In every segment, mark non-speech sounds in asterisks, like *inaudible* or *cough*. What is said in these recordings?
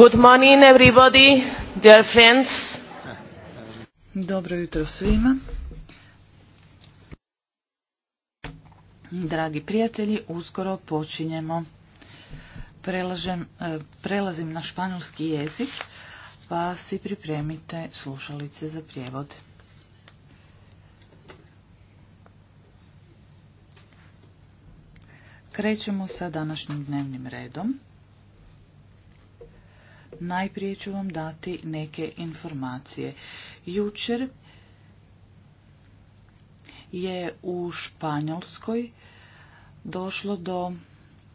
Good morning everybody, dear friends. Dobro jutro svima. Dragi prijatelji, uskoro počinjemo. E, prelazim na španjolski jezik, pa si pripremite slušalice za prijevod. Krećemo sa današnjim dnevnim redom. Najprije ću vam dati neke informacije. Jučer je u Španjolskoj došlo do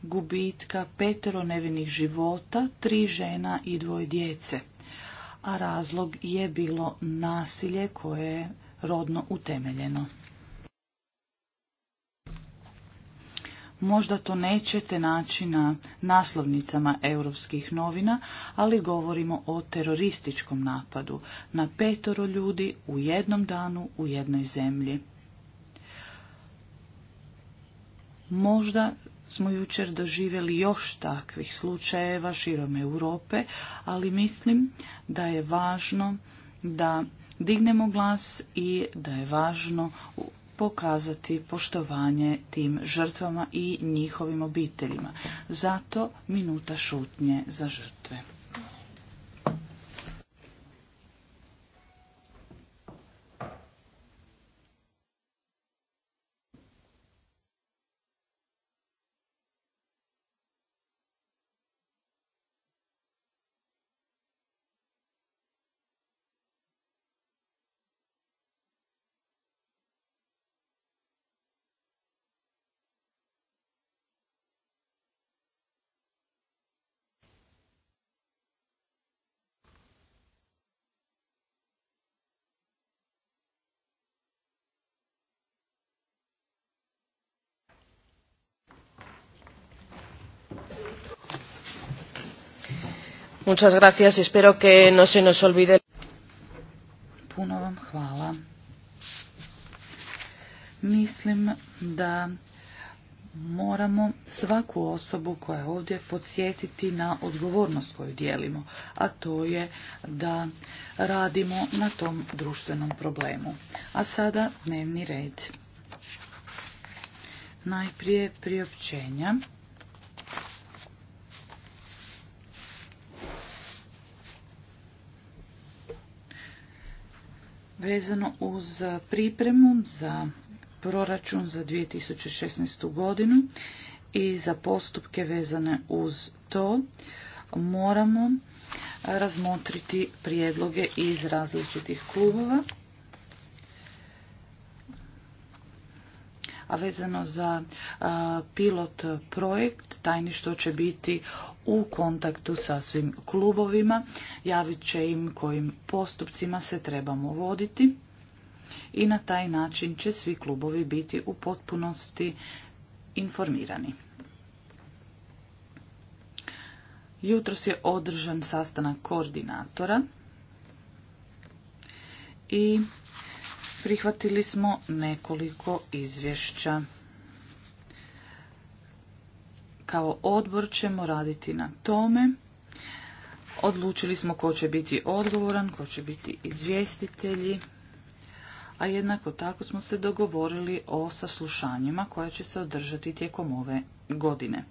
gubitka petero nevinih života, tri žena i dvoje djece. A razlog je bilo nasilje koje je rodno utemeljeno. Možda to nećete naći na naslovnicama europskih novina, ali govorimo o terorističkom napadu na petoro ljudi u jednom danu u jednoj zemlji. Možda smo jučer doživjeli još takvih slučajeva širom Europe, ali mislim da je važno da dignemo glas i da je važno pokazati poštovanje tim žrtvama i njihovim obiteljima. Zato minuta šutnje za žrtve. Muchas gracias. Espero que no Puno vam hvala. Mislim da moramo svaku osobu koja je ovdje podsjetiti na odgovornost koju dijelimo, a to je da radimo na tom društvenom problemu. A sada dnevni red. Najprije priopćenja. vezano uz pripremu za proračun za 2016. godinu i za postupke vezane uz to moramo razmotriti prijedloge iz različitih klubova. a vezano za pilot projekt, tajništvo će biti u kontaktu sa svim klubovima, javit će im kojim postupcima se trebamo voditi i na taj način će svi klubovi biti u potpunosti informirani. Jutros je održan sastanak koordinatora i prihvatili smo nekoliko izvješća. Kao odbor ćemo raditi na tome. Odlučili smo ko će biti odgovoran, ko će biti izvjestitelji, a jednako tako smo se dogovorili o saslušanjima koja će se održati tijekom ove godine.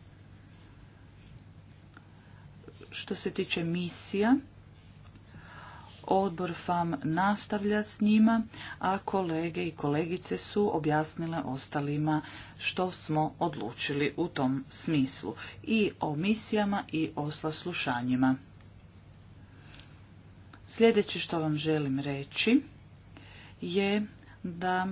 Što se tiče misija, Odbor FAM nastavlja s njima, a kolege i kolegice su objasnile ostalima što smo odlučili u tom smislu i o misijama i o slušanjima. Sljedeće što vam želim reći je da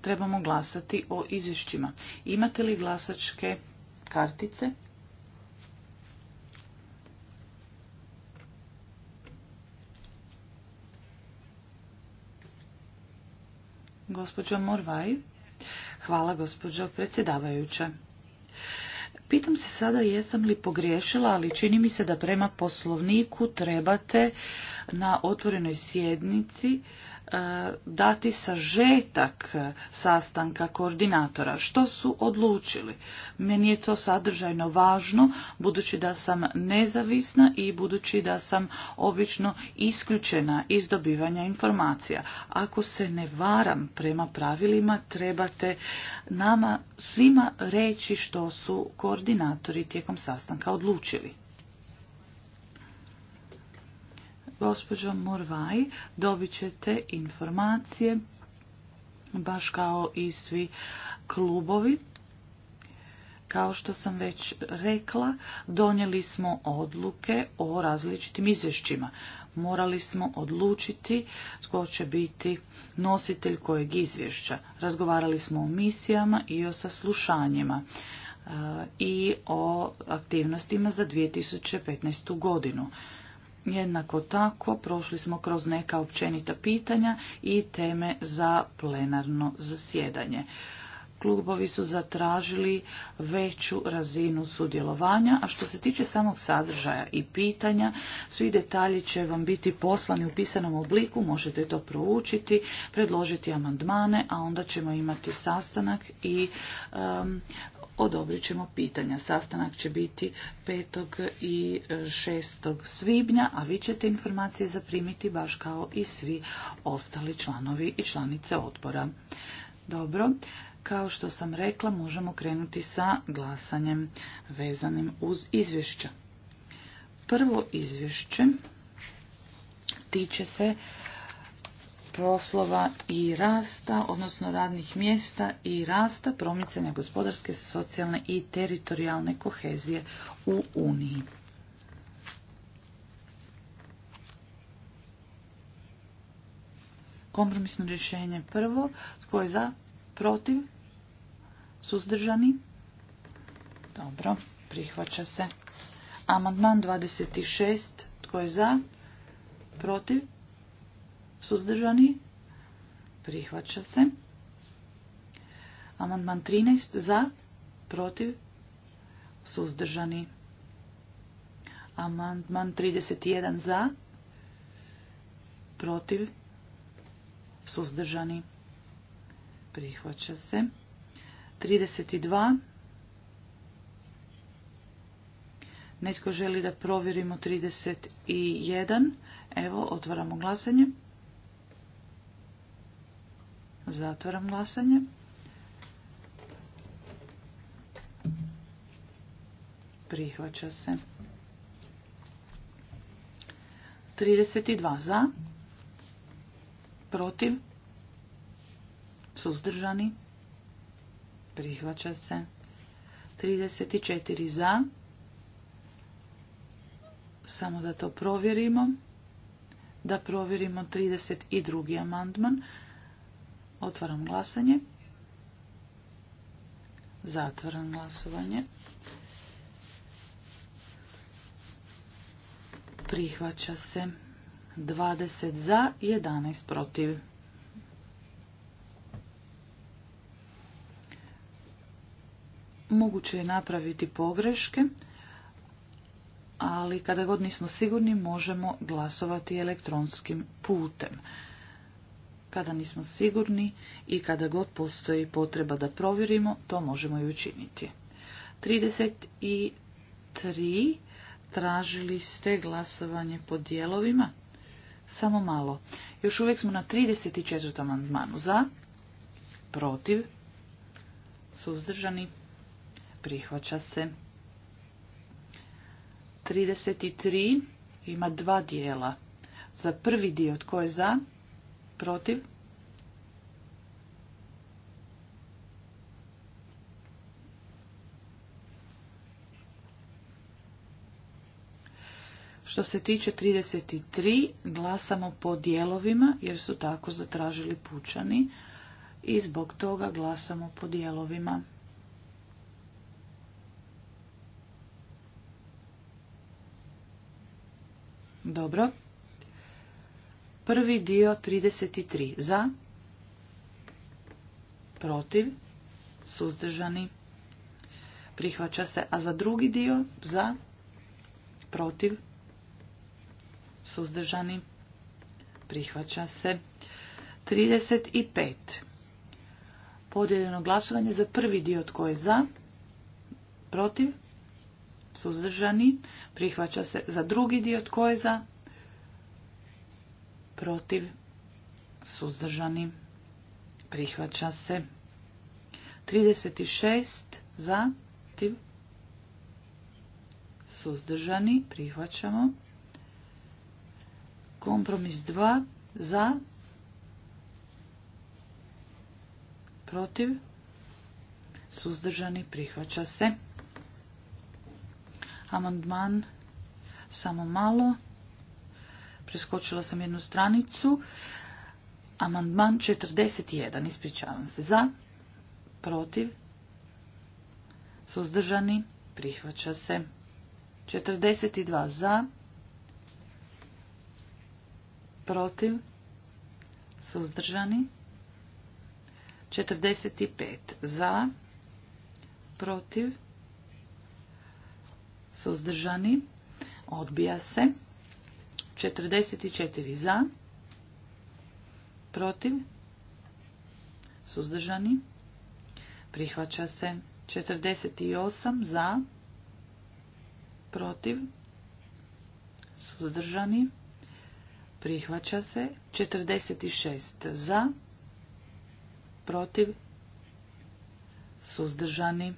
trebamo glasati o izvješćima. Imate li glasačke kartice? Gospođo Morvaj, hvala gospođo predsjedavajuća. Pitam se sada jesam li pogriješila, ali čini mi se da prema poslovniku trebate na otvorenoj sjednici E, dati sažetak e, sastanka koordinatora. Što su odlučili? Meni je to sadržajno važno, budući da sam nezavisna i budući da sam obično isključena iz dobivanja informacija. Ako se ne varam prema pravilima, trebate nama svima reći što su koordinatori tijekom sastanka odlučili. Gospođo Morvaj, dobit ćete informacije, baš kao i svi klubovi. Kao što sam već rekla, donijeli smo odluke o različitim izvješćima. Morali smo odlučiti tko će biti nositelj kojeg izvješća. Razgovarali smo o misijama i o saslušanjima e, i o aktivnostima za 2015. godinu. Jednako tako prošli smo kroz neka općenita pitanja i teme za plenarno zasjedanje. Klubovi su zatražili veću razinu sudjelovanja, a što se tiče samog sadržaja i pitanja, svi detalji će vam biti poslani u pisanom obliku, možete to proučiti, predložiti amandmane, a onda ćemo imati sastanak i odobrit ćemo pitanja. Sastanak će biti 5. i 6. E, svibnja, a vi ćete informacije zaprimiti baš kao i svi ostali članovi i članice odbora. Dobro, kao što sam rekla, možemo krenuti sa glasanjem vezanim uz izvješća. Prvo izvješće tiče se poslova i rasta, odnosno radnih mjesta i rasta, promicanja gospodarske, socijalne i teritorijalne kohezije u Uniji. Kompromisno rješenje prvo, tko je za, protiv, suzdržani, dobro, prihvaća se. Amandman 26, tko je za, protiv, Suzdržani? Prihvaća se. Amandman 13 za, protiv, suzdržani. Amandman 31 za, protiv, suzdržani. Prihvaća se. 32. Netko želi da provjerimo 31. Evo, otvaramo glasanje. Zatvaram glasanje. Prihvaća se. 32 za, protiv, suzdržani, prihvaća se. 34 za, samo da to provjerimo, da provjerimo 32. amandman, Otvaram glasanje. Zatvaram glasovanje. Prihvaća se 20 za, 11 protiv. Moguće je napraviti pogreške, ali kada god nismo sigurni možemo glasovati elektronskim putem kada nismo sigurni i kada god postoji potreba da provjerimo, to možemo i učiniti. 33. Tražili ste glasovanje po dijelovima? Samo malo. Još uvijek smo na 34. amandmanu za, protiv, suzdržani, prihvaća se. 33. Ima dva dijela. Za prvi dio tko je za, protiv, Što se tiče 33, glasamo po dijelovima jer su tako zatražili pučani i zbog toga glasamo po dijelovima. Dobro. Prvi dio 33 za, protiv, suzdržani, prihvaća se. A za drugi dio za, protiv, suzdržani, prihvaća se. 35. Podijeljeno glasovanje za prvi dio tko je za, protiv, suzdržani, prihvaća se. Za drugi dio tko je za, protiv, suzdržani, prihvaća se. 36 za, protiv, suzdržani, prihvaćamo. Kompromis 2 za, protiv, suzdržani, prihvaća se. Amandman samo malo preskočila sam jednu stranicu. Amandman 41, ispričavam se, za, protiv, suzdržani, prihvaća se. 42 za, protiv, suzdržani, 45 za, protiv, suzdržani, odbija se. 44 za, protiv, suzdržani, prihvaća se. 48 za, protiv, suzdržani, prihvaća se. 46 za, protiv, suzdržani,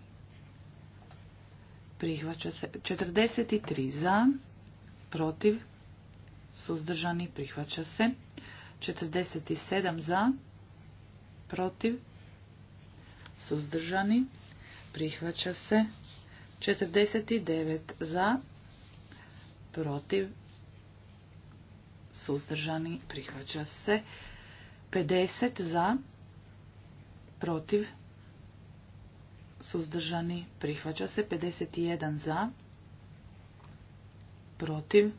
prihvaća se. 43 za, protiv, suzdržani, prihvaća se. 47 za, protiv, suzdržani, prihvaća se. 49 za, protiv, suzdržani, prihvaća se. 50 za, protiv, suzdržani, prihvaća se. 51 za, protiv,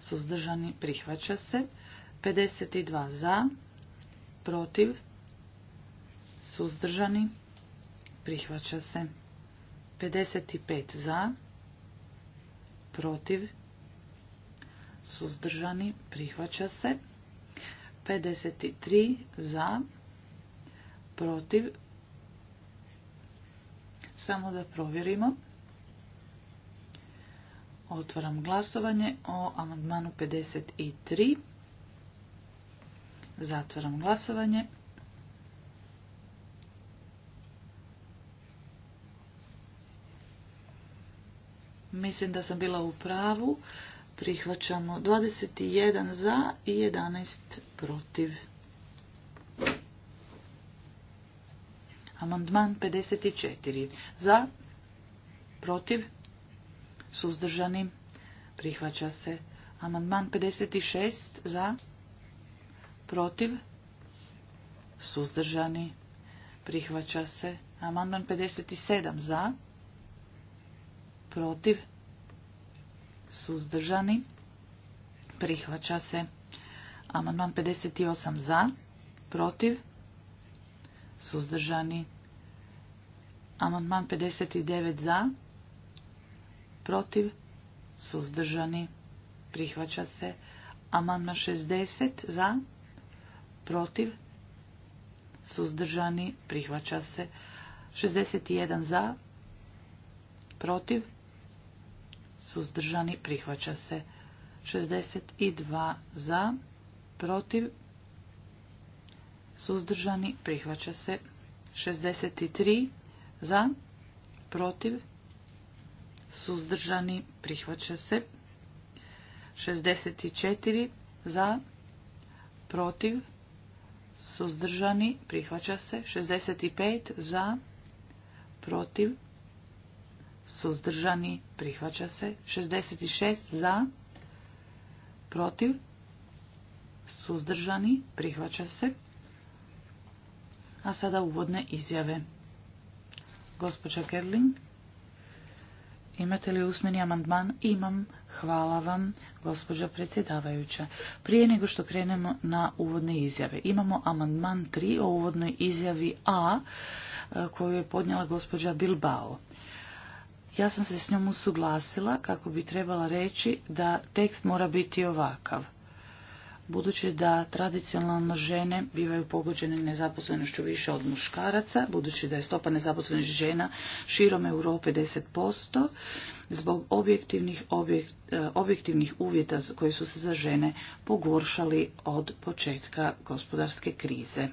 suzdržani, prihvaća se. 52 za, protiv, suzdržani, prihvaća se. 55 za, protiv, suzdržani, prihvaća se. 53 za, protiv, samo da provjerimo. Otvaram glasovanje o amandmanu 53. Zatvaram glasovanje. Mislim da sam bila u pravu. Prihvaćamo 21 za i 11 protiv. Amandman 54. Za, protiv, suzdržani, prihvaća se. Amandman 56 za, protiv, suzdržani, prihvaća se. Amandman 57 za, protiv, suzdržani, prihvaća se. Amandman 58 za, protiv, suzdržani, Amandman 59 za, protiv, suzdržani, prihvaća se. Amandman 60 za, protiv, suzdržani, prihvaća se. 61 za, protiv, suzdržani, prihvaća se. 62 za, protiv, suzdržani, prihvaća se. 63 za, protiv, suzdržani, prihvaća se. 64 za, protiv, suzdržani, prihvaća se. 65 za, protiv, suzdržani, prihvaća se. 66 za, protiv, suzdržani, prihvaća se. A sada uvodne izjave. Gospođa Kerling. Imate li usmeni amandman? Imam. Hvala vam, gospođo predsjedavajuća. Prije nego što krenemo na uvodne izjave, imamo amandman 3 o uvodnoj izjavi A e, koju je podnijela gospođa Bilbao. Ja sam se s njom usuglasila kako bi trebala reći da tekst mora biti ovakav budući da tradicionalno žene bivaju pogođene nezaposlenošću više od muškaraca, budući da je stopa nezaposlenih žena širom Europe 10%, zbog objektivnih, e, objektivnih uvjeta koji su se za žene pogoršali od početka gospodarske krize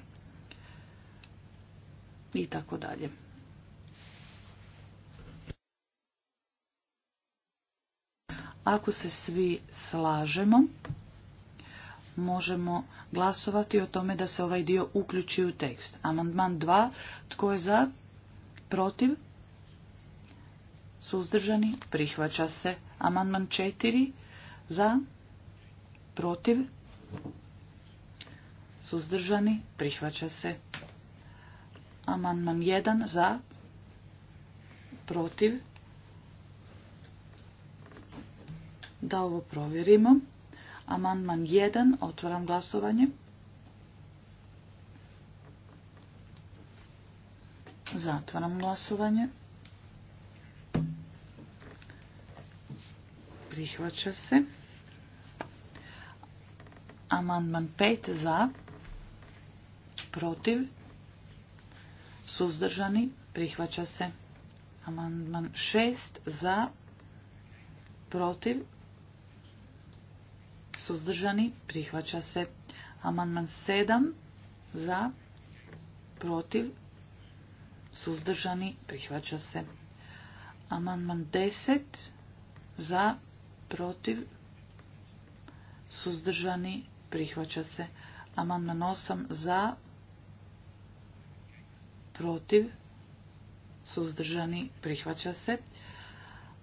i tako dalje. Ako se svi slažemo, možemo glasovati o tome da se ovaj dio uključi u tekst. Amandman 2. Tko je za? Protiv? Suzdržani? Prihvaća se. Amandman 4. Za? Protiv? Suzdržani? Prihvaća se. Amandman 1. Za? Protiv? Da ovo provjerimo. Amandman 1. Otvaram glasovanje. Zatvaram glasovanje. Prihvaća se. Amandman 5 za, protiv, suzdržani, prihvaća se. Amandman 6 za, protiv, suzdržani, prihvaća se. Amandman 7 za, protiv, suzdržani, prihvaća se. Amandman 10 za, protiv, suzdržani, prihvaća se. Amandman 8 za, protiv, suzdržani, prihvaća se.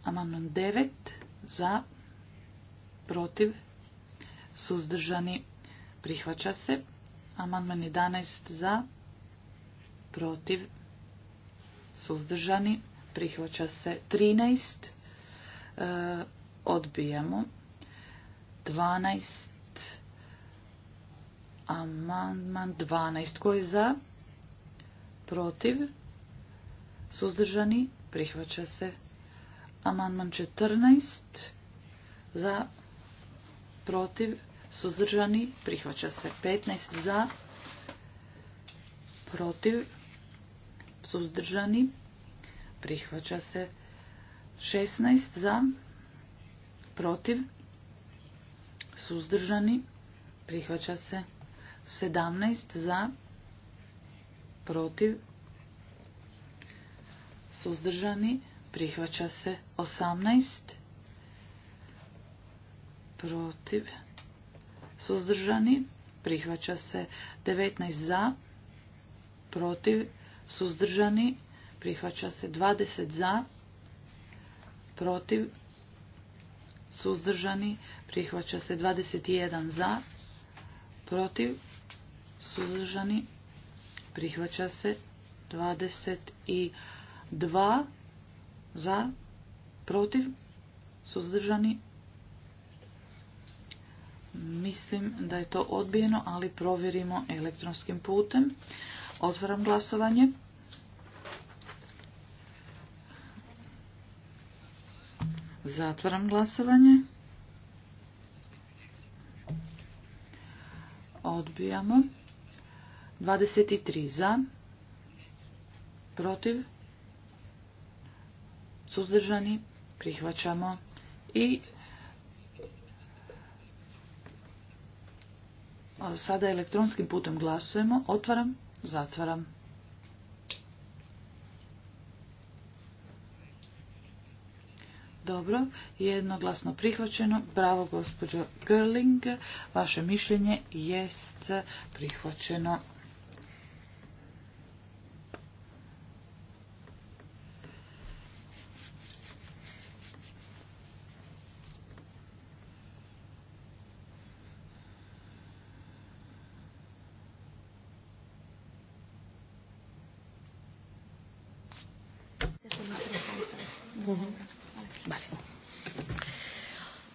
Amandman 9 za, protiv, suzdržani, prihvaća se. Amandman 11 za, protiv, suzdržani, prihvaća se. 13 e, odbijamo. 12 amandman 12 koji za, protiv, suzdržani, prihvaća se. Amandman 14 za, protiv, suzdržani, prihvaća se 15 za, protiv, suzdržani, prihvaća se 16 za, protiv, suzdržani, prihvaća se 17 za, protiv, suzdržani, prihvaća se 18 protiv, suzdržani, prihvaća se 19 za, protiv, suzdržani, prihvaća se 20 za, protiv, suzdržani, prihvaća se 21 za, protiv, suzdržani, prihvaća se 22 za, protiv, suzdržani, Mislim da je to odbijeno, ali provjerimo elektronskim putem. Otvaram glasovanje. Zatvaram glasovanje. Odbijamo. 23 za. Protiv. Suzdržani. Prihvaćamo. I Sada elektronskim putem glasujemo. Otvaram, zatvaram. Dobro, jednoglasno prihvaćeno. Bravo, gospođo Gerling. Vaše mišljenje jest prihvaćeno.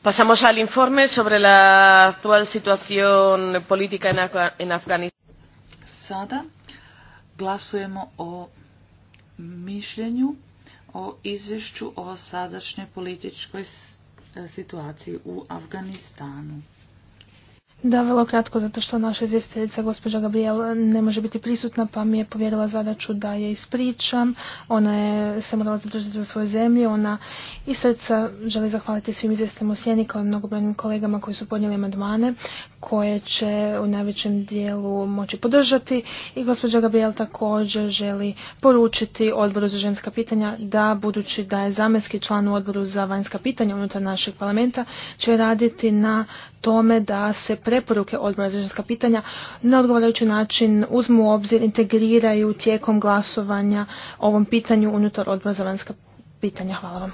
Pasamos al informe sobre la actual situación política en, Af en Afganistanu. Sada glasujemo o mišljenju o izvješću o sadašnjoj političkoj situaciji u Afganistanu. Da, vrlo kratko, zato što naša izvjestiteljica gospođa Gabriel ne može biti prisutna, pa mi je povjerila zadaću da je ispričam. Ona je se morala zadržati u svojoj zemlji, ona i srca želi zahvaliti svim izvjestiteljima u Sjeni i mnogobrojnim kolegama koji su podnijeli amandmane koje će u najvećem dijelu moći podržati i gospođa Gabriel također želi poručiti odboru za ženska pitanja da budući da je zamjenski član u odboru za vanjska pitanja unutar našeg parlamenta će raditi na tome da se preporuke odbora za ženska pitanja na odgovarajući način uzmu u obzir, integriraju tijekom glasovanja ovom pitanju unutar odbora za vanjska pitanja. Hvala vam.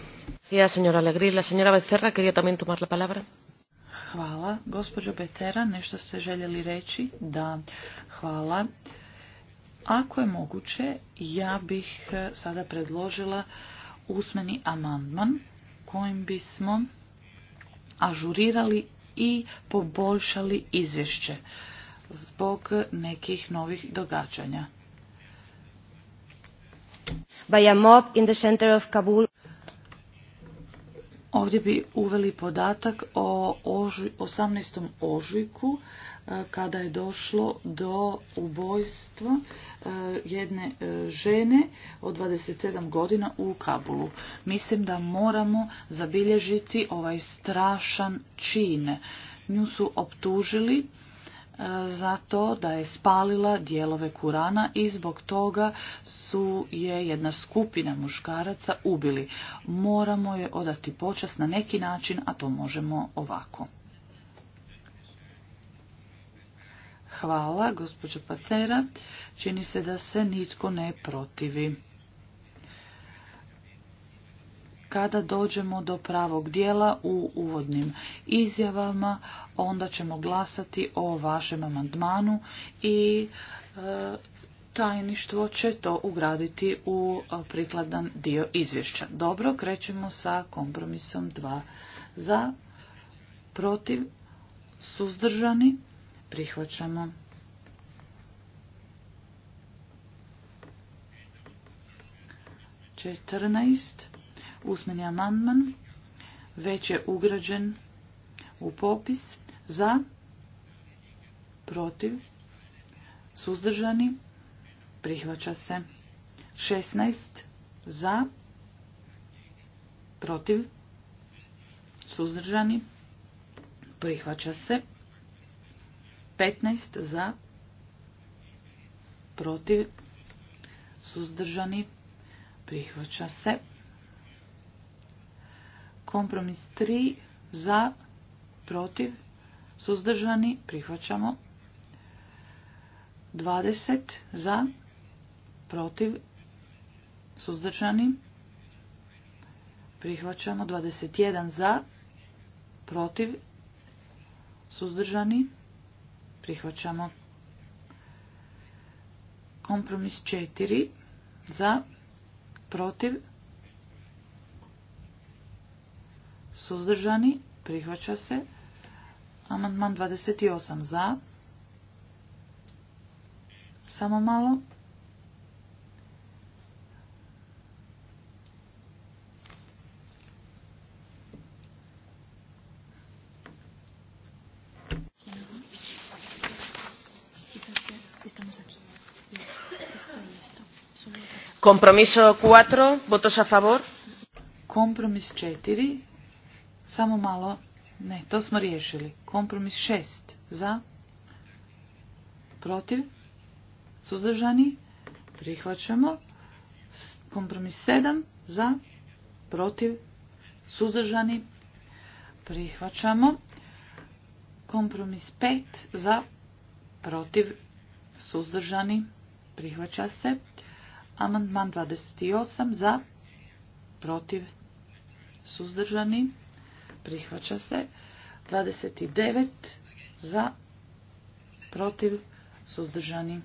Hvala. Gospođo Betera, nešto ste željeli reći? Da, hvala. Ako je moguće, ja bih eh, sada predložila usmeni amandman kojim bismo ažurirali i poboljšali izvješće zbog nekih novih događanja. By in the center of Kabul. Ovdje bi uveli podatak o 18. ožujku kada je došlo do ubojstva e, jedne e, žene od 27 godina u Kabulu. Mislim da moramo zabilježiti ovaj strašan čin. Nju su optužili e, za to da je spalila dijelove Kurana i zbog toga su je jedna skupina muškaraca ubili. Moramo je odati počas na neki način, a to možemo ovako. Hvala, gospođo Patera. Čini se da se nitko ne protivi. Kada dođemo do pravog dijela u uvodnim izjavama, onda ćemo glasati o vašem amandmanu i e, tajništvo će to ugraditi u e, prikladan dio izvješća. Dobro, krećemo sa kompromisom 2 za, protiv, suzdržani, prihvaćamo. Četrnaest, usmeni amandman, već je ugrađen u popis za, protiv, suzdržani, prihvaća se. 16 za, protiv, suzdržani, prihvaća se. 15 za, protiv, suzdržani, prihvaća se. Kompromis 3 za, protiv, suzdržani, prihvaćamo. 20 za, protiv, suzdržani, prihvaćamo. 21 za, protiv, suzdržani, prihvaćamo. Kompromis 4 za, protiv, suzdržani, prihvaća se. Amandman 28 za, samo malo. Kompromiso 4, votos a favor. Kompromis 4, samo malo, ne, to smo riješili. Kompromis 6, za, protiv, suzdržani, prihvaćamo. Kompromis 7, za, protiv, suzdržani, prihvaćamo. Kompromis 5, za, protiv, suzdržani, prihvaća se. Amandman 28 za, protiv, suzdržani, prihvaća se. 29 za, protiv, suzdržani.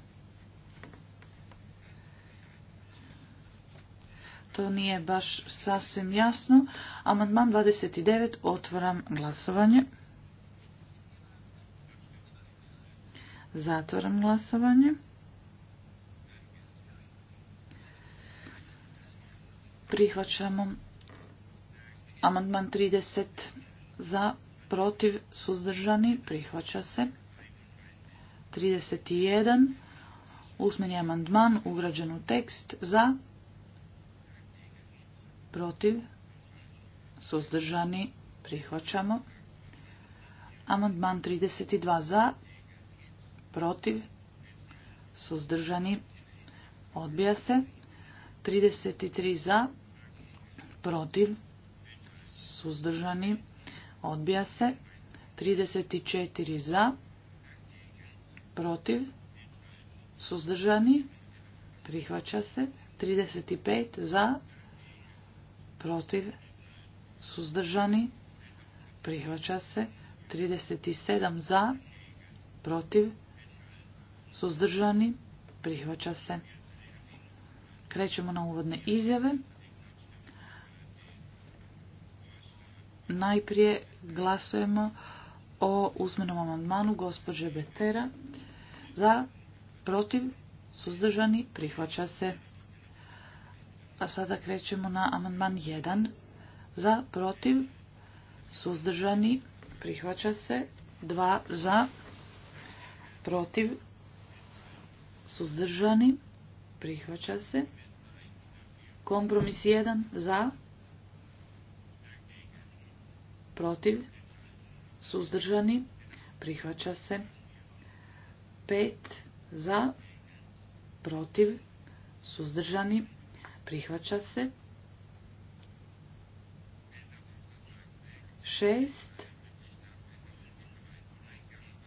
To nije baš sasvim jasno. Amandman 29 otvoram glasovanje. Zatvoram glasovanje. Prihvaćamo. Amandman 30 za, protiv, suzdržani, prihvaća se. 31. Usmeni amandman ugrađen u tekst za, protiv, suzdržani, prihvaćamo. Amandman 32 za, protiv, suzdržani, odbija se. 33 za, protiv, suzdržani, odbija se. 34 za, protiv, suzdržani, prihvaća se. 35 za, protiv, suzdržani, prihvaća se. 37 za, protiv, suzdržani, prihvaća se. Krećemo na uvodne izjave. Najprije glasujemo o uzmenom amandmanu gospođe Betera za protiv suzdržani prihvaća se. A sada krećemo na amandman 1 za protiv suzdržani prihvaća se 2 za protiv suzdržani prihvaća se kompromis 1 za protiv, suzdržani, prihvaća se. pet za, protiv, suzdržani, prihvaća se. 6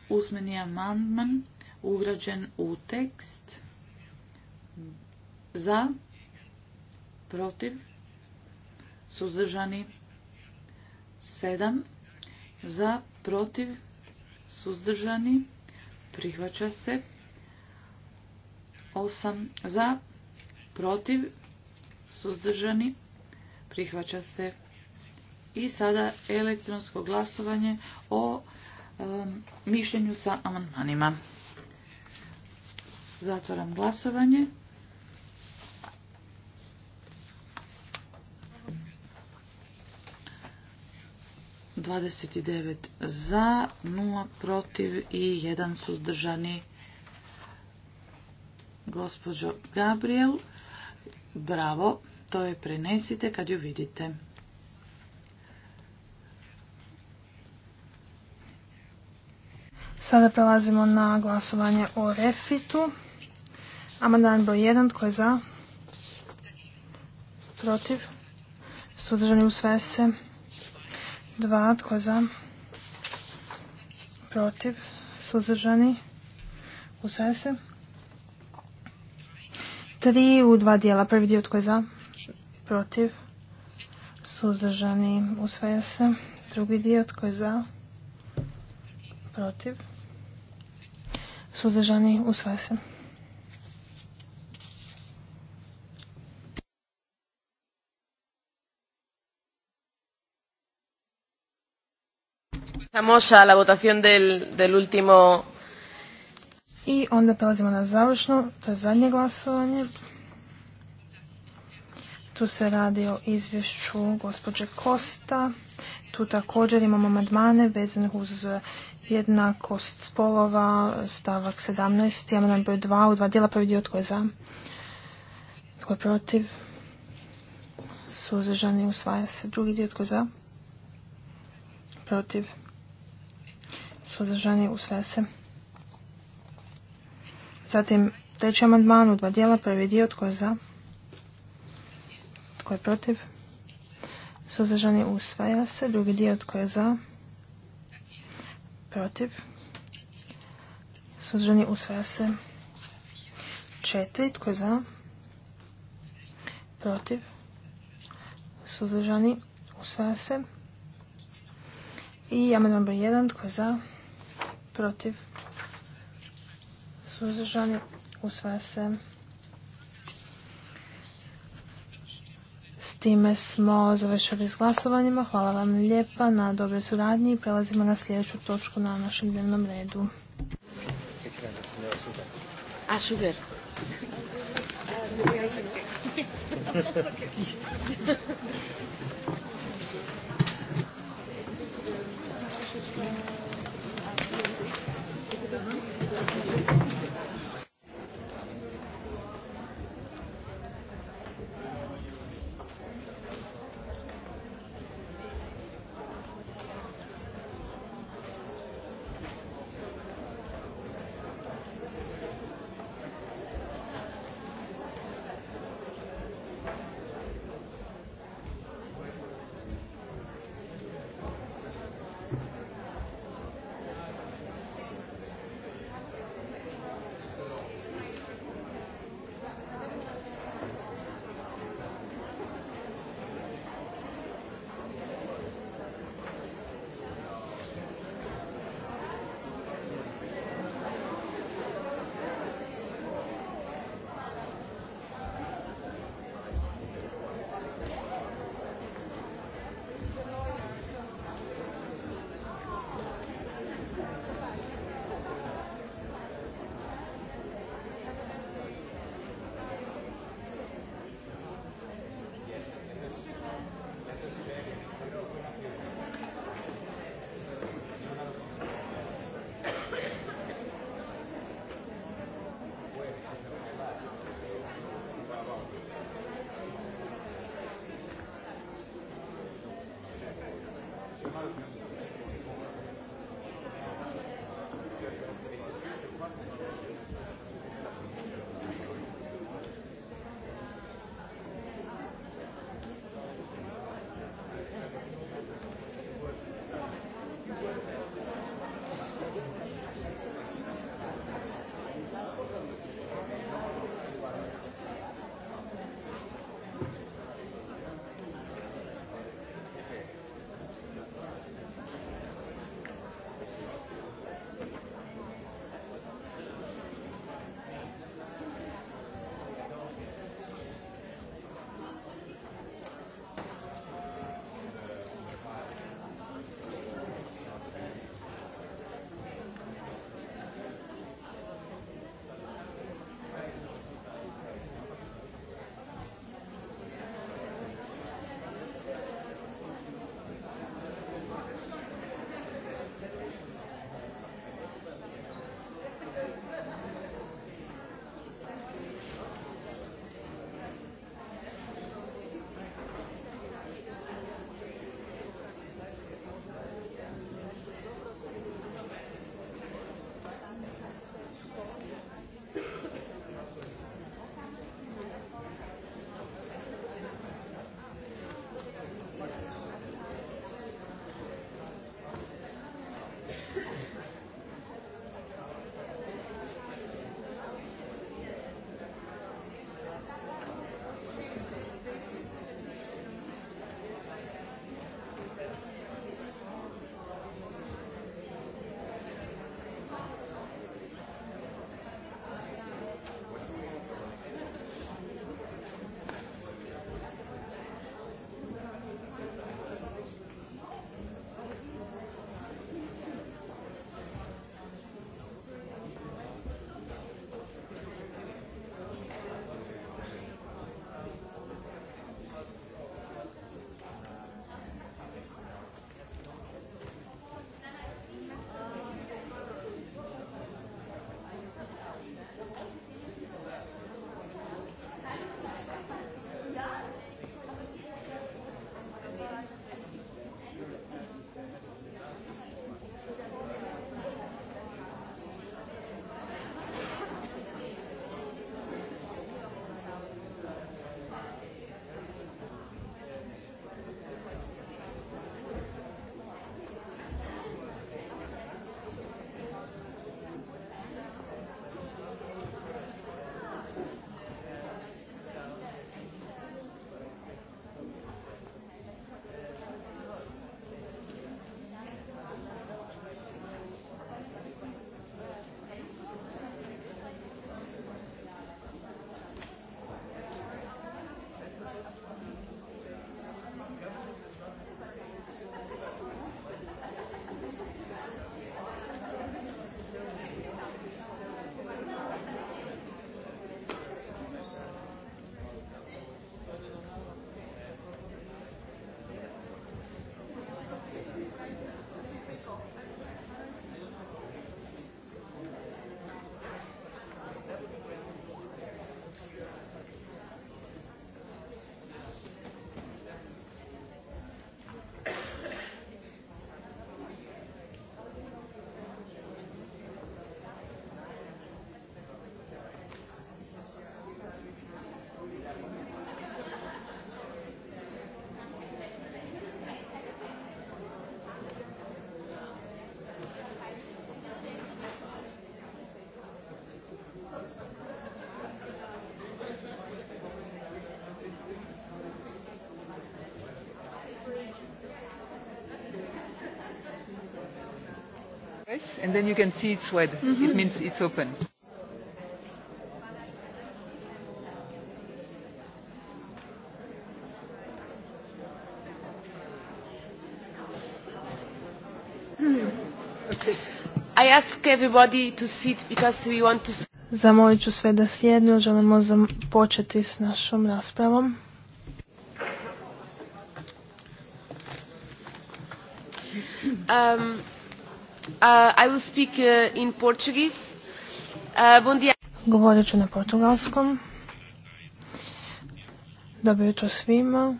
usmeni amandman ugrađen u tekst za, protiv, suzdržani, Sedam, za, protiv, suzdržani, prihvaća se. Osam, za, protiv, suzdržani, prihvaća se. I sada elektronsko glasovanje o mišljenju sa amandmanima. Zatvaram glasovanje. 29 za, 0 protiv i 1 suzdržani. Gospođo Gabriel, bravo, to je prenesite kad ju vidite. Sada prelazimo na glasovanje o refitu. Amandan broj 1, tko je za? Protiv? Suzdržani sve se. Dva Tko za? Protiv? Suzdržani? Usvaja se. Tri U dva dijela. Prvi dio tko je za? Protiv? Suzdržani? Usvaja se. Drugi dio tko je za? Protiv? Suzdržani? Usvaja se. la votación del, del último... I onda prelazimo na završno, to je zadnje glasovanje. Tu se radi o izvješću gospođe Kosta. Tu također imamo amandmane vezane uz jednakost spolova, stavak 17, amandman broj 2, u dva dijela prvi dio tko je za, tko je protiv, suzdržani usvaja se drugi dio tko je za, protiv, suzdržani, usvaja se. Zatim, treći amandman u dva dijela, prvi dio, tko je za, tko je protiv, suzdržani, usvaja se. Drugi dio, tko je za, protiv, suzdržani, usvaja se. Četiri, tko je za, protiv, suzdržani, usvaja se. I amandman broj 1, tko je za, protiv, suzdržani, usvaja se. S time smo završili s glasovanjima. Hvala vam lijepa na dobre suradnji i prelazimo na sljedeću točku na našem dnevnom redu. A *laughs* and then you can see it's red. Mm -hmm. It mm-hmm. means it's open. *clears throat* I ask everybody to sit because we want to... Zamolit ću sve da sjednu, želimo početi s našom raspravom. Um, Uh, uh, in uh, Govorit ću na portugalskom. Dobro jutro svima.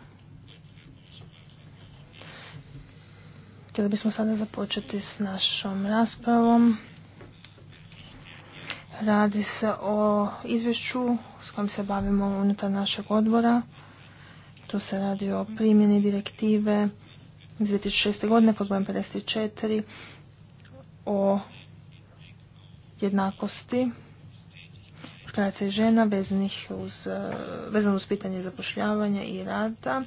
Htjeli bismo sada započeti s našom raspravom. Radi se o izvješću s kojim se bavimo unutar našeg odbora. Tu se radi o primjeni direktive iz 2006. godine pod bojem 54 o jednakosti muškaraca i žena uz, e, vezano uz pitanje zapošljavanja i rada.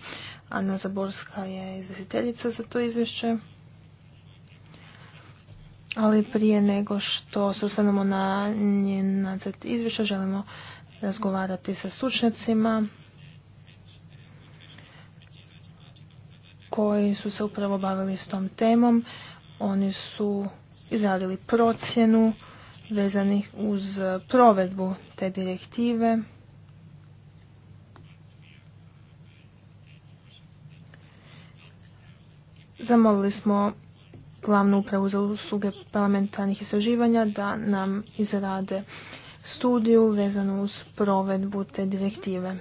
Ana Zaborska je izvjestiteljica za to izvješće. Ali prije nego što se osvrnemo na njen nacrt izvješća, želimo razgovarati sa stručnjacima koji su se upravo bavili s tom temom. Oni su izradili procjenu vezanih uz e, provedbu te direktive. Zamolili smo glavnu upravu za usluge parlamentarnih istraživanja da nam izrade studiju vezanu uz provedbu te direktive.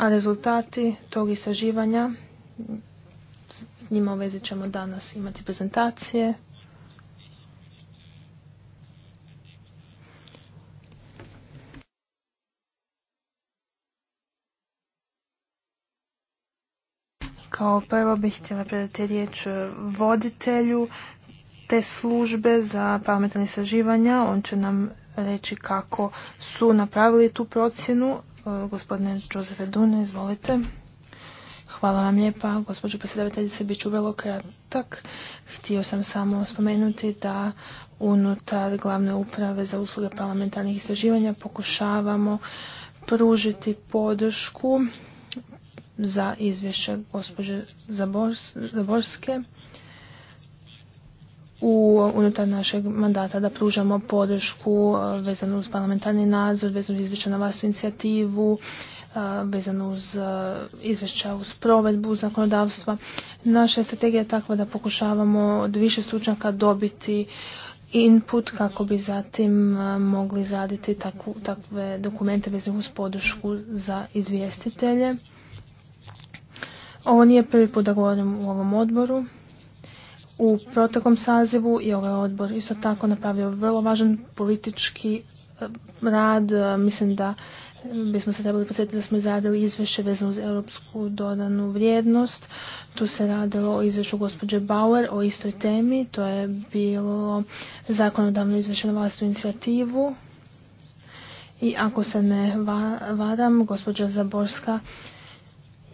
a rezultati tog istraživanja s njima u vezi ćemo danas imati prezentacije. Kao prvo bih htjela predati riječ voditelju te službe za pametna istraživanja. On će nam reći kako su napravili tu procjenu, Gospodine Josefe Dune, izvolite. Hvala vam lijepa, gospođo predsjedavateljice, bit ću vrlo kratak. Htio sam samo spomenuti da unutar glavne uprave za usluge parlamentarnih istraživanja pokušavamo pružiti podršku za izvješće gospođe Zaborske u, unutar našeg mandata da pružamo podršku uh, vezanu uz parlamentarni nadzor, vezano uz izvješća na vlastnu inicijativu, uh, vezano uz uh, izvješća uz provedbu zakonodavstva. Naša strategija je takva da pokušavamo od više stručnjaka dobiti input kako bi zatim mogli izraditi takve dokumente vezano uz podršku za izvjestitelje. Ovo nije prvi put da govorim u ovom odboru. U protekom sazivu je ovaj odbor isto tako napravio vrlo važan politički eh, rad. Eh, mislim da bismo se trebali podsjetiti da smo izradili izvješće vezano uz europsku dodanu vrijednost. Tu se radilo o izvješću gospođe Bauer o istoj temi. To je bilo zakonodavno izvješće na inicijativu. I ako se ne varam, gospođa Zaborska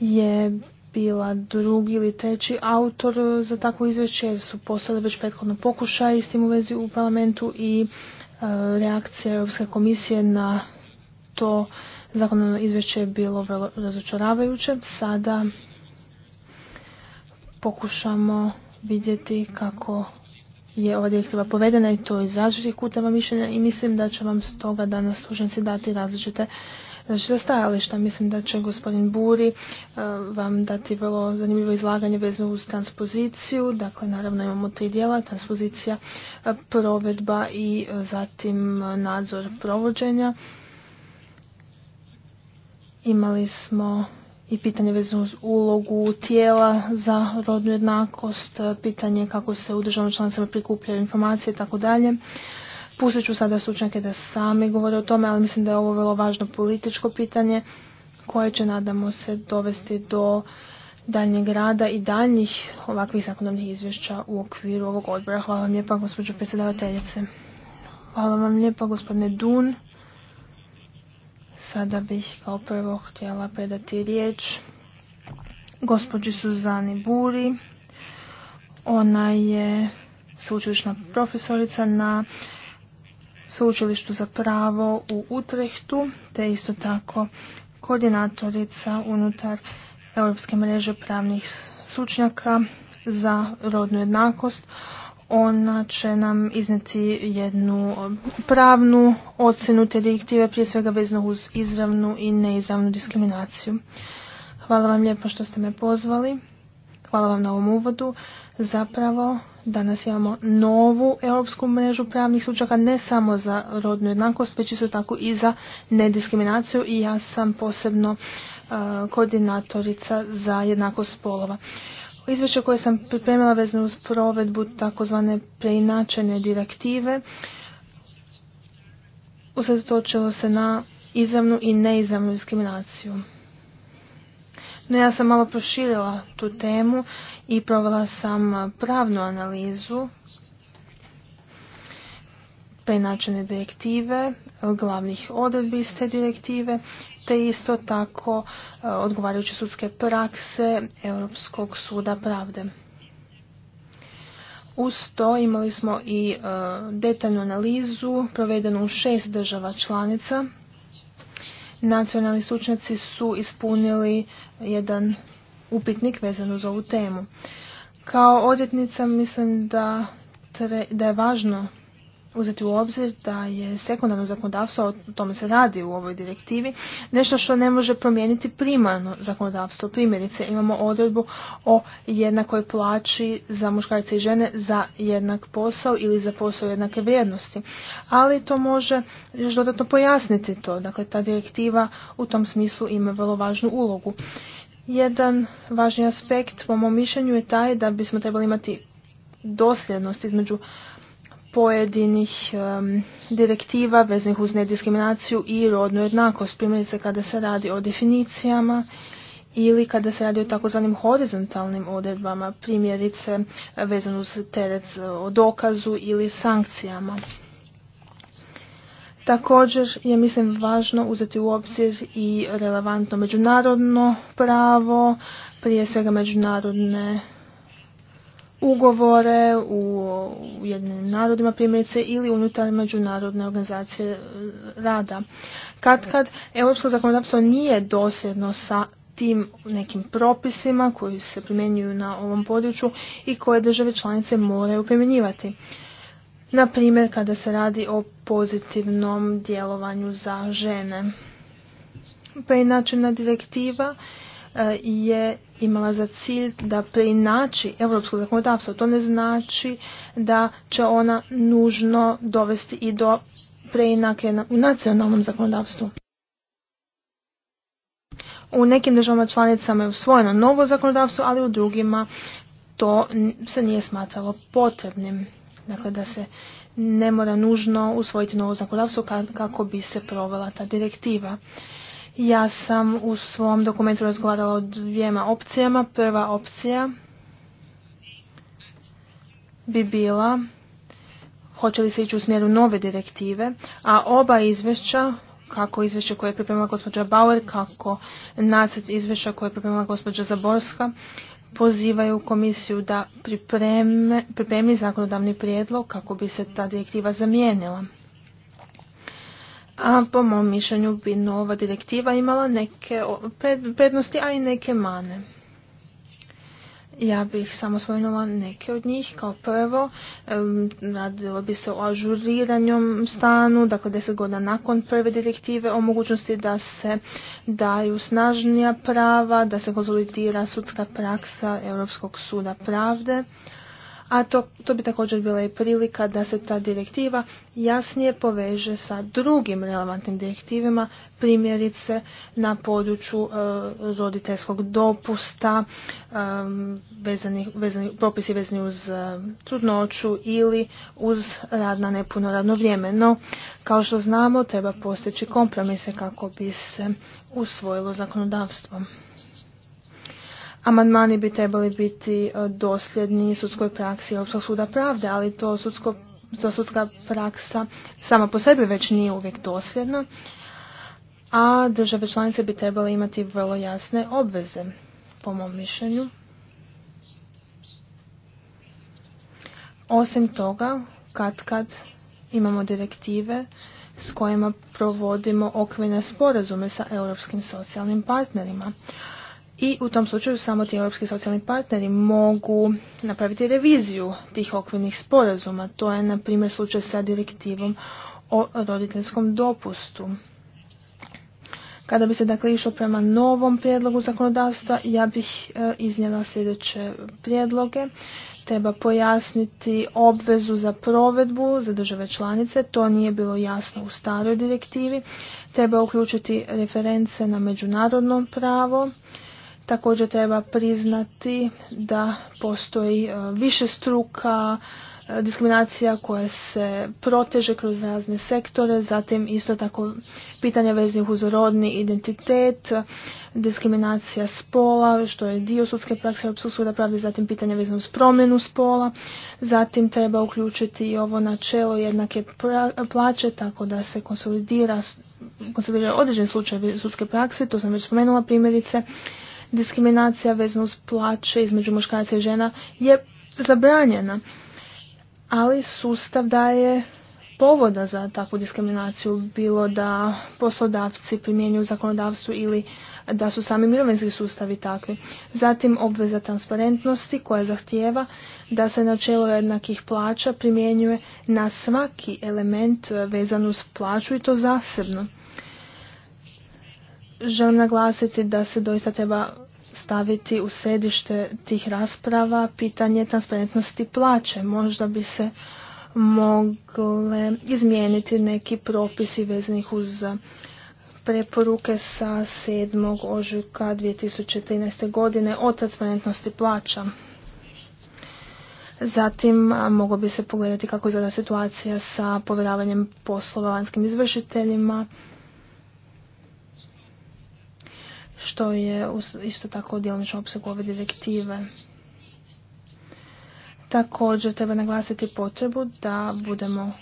je bila drugi ili treći autor za takvo izvješće jer su postojali već prethodno pokušaj s tim u vezi u parlamentu i e, reakcija Europske komisije na to zakonodavno izvješće je bilo vrlo razočaravajuće. Sada pokušamo vidjeti kako je ova direktiva povedena i to iz različitih kutama mišljenja i mislim da će vam stoga danas služenci dati različite za stajališta. Mislim da će gospodin Buri e, vam dati vrlo zanimljivo izlaganje vezano uz transpoziciju. Dakle, naravno imamo tri dijela, transpozicija, e, provedba i e, zatim nadzor provođenja. Imali smo i pitanje vezu uz ulogu tijela za rodnu jednakost, pitanje kako se u državnom članicama prikupljaju informacije i tako dalje. Pustit ću sada sučnjake da sami govore o tome, ali mislim da je ovo vrlo važno političko pitanje koje će, nadamo se, dovesti do daljnjeg rada i daljnjih ovakvih zakonodavnih izvješća u okviru ovog odbora. Hvala vam lijepa, gospođo predsjedavateljice. Hvala vam lijepa, gospodine Dun. Sada bih kao prvo htjela predati riječ gospođi Suzani Buri. Ona je sveučilišna profesorica na sveučilištu za pravo u Utrehtu, te isto tako koordinatorica unutar Europske mreže pravnih sučnjaka za rodnu jednakost. Ona će nam izneti jednu pravnu ocjenu te direktive, prije svega vezno uz izravnu i neizravnu diskriminaciju. Hvala vam lijepo što ste me pozvali. Hvala vam na ovom uvodu. Zapravo Danas imamo novu europsku mrežu pravnih slučaka ne samo za rodnu jednakost, već isto tako i za nediskriminaciju i ja sam posebno e, koordinatorica za jednakost spolova. Izvješće koje sam pripremila vezano uz provedbu takozvane preinačene direktive usredotočilo se na izravnu i neizravnu diskriminaciju. No ja sam malo proširila tu temu i provela sam pravnu analizu prenačene direktive, glavnih odredbi iz te direktive, te isto tako e, odgovarajuće sudske prakse Europskog suda pravde. Uz to imali smo i e, detaljnu analizu provedenu u šest država članica – nacionalni sučnjaci su ispunili jedan upitnik vezan uz ovu temu. Kao odjetnica mislim da, da je važno uzeti u obzir da je sekundarno zakonodavstvo, o tome se radi u ovoj direktivi, nešto što ne može promijeniti primarno zakonodavstvo. Primjerice imamo odredbu o jednakoj plaći za muškarce i žene za jednak posao ili za posao jednake vrijednosti. Ali to može još dodatno pojasniti to. Dakle, ta direktiva u tom smislu ima vrlo važnu ulogu. Jedan važni aspekt po mom mišljenju je taj da bismo trebali imati dosljednost između pojedinih direktiva veznih uz nediskriminaciju i rodnu jednakost, primjerice kada se radi o definicijama ili kada se radi o takozvanim horizontalnim odredbama, primjerice vezano uz teret e, o dokazu ili sankcijama. Također je mislim važno uzeti u obzir i relevantno međunarodno pravo, prije svega međunarodne ugovore u jednim narodima primjerice ili unutar međunarodne organizacije e, rada. Kad kad europsko zakonodavstvo nije dosjedno sa tim nekim propisima koji se primjenjuju na ovom području i koje države članice moraju primjenjivati. Na primjer, kada se radi o pozitivnom djelovanju za žene. Preinačena direktiva E, je imala za cilj da preinači europsko zakonodavstvo. To ne znači da će ona nužno dovesti i do preinake u nacionalnom zakonodavstvu. U nekim državama članicama je usvojeno novo zakonodavstvo, ali u drugima to se nije smatralo potrebnim. Dakle, da se ne mora nužno usvojiti novo zakonodavstvo kako bi se provela ta direktiva. Ja sam u svom dokumentu razgovarala o dvijema opcijama. Prva opcija bi bila hoće li se ići u smjeru nove direktive, a oba izvješća, kako izvješće koje je pripremila gospođa Bauer, kako nacrt izvješća koje je pripremila gospođa Zaborska, pozivaju komisiju da pripremi zakonodavni prijedlog kako bi se ta direktiva zamijenila. A po mom mišljenju bi nova direktiva imala neke prednosti, a i neke mane. Ja bih samo spomenula neke od njih. Kao prvo, radilo bi se o ažuriranjem stanu, dakle deset godina nakon prve direktive, o mogućnosti da se daju snažnija prava, da se konsolidira sudska praksa Europskog suda pravde a to, bi također bila i prilika da se ta direktiva jasnije poveže sa drugim relevantnim direktivima, primjerice na području e, roditeljskog dopusta, e, propisi vezani uz e, trudnoću ili uz rad na nepuno radno vrijeme. No, kao što znamo, treba postići kompromise kako bi se usvojilo zakonodavstvo. Amandmani bi trebali biti e, dosljedni sudskoj praksi Europskog suda pravde, ali to, sudsko, sudska praksa sama po sebi već nije uvijek dosljedna, a države članice bi trebale imati vrlo jasne obveze, po mom mišljenju. Osim toga, kad kad imamo direktive s kojima provodimo okvirne sporazume sa europskim socijalnim partnerima i u tom slučaju samo ti europski socijalni partneri mogu napraviti reviziju tih okvirnih sporazuma. To je, na primjer, slučaj sa direktivom o roditeljskom dopustu. Kada bi se dakle išlo prema novom prijedlogu zakonodavstva, ja bih e, iznijela sljedeće prijedloge. Treba pojasniti obvezu za provedbu za države članice, to nije bilo jasno u staroj direktivi. Treba uključiti reference na međunarodno pravo, Također treba priznati da postoji e, više struka, e, diskriminacija koja se proteže kroz razne sektore, zatim isto tako pitanja veznih uz rodni identitet, diskriminacija spola, što je dio sudske prakse Europskog suda pravde, zatim pitanja vezano uz promjenu spola, zatim treba uključiti i ovo načelo jednake plaće, tako da se konsolidira, konsolidira određen slučaj sudske prakse, to sam već spomenula primjerice, diskriminacija vezano uz plaće između muškaraca i žena je zabranjena. Ali sustav daje povoda za takvu diskriminaciju, bilo da poslodavci primjenjuju zakonodavstvu ili da su sami mirovinski sustavi takvi. Zatim obveza transparentnosti koja zahtijeva da se načelo jednakih plaća primjenjuje na svaki element vezan uz plaću i to zasebno želim naglasiti da se doista treba staviti u središte tih rasprava pitanje transparentnosti plaće. Možda bi se mogle izmijeniti neki propisi veznih uz preporuke sa 7. ožujka 2013. godine o transparentnosti plaća. Zatim moglo bi se pogledati kako zada situacija sa povjeravanjem poslova vanjskim izvršiteljima što je isto tako djelomično opsegu ove direktive. Također treba naglasiti potrebu da budemo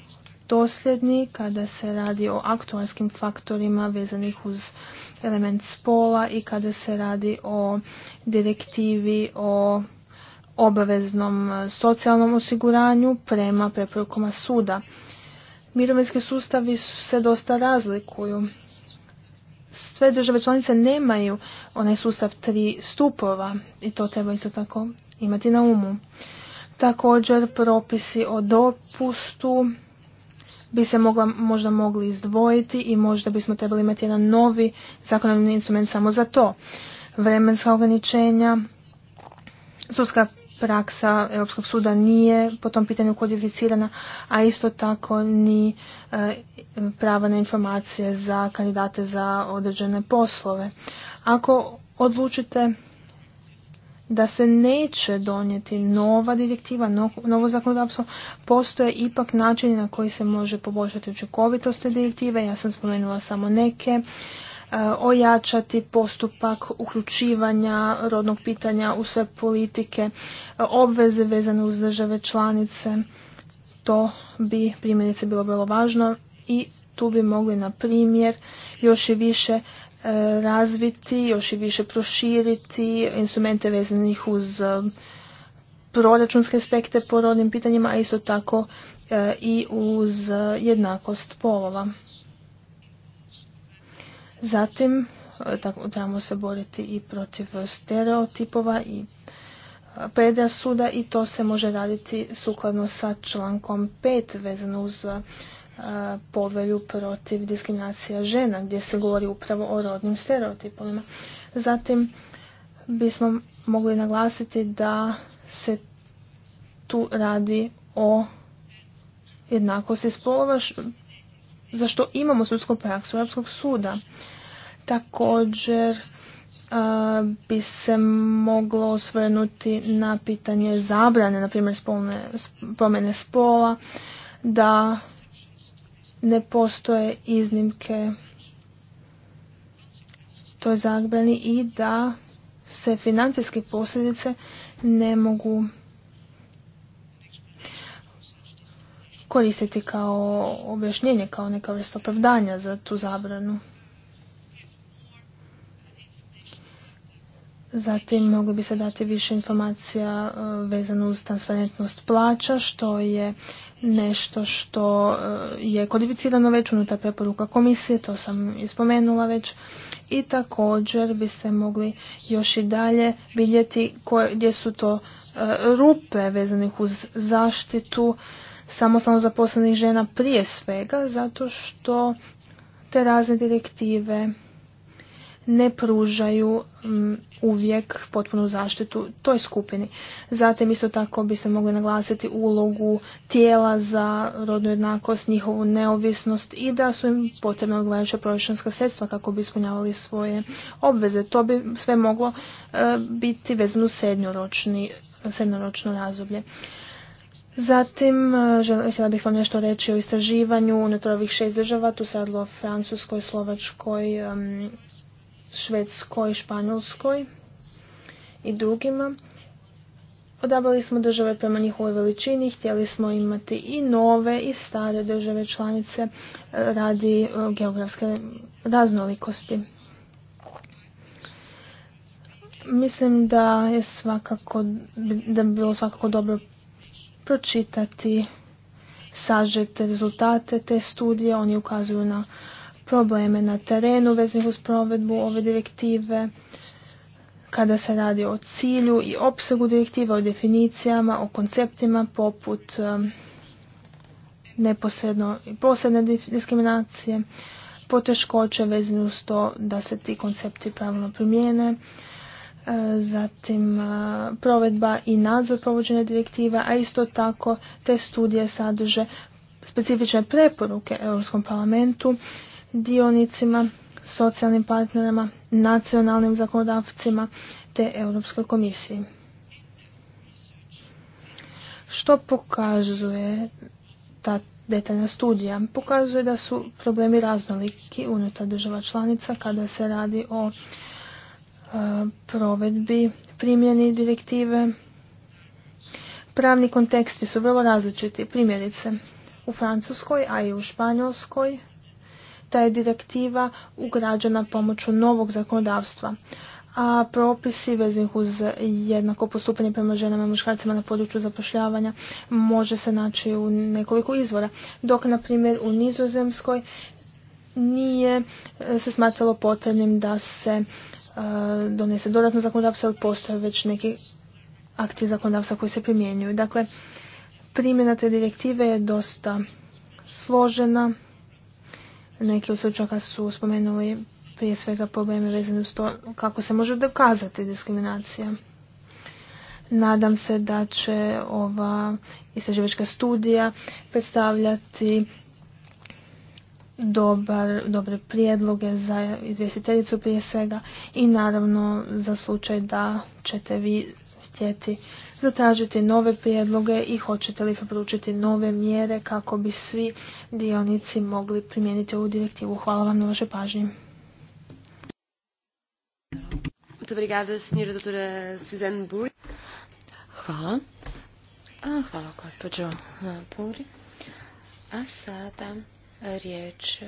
dosljedni kada se radi o aktualskim faktorima vezanih uz element spola i kada se radi o direktivi o obaveznom e, socijalnom osiguranju prema preporukama suda. Mirovinski sustavi se dosta razlikuju sve države članice nemaju onaj sustav tri stupova i to treba isto tako imati na umu. Također propisi o dopustu bi se možda mogli izdvojiti i možda bismo trebali imati jedan novi zakonodavni instrument samo za to. Vremenska ograničenja, sudska praksa Europskog suda nije po tom pitanju kodificirana, a isto tako ni e, prava na informacije za kandidate za određene poslove. Ako odlučite da se neće donijeti nova direktiva, novo zakonodavstvo, postoje ipak načini na koji se može poboljšati učinkovitost te direktive. Ja sam spomenula samo neke ojačati postupak uključivanja rodnog pitanja u sve politike, obveze vezane uz države članice. To bi primjerice bilo vrlo važno i tu bi mogli na primjer još i više e, razviti, još i više proširiti instrumente vezanih uz e, proračunske aspekte po rodnim pitanjima, a isto tako e, i uz jednakost polova. Zatim, e, tako, trebamo se boriti i protiv stereotipova i e, suda i to se može raditi sukladno sa člankom 5 vezano uz e, povelju protiv diskriminacija žena gdje se govori upravo o rodnim stereotipovima. Zatim bismo mogli naglasiti da se tu radi o jednakosti spolova za što imamo sudsku praksu Europskog suda. Također bi se moglo osvrnuti na pitanje zabrane, na primjer spolne, spola, da ne postoje iznimke toj zabrani i da se financijske posljedice ne mogu koristiti kao objašnjenje, kao neka vrsta opravdanja za tu zabranu. Zatim mogli bi se dati više informacija e, vezano uz transparentnost plaća, što je nešto što e, je kodificirano već unutar preporuka komisije, to sam ispomenula već. I također se mogli još i dalje vidjeti gdje su to e, rupe vezanih uz zaštitu samostalno zaposlenih žena prije svega, zato što te razne direktive ne pružaju mm, uvijek potpunu zaštitu toj skupini. Zatim isto tako bi se mogli naglasiti ulogu tijela za rodnu jednakost, njihovu neovisnost i da su im potrebna odgovarajuća proračunska sredstva kako bi ispunjavali svoje obveze. To bi sve moglo e, biti vezano u srednjoročno razdoblje. Zatim, e, htjela bih vam nešto reći o istraživanju unutar ovih šest država. Tu se radilo o Francuskoj, Slovačkoj, Švedskoj, Španjolskoj i drugima. Odabrali smo države prema njihovoj veličini, htjeli smo imati i nove i stare države članice e, radi e, geografske raznolikosti. Mislim da je svakako, da bi bilo svakako dobro pročitati sažete rezultate te studije. Oni ukazuju na probleme na terenu veznih uz provedbu ove direktive, kada se radi o cilju i opsegu direktive, o definicijama, o konceptima poput um, neposredno i posredne diskriminacije, poteškoće vezane uz to da se ti koncepti pravilno primijene, uh, zatim uh, provedba i nadzor provođene direktiva, a isto tako te studije sadrže specifične preporuke Europskom parlamentu dionicima, socijalnim partnerama, nacionalnim zakonodavcima te Europskoj komisiji. Što pokazuje ta detaljna studija? Pokazuje da su problemi raznoliki unutar država članica kada se radi o e, provedbi primjeni direktive. Pravni konteksti su vrlo različiti. Primjerice, u Francuskoj, a i u Španjolskoj ta je direktiva ugrađena pomoću novog zakonodavstva a propisi veznih uz jednako postupanje prema ženama i muškarcima na području zapošljavanja može se naći u nekoliko izvora. Dok, na primjer, u Nizozemskoj nije e, se smatralo potrebnim da se e, donese dodatno zakonodavstvo, jer postoje već neki akti zakonodavstva koji se primjenjuju. Dakle, primjena te direktive je dosta složena neki od slučaka su spomenuli prije svega probleme vezane uz to kako se može dokazati diskriminacija. Nadam se da će ova istraživačka studija predstavljati dobre prijedloge za izvjestiteljicu prije svega i naravno za slučaj da ćete vi htjeti zatražiti nove prijedloge i hoćete li poručiti nove mjere kako bi svi dionici mogli primijeniti ovu direktivu. Hvala vam na vašoj pažnji. Hvala. hvala gospođo Puri. Eh, A sada riječ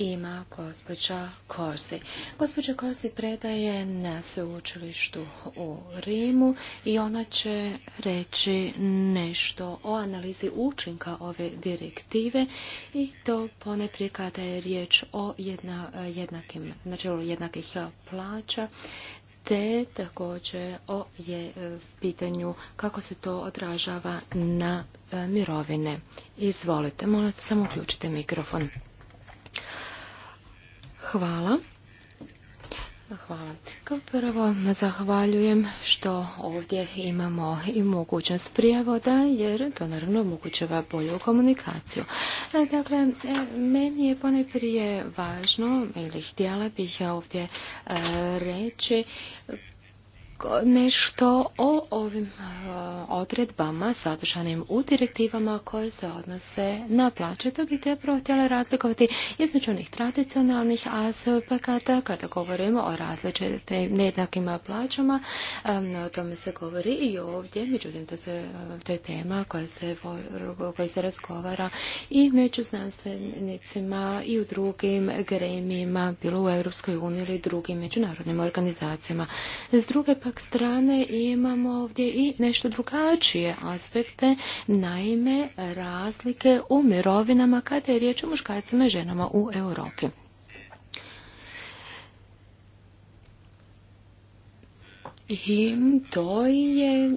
ima gospođa Korsi. Gospođa Korsi predaje na sveučilištu u Rimu i ona će reći nešto o analizi učinka ove direktive i to prije kada je riječ o jedna, jednakim, načelu jednakih plaća te također o je pitanju kako se to odražava na e, mirovine. Izvolite, molim samo uključite mikrofon. Hvala. Hvala. Kao prvo zahvaljujem što ovdje imamo i mogućnost prijevoda jer to naravno omogućava bolju komunikaciju. E, dakle, e, meni je pone važno ili htjela bih ovdje e, reći nešto o ovim e, odredbama sadržanim u direktivama koje se odnose na plaće. To bih zapravo htjela razlikovati između onih tradicionalnih aspekata kada govorimo o različitim nejednakim plaćama. E, o tome se govori i ovdje, međutim to, se, to je tema koja se, koja se razgovara i među znanstvenicima i u drugim gremijima, bilo u Europskoj uniji ili drugim međunarodnim organizacijama. S druge pa strane imamo ovdje i nešto drugačije aspekte, naime razlike u mirovinama kada je riječ o muškarcima i ženama u Europi. I to je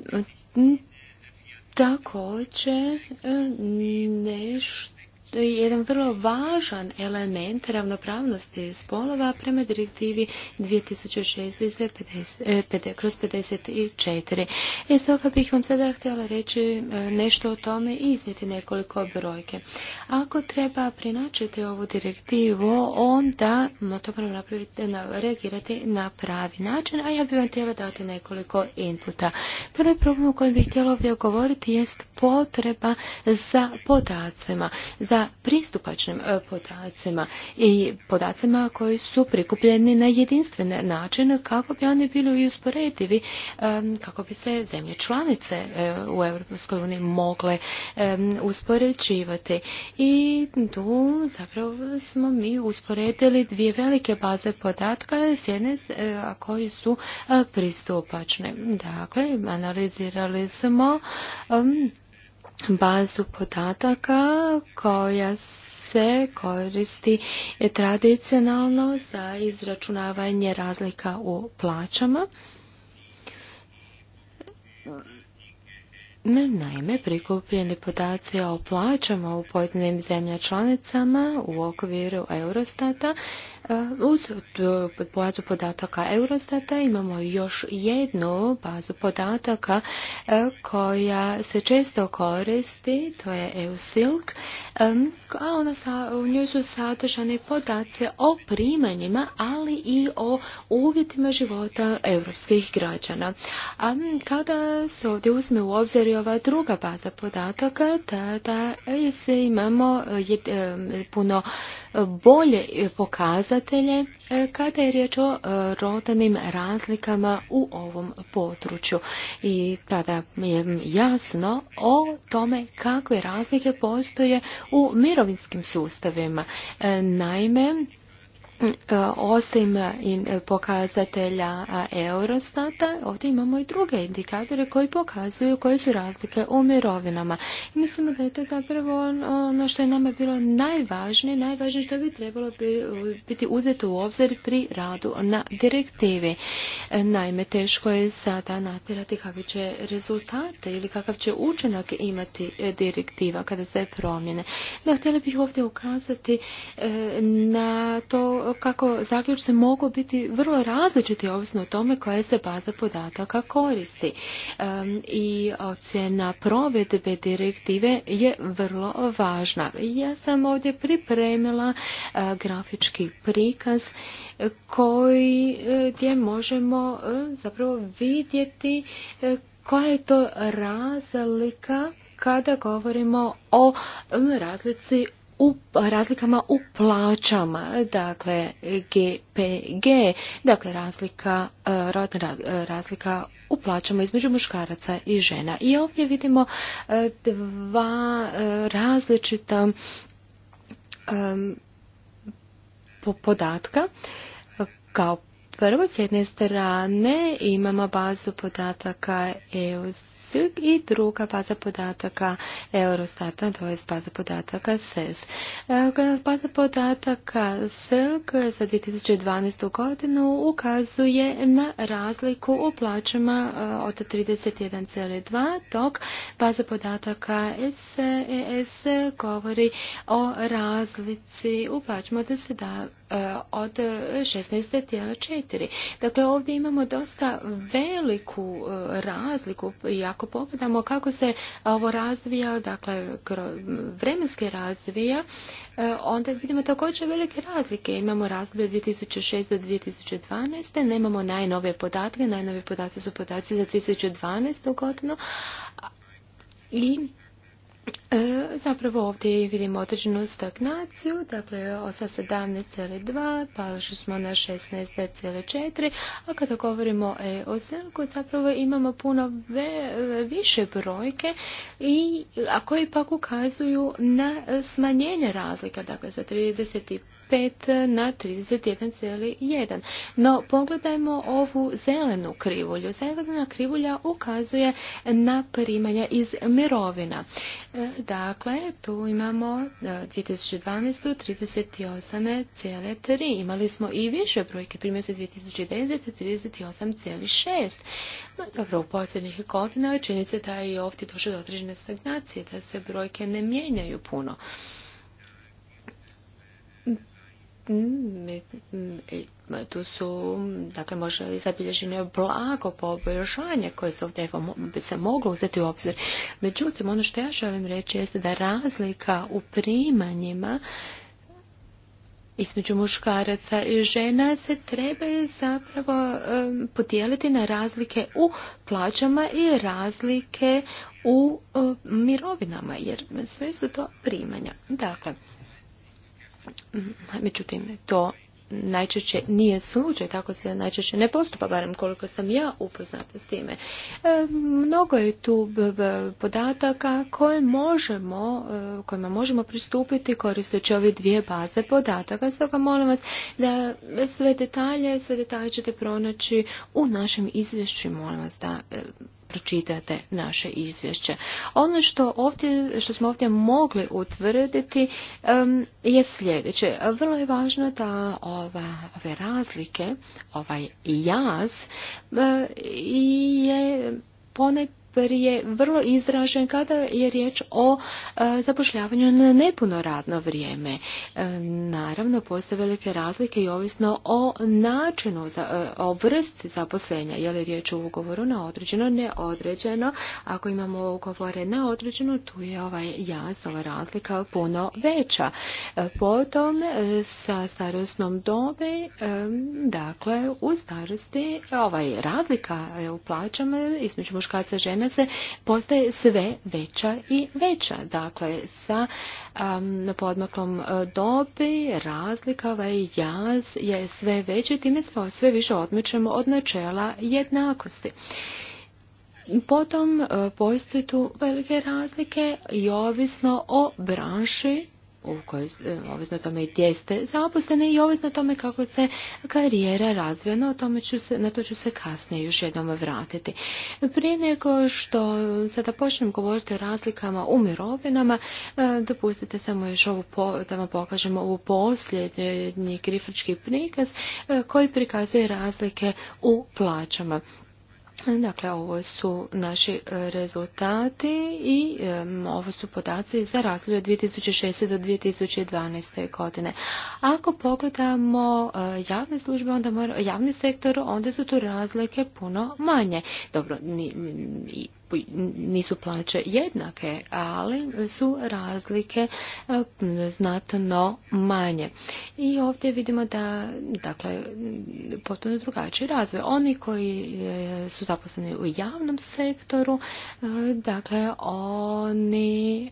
također e, nešto jedan vrlo važan element ravnopravnosti spolova prema direktivi 2006 eh, kroz 54. I e, stoga bih vam sada htjela reći eh, nešto o tome i iznijeti nekoliko brojke. Ako treba prinačiti ovu direktivu, onda to moramo napraviti, reagirati na pravi način, a ja bih vam htjela dati nekoliko inputa. Prvi problem o kojem bih htjela ovdje govoriti jest potreba za podacima, za pristupačnim e, podacima i podacima koji su prikupljeni na jedinstven način kako bi oni bili usporedivi e, kako bi se zemlje članice e, u Europskoj uniji mogle uspoređivati. I tu zapravo smo mi usporedili dvije velike baze podatka s jedne koji su pristupačne. Dakle, analizirali smo bazu podataka koja se koristi tradicionalno za izračunavanje razlika u plaćama. Naime, prikupljeni podaci o plaćama u pojedinim zemlja članicama u okviru Eurostata E, Uz e, bazu podataka Eurostata imamo još jednu bazu podataka e, koja se često koristi, to je EUSILK, a u njoj su sadržani podace o primanjima, ali i o uvjetima života europskih građana. kada se ovdje uzme u obzir i ova druga baza podataka, tada se imamo puno bolje pokazatelje e, kada je riječ o e, rodanim razlikama u ovom području. I tada je jasno o tome kakve razlike postoje u mirovinskim sustavima. E, naime, E, osim e, e, pokazatelja Eurostata, ovdje imamo i druge indikatore koji pokazuju koje su razlike u mirovinama. mislimo da je to zapravo ono što je nama bilo najvažnije, najvažnije što bi trebalo biti uzeto u obzir pri radu na direktivi. Naime, teško je sada natjerati kakve će rezultate ili kakav će učinak imati direktiva kada se promjene. Da, htjela bih ovdje ukazati na to kako zaključci mogu biti vrlo različiti ovisno o tome koja se baza podataka koristi. I ocjena provedbe direktive je vrlo važna. Ja sam ovdje pripremila e, grafički prikaz koji e, gdje možemo e, zapravo vidjeti koja je to razlika kada govorimo o razlici u razlikama u plaćama, dakle GPG, dakle razlika, e, rodna e, razlika u plaćama između muškaraca i žena. I ovdje vidimo e, dva različita podatka kao Prvo, s jedne strane imamo bazu podataka EUS i druga baza podataka Eurostata, to je baza podataka SES. E e, baza podataka SELG za 2012. godinu ukazuje na razliku u plaćama e, od 31,2, dok baza podataka SES govori o razlici u plaćama od 17 E, od 16. tijela Dakle, ovdje imamo dosta veliku e, razliku i ako pogledamo kako se ovo razvija, dakle, vremenski razvija, e, onda vidimo također velike razlike. Imamo razdoblje od 2006 do 2012. Nemamo najnove podatke. Najnove podatke su podaci za 2012. godinu. I E, zapravo ovdje vidimo određenu stagnaciju, dakle sa 17,2 što smo na 16,4, a kada govorimo o zelku zapravo imamo puno više brojke, i, a koji pak ukazuju na smanjenje razlika, dakle za 35 25 na 31,1. No, pogledajmo ovu zelenu krivulju. Zelena krivulja ukazuje na primanja iz mirovina. E, dakle, tu imamo 2012. E, 38,3. Imali smo i više brojke, primjer se 2010. 38,6. dobro, u posljednjih godina čini se da je i ovdje došlo do određene stagnacije, da se brojke ne mijenjaju puno. Mm, mm, tu su, dakle, i zabilježeno blago poboljšanje koje se ovdje bi se moglo uzeti u obzir. Međutim, ono što ja želim reći jeste da razlika u primanjima između muškaraca i žena se trebaju zapravo podijeliti na razlike u plaćama i razlike u mirovinama, jer sve su to primanja. Dakle, Međutim, to najčešće nije slučaj, tako se najčešće ne postupa, barem koliko sam ja upoznata s time. E, mnogo je tu podataka koje možemo, e, kojima možemo pristupiti koristeći ove dvije baze podataka. Stoga molim vas da sve detalje, sve detalje ćete pronaći u našem izvješću i molim vas da e, pročitate naše izvješće. Ono što, ovdje, što smo ovdje mogli utvrditi je sljedeće. Vrlo je važno da ove razlike, ovaj jaz je ponaj je vrlo izražen kada je riječ o e, zapošljavanju na nepuno radno vrijeme. E, naravno, postoje velike razlike i ovisno o načinu, e, o vrsti zaposlenja, je li riječ o ugovoru na određeno, neodređeno. Ako imamo ugovore na određeno, tu je ovaj jaz, razlika puno veća. Potom, sa starostnom dobi, dakle, u starosti, ovaj razlika u plaćama između muškaca i žena se postaje sve veća i veća. Dakle, sa um, podmaklom e, dobi razlikava ovaj i jaz je sve veći, time se sve više odmičemo od načela jednakosti. Potom e, postoje tu velike razlike i ovisno o branši u e, ovisno tome i gdje ste zaposleni i ovisno tome kako se karijera razvija, no tome se, na to ću se kasnije još jednom vratiti. Prije nego što sada počnem govoriti o razlikama u mirovinama, e, dopustite samo još ovu, da vam pokažem ovu posljednji grifrički prikaz e, koji prikazuje razlike u plaćama. Dakle, ovo su naši e, rezultati i e, ovo su podaci za razdoblje od 2006. do 2012. godine. Ako pogledamo e, javne službe, onda javni sektor, onda su tu razlike puno manje. Dobro, nisu plaće jednake, ali su razlike e, znatno manje. I ovdje vidimo da, dakle, potpuno drugačiji razvoj. Oni koji e, su zaposleni u javnom sektoru, e, dakle, oni,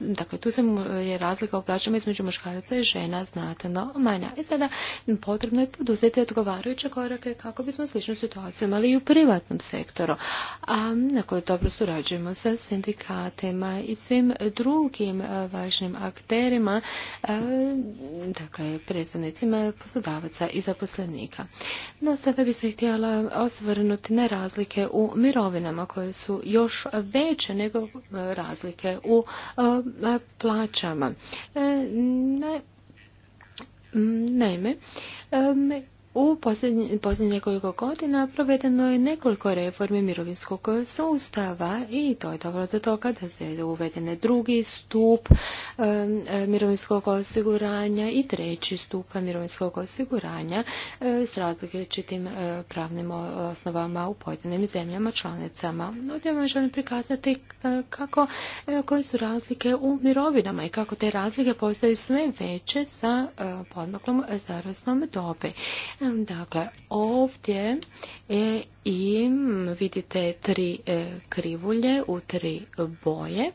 dakle, tu se je razlika u plaćama između muškaraca i žena znatno manja. I sada potrebno je poduzeti odgovarajuće korake kako bismo sličnu situaciju imali i u privatnom sektoru. A na koje dobro surađujemo sa sindikatima i svim drugim e, važnim akterima, e, dakle predstavnicima poslodavaca i zaposlenika. No sada bi se htjela osvrnuti na razlike u mirovinama koje su još veće nego e, razlike u plaćama. Naime, u posljednjih nekoliko godina provedeno je nekoliko reformi mirovinskog sustava i to je dobro do toga da se uvedene drugi stup mirovinskog osiguranja i treći stup mirovinskog osiguranja s različitim pravnim osnovama u pojedinim zemljama članicama. Ovdje vam želim prikazati e, kako, e, koje su razlike u mirovinama i kako te razlike postaju sve veće sa e, podnoklom starostnom dobi. Dakle, ovdje e, im i vidite tri e, krivulje u tri boje.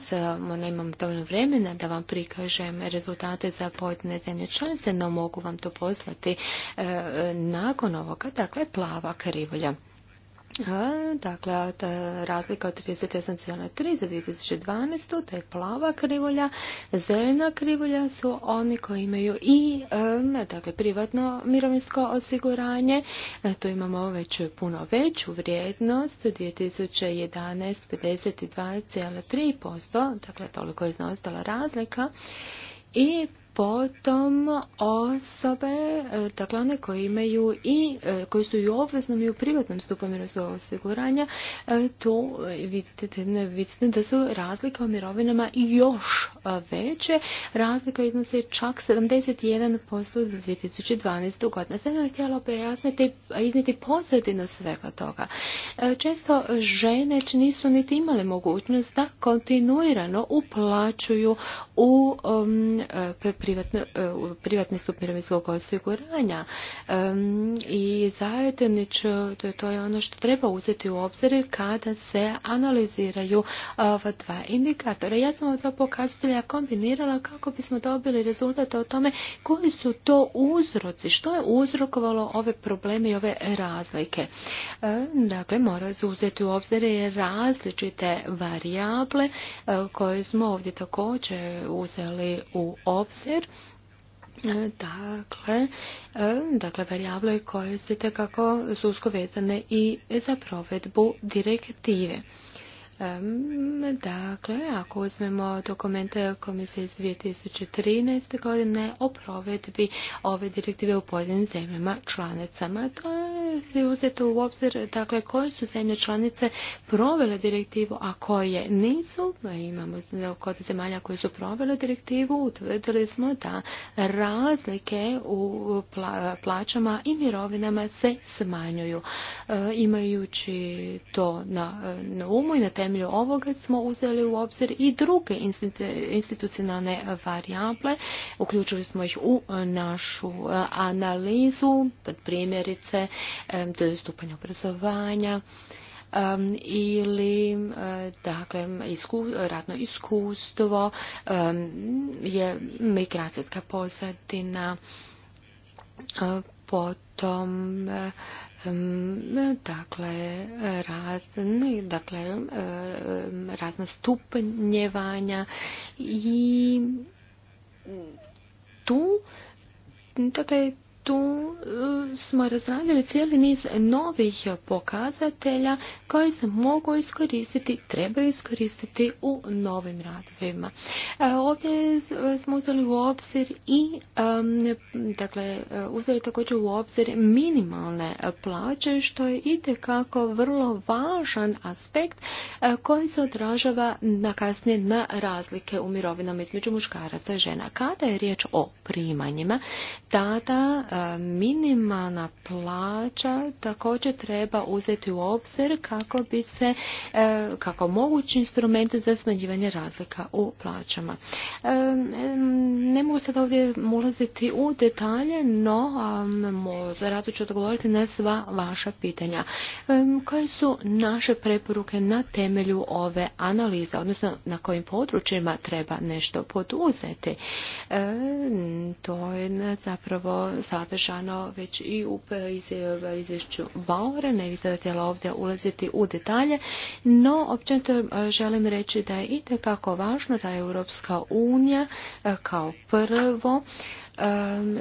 Samo nemam dovoljno vremena da vam prikažem rezultate za pojedine zemlje članice, no mogu vam to poslati e, nakon ovoga, dakle plava krivulja dakle, ta razlika od 31,3 za 2012. To je plava krivulja, Zelena krivulja su oni koji imaju i dakle, privatno mirovinsko osiguranje. E, tu imamo već puno veću vrijednost. 2011 52,3%. Dakle, toliko je razlika. I potom osobe, e, dakle one koje imaju i, e, koji su i u obveznom i u privatnom stupu mirovinskog osiguranja, e, tu vidite, vidite da su razlike u mirovinama još veće. Razlika iznose čak 71% za 2012. godinu. Sad bih htjela pojasniti, izniti pozadino svega toga. Često žene nisu niti imale mogućnost da kontinuirano uplaćuju u um, E, privatni stup mirovinskog osiguranja. I zajednično, to je ono što treba uzeti u obzir kada se analiziraju ova dva indikatora. Ja sam ova dva pokazatelja kombinirala kako bismo dobili rezultate o tome koji su to uzroci, što je uzrokovalo ove probleme i ove razlike. Dakle, mora se uzeti u obzir različite varijable e, koje smo ovdje također uzeli u obzir E, dakle, e, dakle varijable koje su tekako su usko vezane i za provedbu direktive. Dakle, ako uzmemo dokumente komisije iz 2013. godine o provedbi ove direktive u pojedinim zemljama članicama, to je uzeto u obzir dakle, koje su zemlje članice provele direktivu, a koje nisu. Imamo kod zemalja koje su provele direktivu, utvrdili smo da razlike u plaćama i mirovinama se smanjuju. E, imajući to na umu i na temelju temelju ovoga smo uzeli u obzir i druge institucionalne varijable, uključili smo ih u e, našu e, analizu, primjerice stupanj obrazovanja, ili e, dakle radno iskustvo je migracijska pozadina potom Mm, dakle razni dakle mm, razna stupnjevanja i tu dakle tu eh, smo razradili cijeli niz novih pokazatelja koji se mogu iskoristiti, trebaju iskoristiti u novim radovima. Eh, ovdje smo uzeli u obzir i dakle, eh, uzeli također u obzir minimalne plaće što je itekako vrlo važan aspekt koji se odražava na kasnije na razlike u mirovinama između muškaraca i žena. Kada je riječ o primanjima, tada E, minimalna plaća također treba uzeti u obzir kako bi se e, kako mogući instrument za smanjivanje razlika u plaćama. E, ne mogu sad ovdje ulaziti u detalje, no rado ću odgovoriti na sva vaša pitanja. Koje su naše preporuke na temelju ove analize, odnosno na kojim područjima treba nešto poduzeti? To je zapravo sad sadržano već i u izvješću Baura, ne bih sada htjela ovdje ulaziti u detalje, no općenito e, želim reći da je itekako važno da je Europska unija e, kao prvo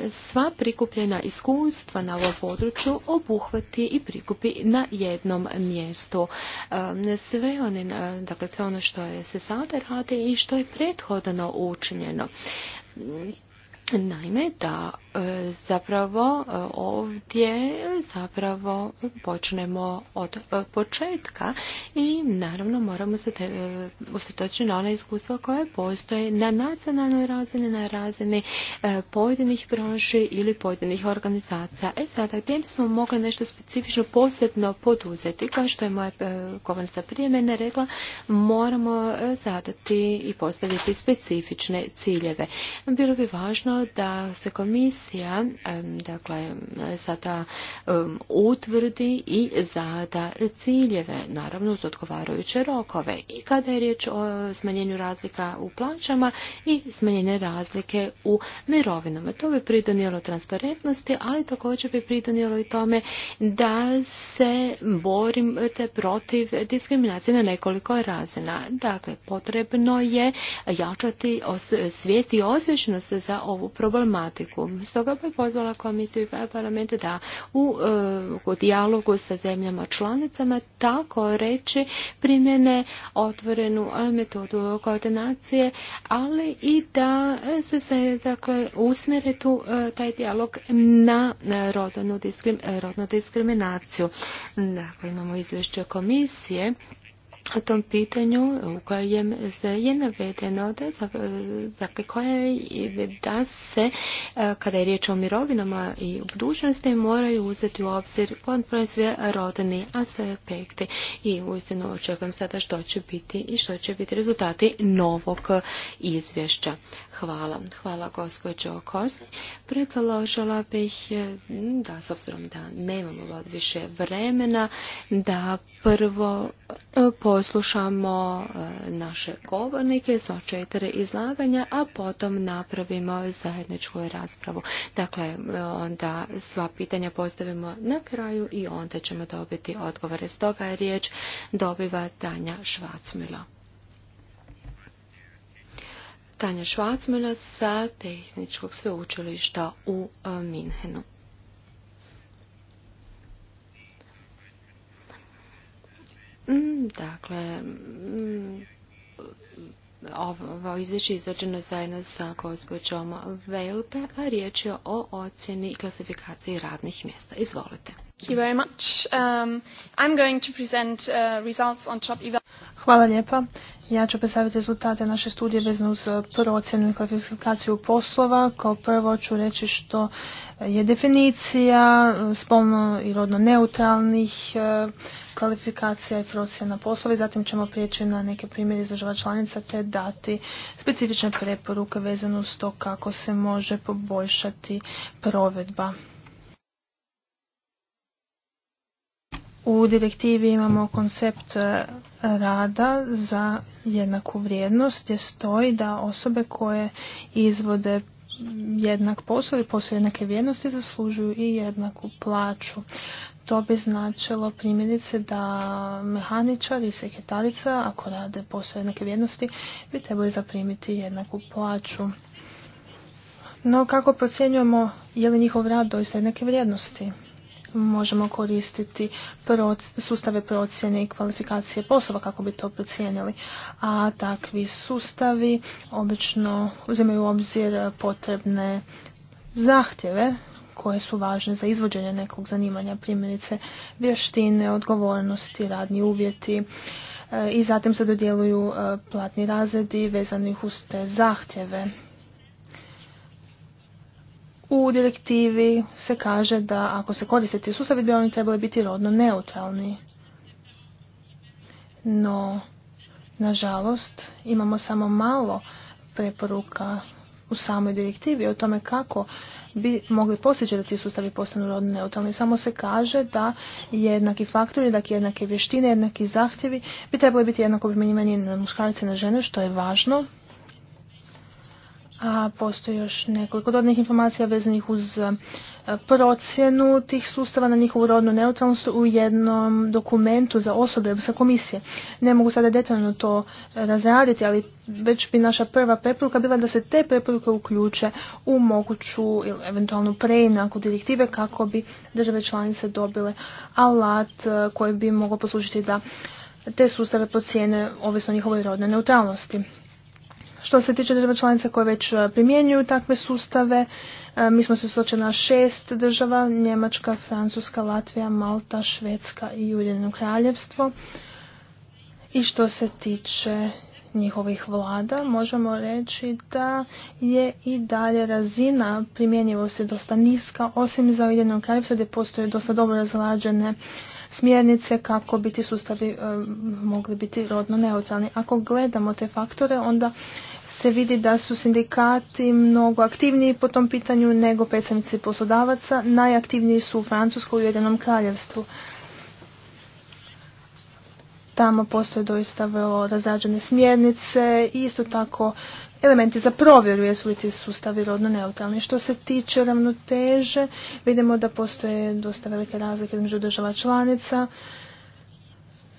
e, sva prikupljena iskustva na ovom području obuhvati i prikupi na jednom mjestu. Sve, one, dakle, sve ono što je se sada radi i što je prethodno učinjeno Naime, da e, zapravo e, ovdje zapravo počnemo od e, početka i naravno moramo se na ona iskustva koje postoje na nacionalnoj razini, na razini pojedinih branši ili pojedinih organizacija. E sada, gdje smo mogli nešto specifično posebno poduzeti? Kao što je moja govornica prije mene rekla, moramo zadati i postaviti specifične ciljeve. Bilo bi važno da se komisija dakle, sada utvrdi i zada ciljeve, naravno uz odgovarajuće rokove. I kada je riječ o smanjenju razlika u plaćama i smanjenje razlike u mirovinama. To bi pridonijelo transparentnosti, ali također bi pridonijelo i tome da se borite protiv diskriminacije na nekoliko razina. Dakle, potrebno je jačati svijest i osvješenost za ovu problematiku. Stoga bi pozvala komisiju i parlament da u, e, u dijalogu sa zemljama članicama tako reći primjene otvorenu e, metodu koordinacije, ali i da se, se dakle, usmjere tu e, taj dijalog na rodnu rodnu diskriminaciju. Dakle, imamo izvješće komisije o tom pitanju u kojem je navedeno da, dakle, koje, da se e, kada je riječ o mirovinama i budućnosti moraju uzeti u obzir sve rodni aspekti i uistinu očekujem sada što će biti i što će biti rezultati novog izvješća. Hvala. Hvala gospođo Kosi. Predložila bih e, da s obzirom da nemamo više vremena da prvo po e, poslušamo e, naše govornike, sva četiri izlaganja, a potom napravimo zajedničku raspravu. Dakle, e, onda sva pitanja postavimo na kraju i onda ćemo dobiti odgovore. Stoga je riječ dobiva Tanja Švacmila. Tanja Švacmila sa Tehničkog sveučilišta u e, Minhenu. Mm, dakle, mm, ovo izvješće izrađeno zajedno sa gospođom Velpe, a riječ je o ocjeni i klasifikaciji radnih mjesta. Izvolite. Um, uh, Hvala lijepa. Ja ću predstaviti rezultate naše studije vezano uz eh, procjenu i kvalifikaciju poslova. Kao prvo ću reći što eh, je definicija eh, spolno i rodno neutralnih kvalifikacija i procjena poslova zatim ćemo prijeći na neke primjere iz država članica te dati specifične preporuke vezano uz to kako se može poboljšati provedba U direktivi imamo koncept e, rada za jednaku vrijednost gdje stoji da osobe koje izvode jednak posao ili posao jednake vrijednosti zaslužuju i jednaku plaću. To bi značilo primjerice da mehaničar i sekretarica, ako rade posao jednake vrijednosti, bi trebali zaprimiti jednaku plaću. No kako procjenjujemo je li njihov rad doista jednake vrijednosti? možemo koristiti sustave procjene i kvalifikacije poslova kako bi to procijenili. A takvi sustavi obično uzimaju u obzir potrebne zahtjeve koje su važne za izvođenje nekog zanimanja, primjerice vještine, odgovornosti, radni uvjeti e, i zatim se dodjeluju e, platni razredi vezanih uz te zahtjeve u direktivi se kaže da ako se koriste ti sustavi bi oni trebali biti rodno neutralni. No, nažalost, imamo samo malo preporuka u samoj direktivi o tome kako bi mogli postići da ti sustavi postanu rodno neutralni. Samo se kaže da jednaki faktori, dakle jednake vještine, jednaki zahtjevi bi trebali biti jednako primjenjivani na muškarce i na žene, što je važno a postoji još nekoliko dodatnih informacija vezanih uz e, procjenu tih sustava na njihovu rodnu neutralnost u jednom dokumentu za osobe sa komisije. Ne mogu sada detaljno to e, razraditi, ali već bi naša prva preporuka bila da se te preporuke uključe u moguću ili eventualnu preinaku direktive kako bi države članice dobile alat e, koji bi mogao poslužiti da te sustave procijene ovisno o njihovoj rodnoj neutralnosti. Što se tiče država članica koje već e, primjenjuju takve sustave, e, mi smo se suočena na šest država, Njemačka, Francuska, Latvija, Malta, Švedska i Ujedinjeno kraljevstvo. I što se tiče njihovih vlada, možemo reći da je i dalje razina primjenjivosti dosta niska, osim za Ujedinjeno kraljevstvo gdje postoje dosta dobro razlađene smjernice kako bi ti sustavi e, mogli biti rodno neutralni. Ako gledamo te faktore, onda se vidi da su sindikati mnogo aktivniji po tom pitanju nego predstavnici poslodavaca. Najaktivniji su u Francuskoj Ujedinom kraljevstvu. Tamo postoje doista vrlo razrađene smjernice i isto tako elementi za provjeru jesu li ti sustavi rodno neutralni. Što se tiče ravnoteže, vidimo da postoje dosta velike razlike između država članica.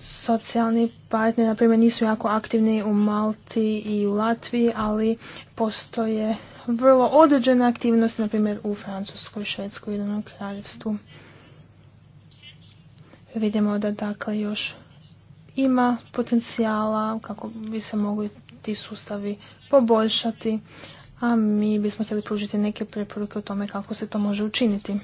Socijalni partneri, na primjer, nisu jako aktivni u Malti i u Latviji, ali postoje vrlo određena aktivnost, na primjer, u Francuskoj, Švedskoj i Jedinom kraljevstvu. Vidimo da dakle još ima potencijala kako bi se mogli ti sustavi poboljšati, a mi bismo htjeli pružiti neke preporuke o tome kako se to može učiniti.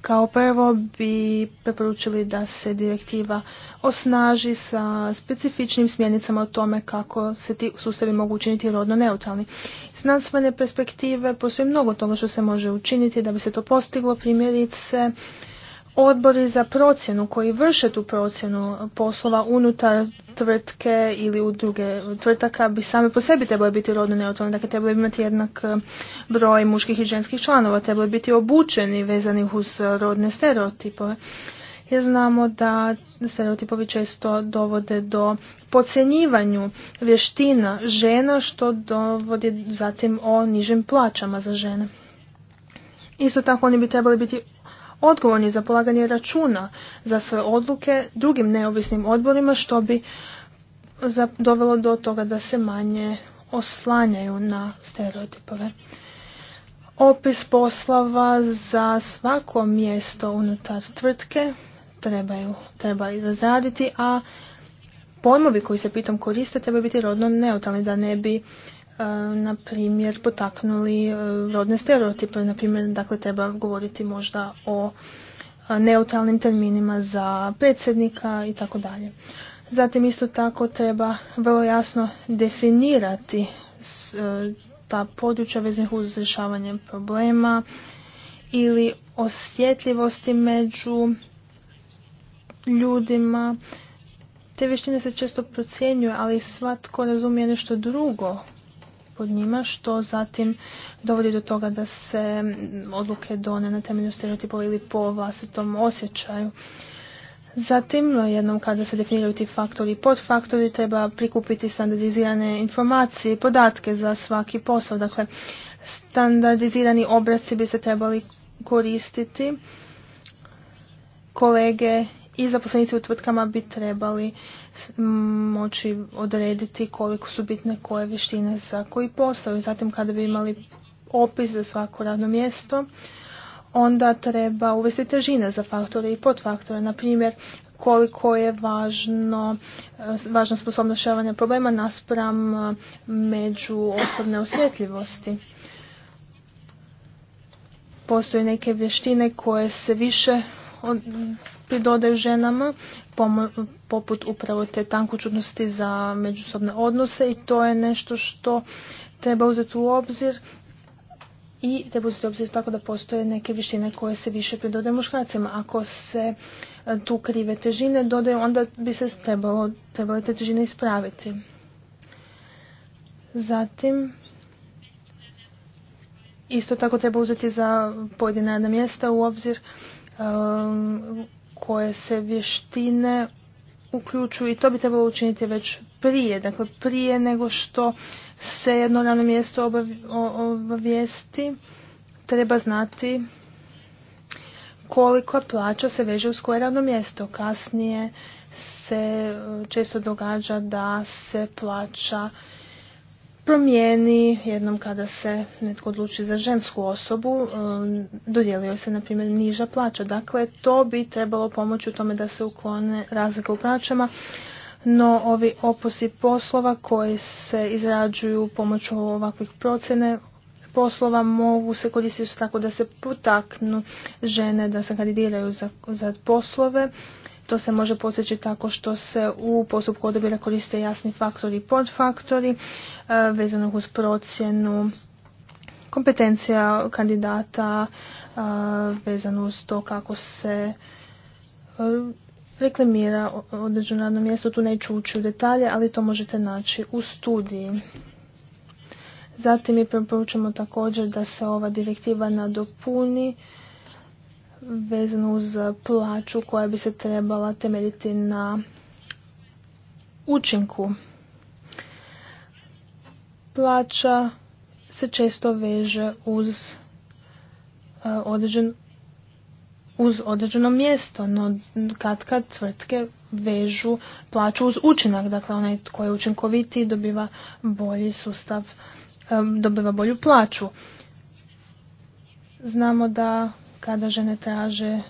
Kao prvo bi preporučili da se direktiva osnaži sa specifičnim smjernicama o tome kako se ti sustavi mogu učiniti rodno neutralni. S perspektive postoji mnogo toga što se može učiniti da bi se to postiglo, primjerice odbori za procjenu koji vrše tu procjenu poslova unutar tvrtke ili udruge tvrtaka bi same po sebi trebali biti rodno neutralne, dakle trebali imati jednak eh, broj muških i ženskih članova, trebali biti obučeni vezanih uz rodne stereotipove. Jer znamo da stereotipovi često dovode do pocenjivanju vještina žena što dovodi zatim o nižim plaćama za žene. Isto tako oni bi trebali biti odgovorni za polaganje računa za svoje odluke drugim neovisnim odborima što bi dovelo do toga da se manje oslanjaju na stereotipove. Opis poslova za svako mjesto unutar tvrtke trebaju, treba izraditi, a pojmovi koji se pitom koriste treba biti rodno neutralni da ne bi E, na primjer potaknuli e, rodne stereotipe. Na primjer, dakle, treba govoriti možda o e, neutralnim terminima za predsjednika i tako dalje. Zatim isto tako treba vrlo jasno definirati ta područja veznih uz rješavanje problema ili osjetljivosti među ljudima. Te vještine se često procjenjuju, ali svatko razumije nešto drugo pod njima, što zatim dovodi do toga da se odluke done na temelju stereotipova ili po vlastitom osjećaju. Zatim, jednom kada se definiraju ti faktori i podfaktori, treba prikupiti standardizirane informacije i podatke za svaki posao. Dakle, standardizirani obraci bi se trebali koristiti kolege i zaposlenici u tvrtkama bi trebali moći odrediti koliko su bitne koje vještine za koji posao. I zatim kada bi imali opis za svako radno mjesto, onda treba uvesti težine za faktore i podfaktore. Na primjer, koliko je važno, eh, važna sposobnost rješavanja problema naspram eh, među osobne osjetljivosti. Postoje neke vještine koje se više pridodaju ženama, poput upravo te tankočudnosti za međusobne odnose i to je nešto što treba uzeti u obzir i treba uzeti u obzir tako da postoje neke vištine koje se više pridodaju muškarcima. Ako se e, tu krive težine dodaju, onda bi se trebalo, trebale te težine ispraviti. Zatim, isto tako treba uzeti za pojedina jedna mjesta u obzir e, koje se vještine uključuju i to bi trebalo učiniti već prije, dakle prije nego što se jedno radno mjesto obavijesti, treba znati koliko plaća se veže uz koje radno mjesto. Kasnije se e, često događa da se plaća promijeni jednom kada se netko odluči za žensku osobu, e, dodijelio se na primjer niža plaća. Dakle, to bi trebalo pomoći u tome da se uklone razlike u plaćama, no ovi oposi poslova koji se izrađuju pomoću ovakvih procjene poslova mogu se koristiti tako da se potaknu žene da se kandidiraju za, za poslove to se može posjeći tako što se u postupku odabira koriste jasni faktori i podfaktori e, Vezano uz procjenu kompetencija kandidata e, vezano uz to kako se e, reklamira određeno radno mjesto. Tu neću ući u detalje, ali to možete naći u studiji. Zatim mi preporučamo također da se ova direktiva nadopuni vezano uz plaću koja bi se trebala temeljiti na učinku. Plaća se često veže uz e, uz određeno mjesto, no kad kad tvrtke vežu plaću uz učinak, dakle onaj tko je učinkovitiji dobiva bolji sustav, e, dobiva bolju plaću. Znamo da kada žene traže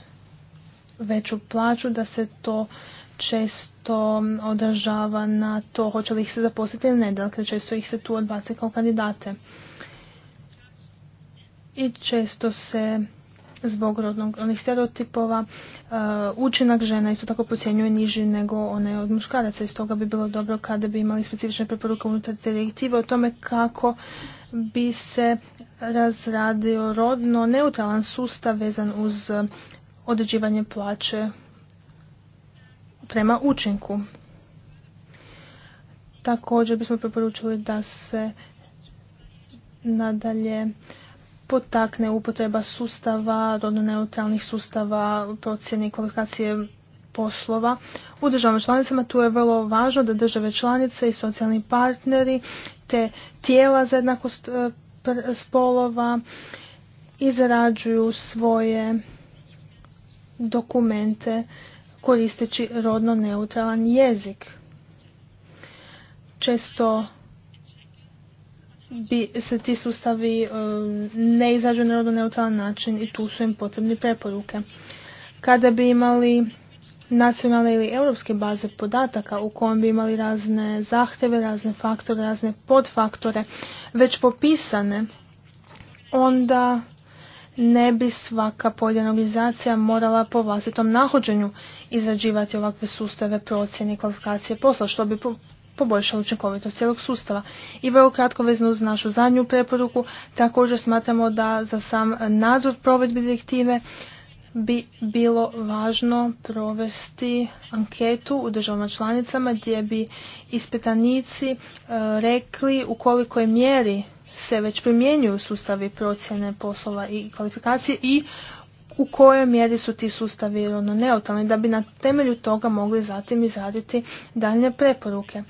veću plaću, da se to često održava na to hoće li ih se zaposliti ili ne, dakle često ih se tu odbace kao kandidate. I često se zbog rodnog, onih stereotipova e, učinak žena isto tako procjenjuje niži nego one od muškaraca i stoga bi bilo dobro kada bi imali specifične preporuke unutar direktive o tome kako bi se razradio rodno neutralan sustav vezan uz određivanje plaće prema učinku. Također bismo preporučili da se nadalje potakne upotreba sustava, rodno neutralnih sustava, procjene i kvalifikacije poslova u državama članicama. Tu je vrlo važno da države članice i socijalni partneri te tijela za jednakost e, spolova izrađuju svoje dokumente koristeći rodno neutralan jezik. Često bi se ti sustavi e, ne izađu na neutralan način i tu su im potrebne preporuke. Kada bi imali nacionalne ili europske baze podataka u kojem bi imali razne zahteve, razne faktore, razne podfaktore već popisane, onda ne bi svaka pojedina organizacija morala po vlastitom nahođenju izrađivati ovakve sustave procjene i kvalifikacije posla, što bi poboljša učinkovitost cijelog sustava. I vrlo kratko vezano uz našu zadnju preporuku, također smatramo da za sam nadzor provedbe direktive bi bilo važno provesti anketu u državama članicama gdje bi ispitanici e, rekli u kolikoj mjeri se već primjenjuju sustavi procjene poslova i kvalifikacije i u kojoj mjeri su ti sustavi ono, neutralni, da bi na temelju toga mogli zatim izraditi daljne preporuke.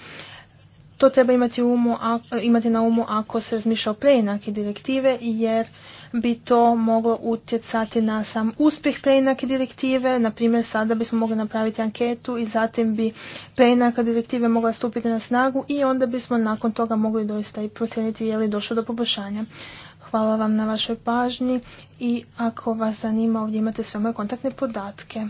To treba imati, umu, imati na umu ako se razmišlja o preinaki direktive, jer bi to moglo utjecati na sam uspjeh preinake direktive. Na primjer, sada bismo mogli napraviti anketu i zatim bi preinaka direktive mogla stupiti na snagu i onda bismo nakon toga mogli doista i procijeniti je li došlo do poboljšanja. Hvala vam na vašoj pažnji i ako vas zanima ovdje imate sve moje kontaktne podatke.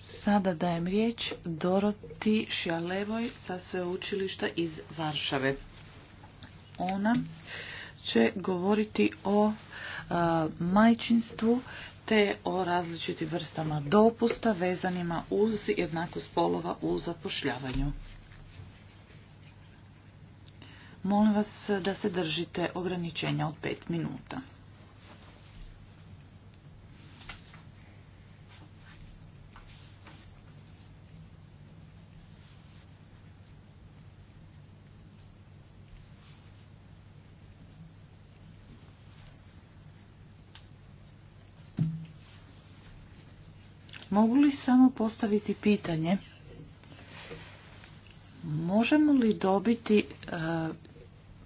Sada dajem riječ Doroti Šjalevoj sa sveučilišta iz Varšave. Ona će govoriti o E, majčinstvu te o različitim vrstama dopusta vezanima uz jednakost spolova u zapošljavanju. Molim vas da se držite ograničenja od 5 minuta. Mogu li samo postaviti pitanje? Možemo li dobiti e,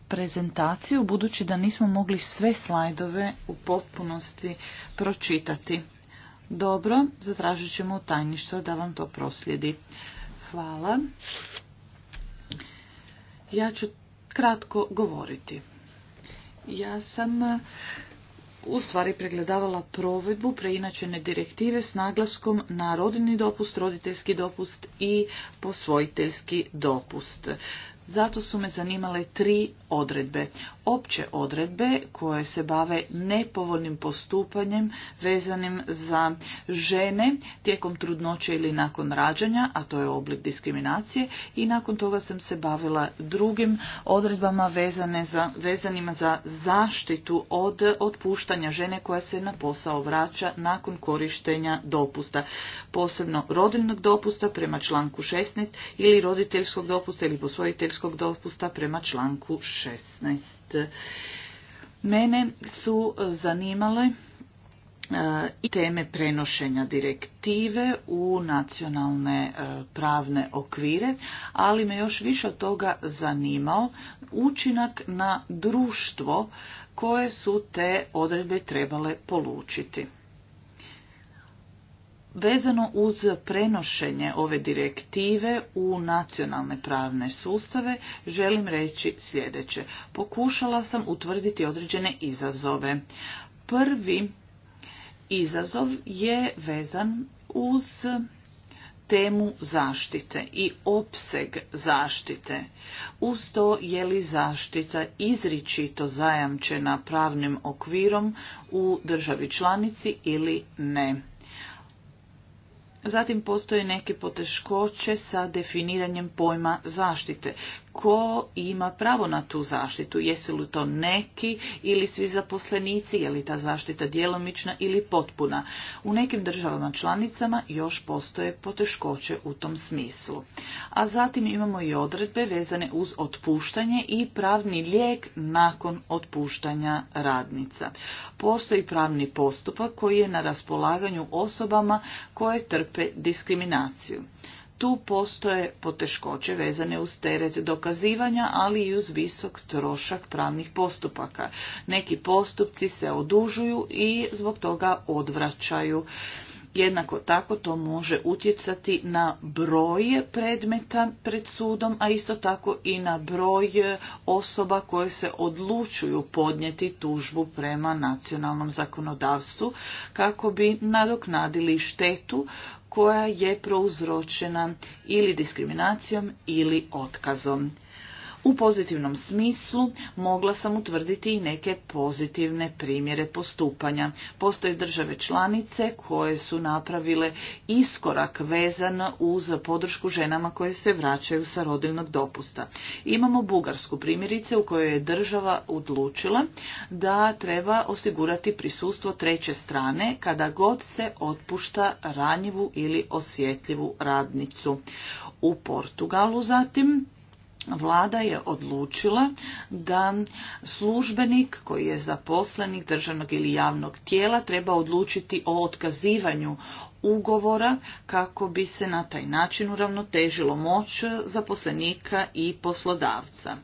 prezentaciju, budući da nismo mogli sve slajdove u potpunosti pročitati? Dobro, zatražit ćemo tajništvo da vam to proslijedi. Hvala. Ja ću kratko govoriti. Ja sam u stvari pregledavala provedbu preinačene direktive s naglaskom na rodini dopust, roditeljski dopust i posvojiteljski dopust. Zato su me zanimale tri odredbe. Opće odredbe koje se bave nepovoljnim postupanjem vezanim za žene tijekom trudnoće ili nakon rađanja, a to je oblik diskriminacije, i nakon toga sam se bavila drugim odredbama vezane za, vezanima za zaštitu od otpuštanja žene koja se na posao vraća nakon korištenja dopusta, posebno rodiljnog dopusta prema članku 16 ili roditeljskog dopusta ili posvojiteljskog roditeljskog dopusta prema članku 16. Mene su zanimale e, i teme prenošenja direktive u nacionalne e, pravne okvire, ali me još više toga zanimao učinak na društvo koje su te odredbe trebale polučiti. Vezano uz prenošenje ove direktive u nacionalne pravne sustave, želim reći sljedeće. Pokušala sam utvrditi određene izazove. Prvi izazov je vezan uz temu zaštite i opseg zaštite. Uz to je li zaštita izričito zajamčena pravnim okvirom u državi članici ili ne. Zatim postoje neke poteškoće sa definiranjem pojma zaštite tko ima pravo na tu zaštitu. Jesu li to neki ili svi zaposlenici, je li ta zaštita djelomična ili potpuna. U nekim državama članicama još postoje poteškoće u tom smislu. A zatim imamo i odredbe vezane uz otpuštanje i pravni lijek nakon otpuštanja radnica. Postoji pravni postupak koji je na raspolaganju osobama koje trpe diskriminaciju. Tu postoje poteškoće vezane uz teret dokazivanja, ali i uz visok trošak pravnih postupaka. Neki postupci se odužuju i zbog toga odvraćaju jednako tako to može utjecati na broj predmeta pred sudom, a isto tako i na broj osoba koje se odlučuju podnijeti tužbu prema nacionalnom zakonodavstvu kako bi nadoknadili štetu koja je prouzročena ili diskriminacijom ili otkazom. U pozitivnom smislu mogla sam utvrditi i neke pozitivne primjere postupanja. Postoje države članice koje su napravile iskorak vezan uz podršku ženama koje se vraćaju sa rodilnog dopusta. Imamo Bugarsku primjerice u kojoj je država odlučila da treba osigurati prisustvo treće strane kada god se otpušta ranjivu ili osjetljivu radnicu. U Portugalu zatim Vlada je odlučila da službenik koji je zaposlenik državnog ili javnog tijela treba odlučiti o otkazivanju ugovora kako bi se na taj način uravnotežilo moć zaposlenika i poslodavca.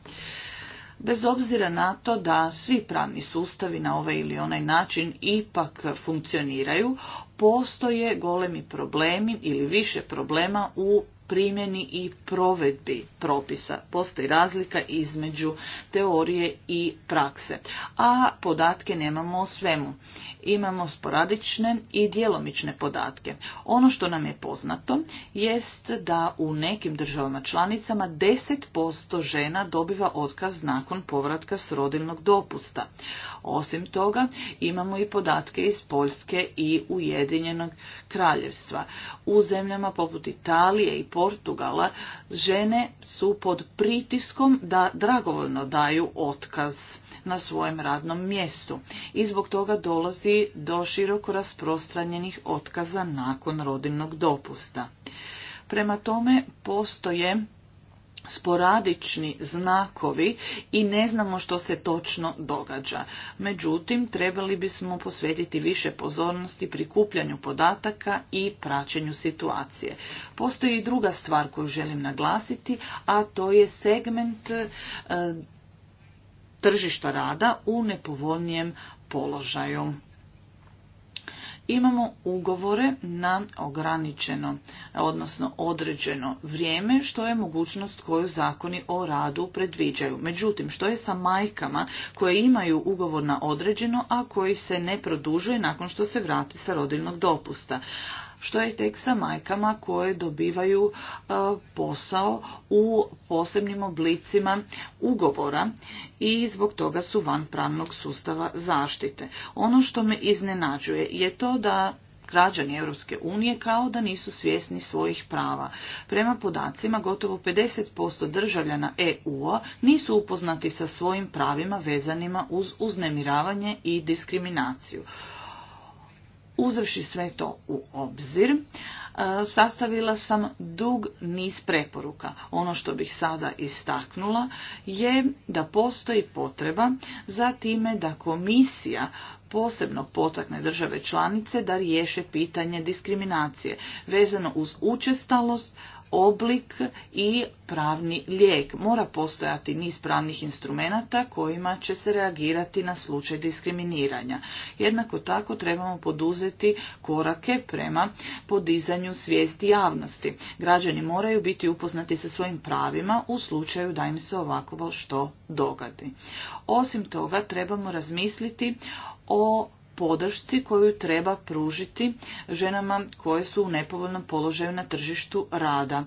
Bez obzira na to da svi pravni sustavi na ovaj ili onaj način ipak funkcioniraju, postoje golemi problemi ili više problema u primjeni i provedbi propisa. Postoji razlika između teorije i prakse. A podatke nemamo o svemu. Imamo sporadične i djelomične podatke. Ono što nam je poznato jest da u nekim državama članicama 10% žena dobiva otkaz nakon povratka s rodilnog dopusta. Osim toga imamo i podatke iz Poljske i Ujedinjenog kraljevstva. U zemljama poput Italije i Poljske Portugala žene su pod pritiskom da dragovoljno daju otkaz na svojem radnom mjestu i zbog toga dolazi do široko rasprostranjenih otkaza nakon rodinnog dopusta. Prema tome postoje sporadični znakovi i ne znamo što se točno događa. Međutim, trebali bismo posvetiti više pozornosti prikupljanju podataka i praćenju situacije. Postoji i druga stvar koju želim naglasiti, a to je segment e, tržišta rada u nepovoljnijem položaju imamo ugovore na ograničeno, odnosno određeno vrijeme, što je mogućnost koju zakoni o radu predviđaju. Međutim, što je sa majkama koje imaju ugovor na određeno, a koji se ne produžuje nakon što se vrati sa rodilnog dopusta? što je tek sa majkama koje dobivaju e, posao u posebnim oblicima ugovora i zbog toga su van pravnog sustava zaštite. Ono što me iznenađuje je to da građani Europske unije kao da nisu svjesni svojih prava. Prema podacima, gotovo 50% državljana eu nisu upoznati sa svojim pravima vezanima uz uznemiravanje i diskriminaciju. Uzevši sve to u obzir, e, sastavila sam dug niz preporuka. Ono što bih sada istaknula je da postoji potreba za time da komisija posebno potakne države članice da riješe pitanje diskriminacije vezano uz učestalost, oblik i pravni lijek. Mora postojati niz pravnih instrumenata kojima će se reagirati na slučaj diskriminiranja. Jednako tako trebamo poduzeti korake prema podizanju svijesti javnosti. Građani moraju biti upoznati sa svojim pravima u slučaju da im se ovakvo što dogadi. Osim toga trebamo razmisliti o podršci koju treba pružiti ženama koje su u nepovoljnom položaju na tržištu rada.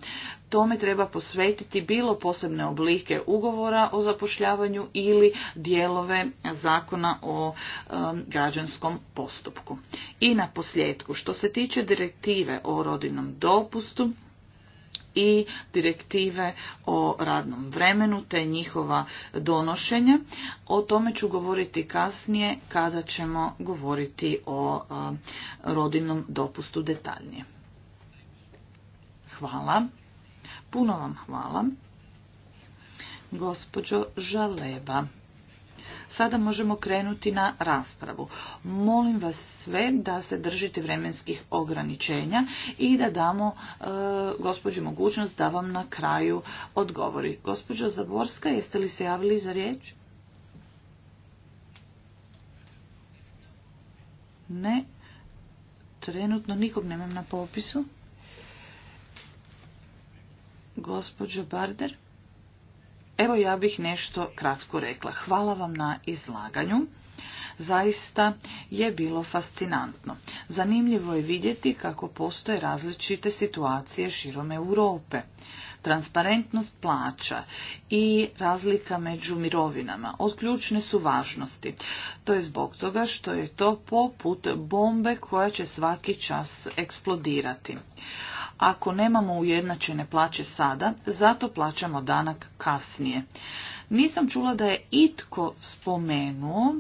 Tome treba posvetiti bilo posebne oblike ugovora o zapošljavanju ili dijelove zakona o građanskom postupku. I na posljedku, što se tiče direktive o rodinom dopustu, i direktive o radnom vremenu te njihova donošenja. O tome ću govoriti kasnije kada ćemo govoriti o rodinom dopustu detaljnije. Hvala. Puno vam hvala. Gospođo Žaleba. Sada možemo krenuti na raspravu. Molim vas sve da se držite vremenskih ograničenja i da damo e, gospođu mogućnost da vam na kraju odgovori. Gospođo Zaborska, jeste li se javili za riječ? Ne. Trenutno nikog nemam na popisu. Gospođo Barder. Evo ja bih nešto kratko rekla. Hvala vam na izlaganju. Zaista je bilo fascinantno. Zanimljivo je vidjeti kako postoje različite situacije širom Europe. Transparentnost plaća i razlika među mirovinama od ključne su važnosti. To je zbog toga što je to poput bombe koja će svaki čas eksplodirati. Ako nemamo ujednačene plaće sada, zato plaćamo danak kasnije. Nisam čula da je itko spomenuo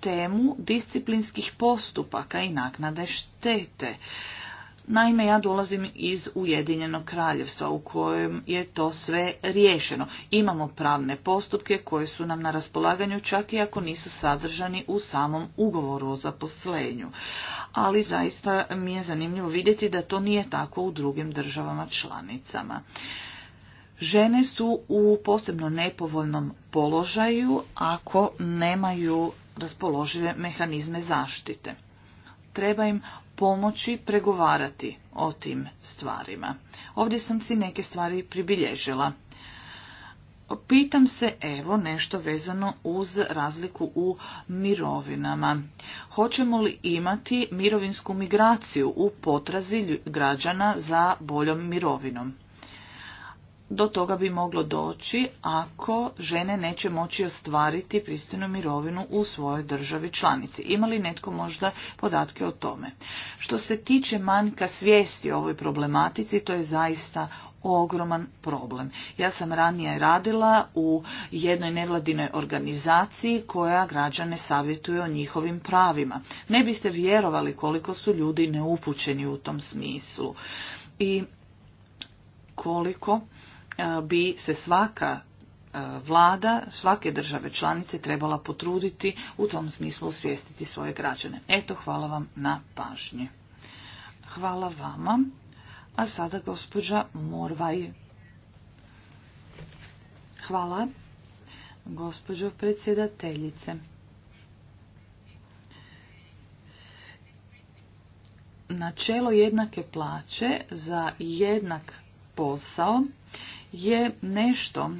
temu disciplinskih postupaka i naknade štete. Naime, ja dolazim iz Ujedinjenog kraljevstva u kojem je to sve riješeno. Imamo pravne postupke koje su nam na raspolaganju čak i ako nisu sadržani u samom ugovoru o zaposlenju. Ali zaista mi je zanimljivo vidjeti da to nije tako u drugim državama članicama. Žene su u posebno nepovoljnom položaju ako nemaju raspoložive mehanizme zaštite treba im pomoći pregovarati o tim stvarima. Ovdje sam si neke stvari pribilježila. Pitam se evo nešto vezano uz razliku u mirovinama. Hoćemo li imati mirovinsku migraciju u potrazi građana za boljom mirovinom? do toga bi moglo doći ako žene neće moći ostvariti pristojnu mirovinu u svojoj državi članici. Ima li netko možda podatke o tome? Što se tiče manjka svijesti o ovoj problematici, to je zaista ogroman problem. Ja sam ranije radila u jednoj nevladinoj organizaciji koja građane savjetuje o njihovim pravima. Ne biste vjerovali koliko su ljudi neupućeni u tom smislu. I koliko E, bi se svaka e, vlada svake države članice trebala potruditi u tom smislu osvijestiti svoje građane. Eto, hvala vam na pažnji. Hvala vama. A sada gospođa Morvaj. Hvala, gospođo predsjedateljice. Načelo jednake plaće za jednak posao je nešto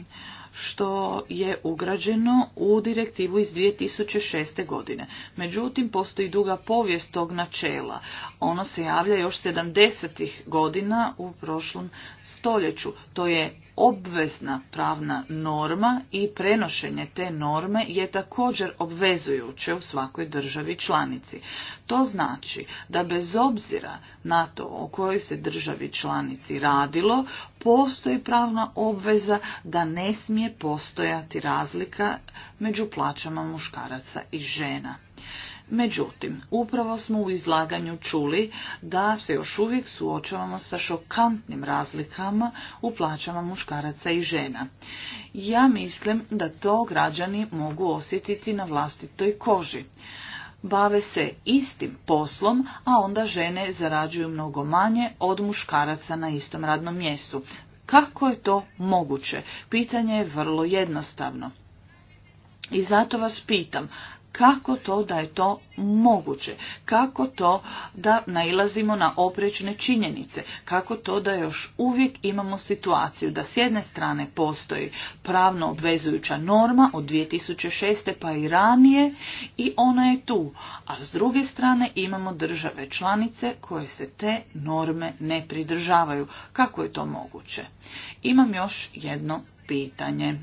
što je ugrađeno u direktivu iz 2006. godine. Međutim, postoji duga povijest tog načela. Ono se javlja još 70. godina u prošlom stoljeću. To je obvezna pravna norma i prenošenje te norme je također obvezujuće u svakoj državi članici. To znači da bez obzira na to o kojoj se državi članici radilo, postoji pravna obveza da ne smije postojati razlika među plaćama muškaraca i žena. Međutim, upravo smo u izlaganju čuli da se još uvijek suočavamo sa šokantnim razlikama u plaćama muškaraca i žena. Ja mislim da to građani mogu osjetiti na vlastitoj koži bave se istim poslom, a onda žene zarađuju mnogo manje od muškaraca na istom radnom mjestu. Kako je to moguće? Pitanje je vrlo jednostavno. I zato vas pitam, kako to da je to moguće? Kako to da nailazimo na oprečne činjenice? Kako to da još uvijek imamo situaciju da s jedne strane postoji pravno obvezujuća norma od 2006. pa i ranije i ona je tu, a s druge strane imamo države članice koje se te norme ne pridržavaju. Kako je to moguće? Imam još jedno pitanje.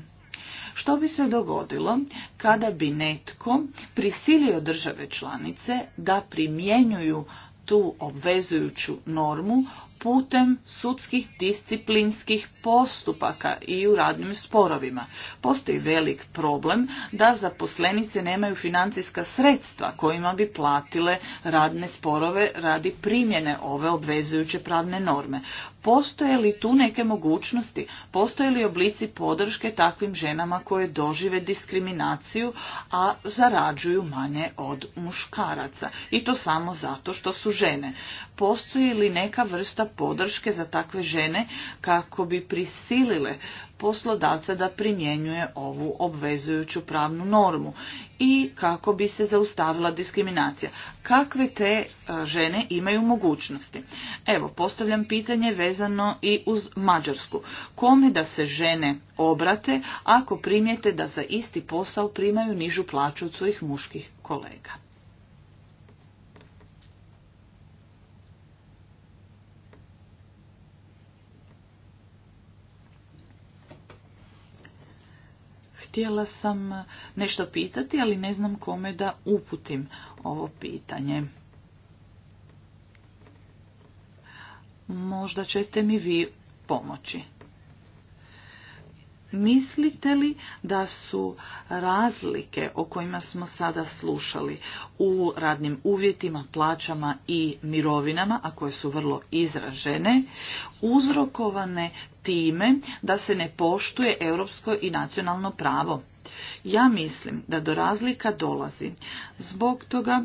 Što bi se dogodilo kada bi netko prisilio države članice da primjenjuju tu obvezujuću normu putem sudskih disciplinskih postupaka i u radnim sporovima. Postoji velik problem da zaposlenice nemaju financijska sredstva kojima bi platile radne sporove radi primjene ove obvezujuće pravne norme. Postoje li tu neke mogućnosti? Postoje li oblici podrške takvim ženama koje dožive diskriminaciju, a zarađuju manje od muškaraca? I to samo zato što su žene. Postoji li neka vrsta podrške za takve žene kako bi prisilile poslodavca da primjenjuje ovu obvezujuću pravnu normu i kako bi se zaustavila diskriminacija. Kakve te e, žene imaju mogućnosti? Evo, postavljam pitanje vezano i uz Mađarsku. Kome da se žene obrate ako primijete da za isti posao primaju nižu plaću od svojih muških kolega? Htjela sam nešto pitati, ali ne znam kome da uputim ovo pitanje. Možda ćete mi vi pomoći. Mislite li da su razlike o kojima smo sada slušali u radnim uvjetima, plaćama i mirovinama, a koje su vrlo izražene, uzrokovane time da se ne poštuje europsko i nacionalno pravo? Ja mislim da do razlika dolazi zbog toga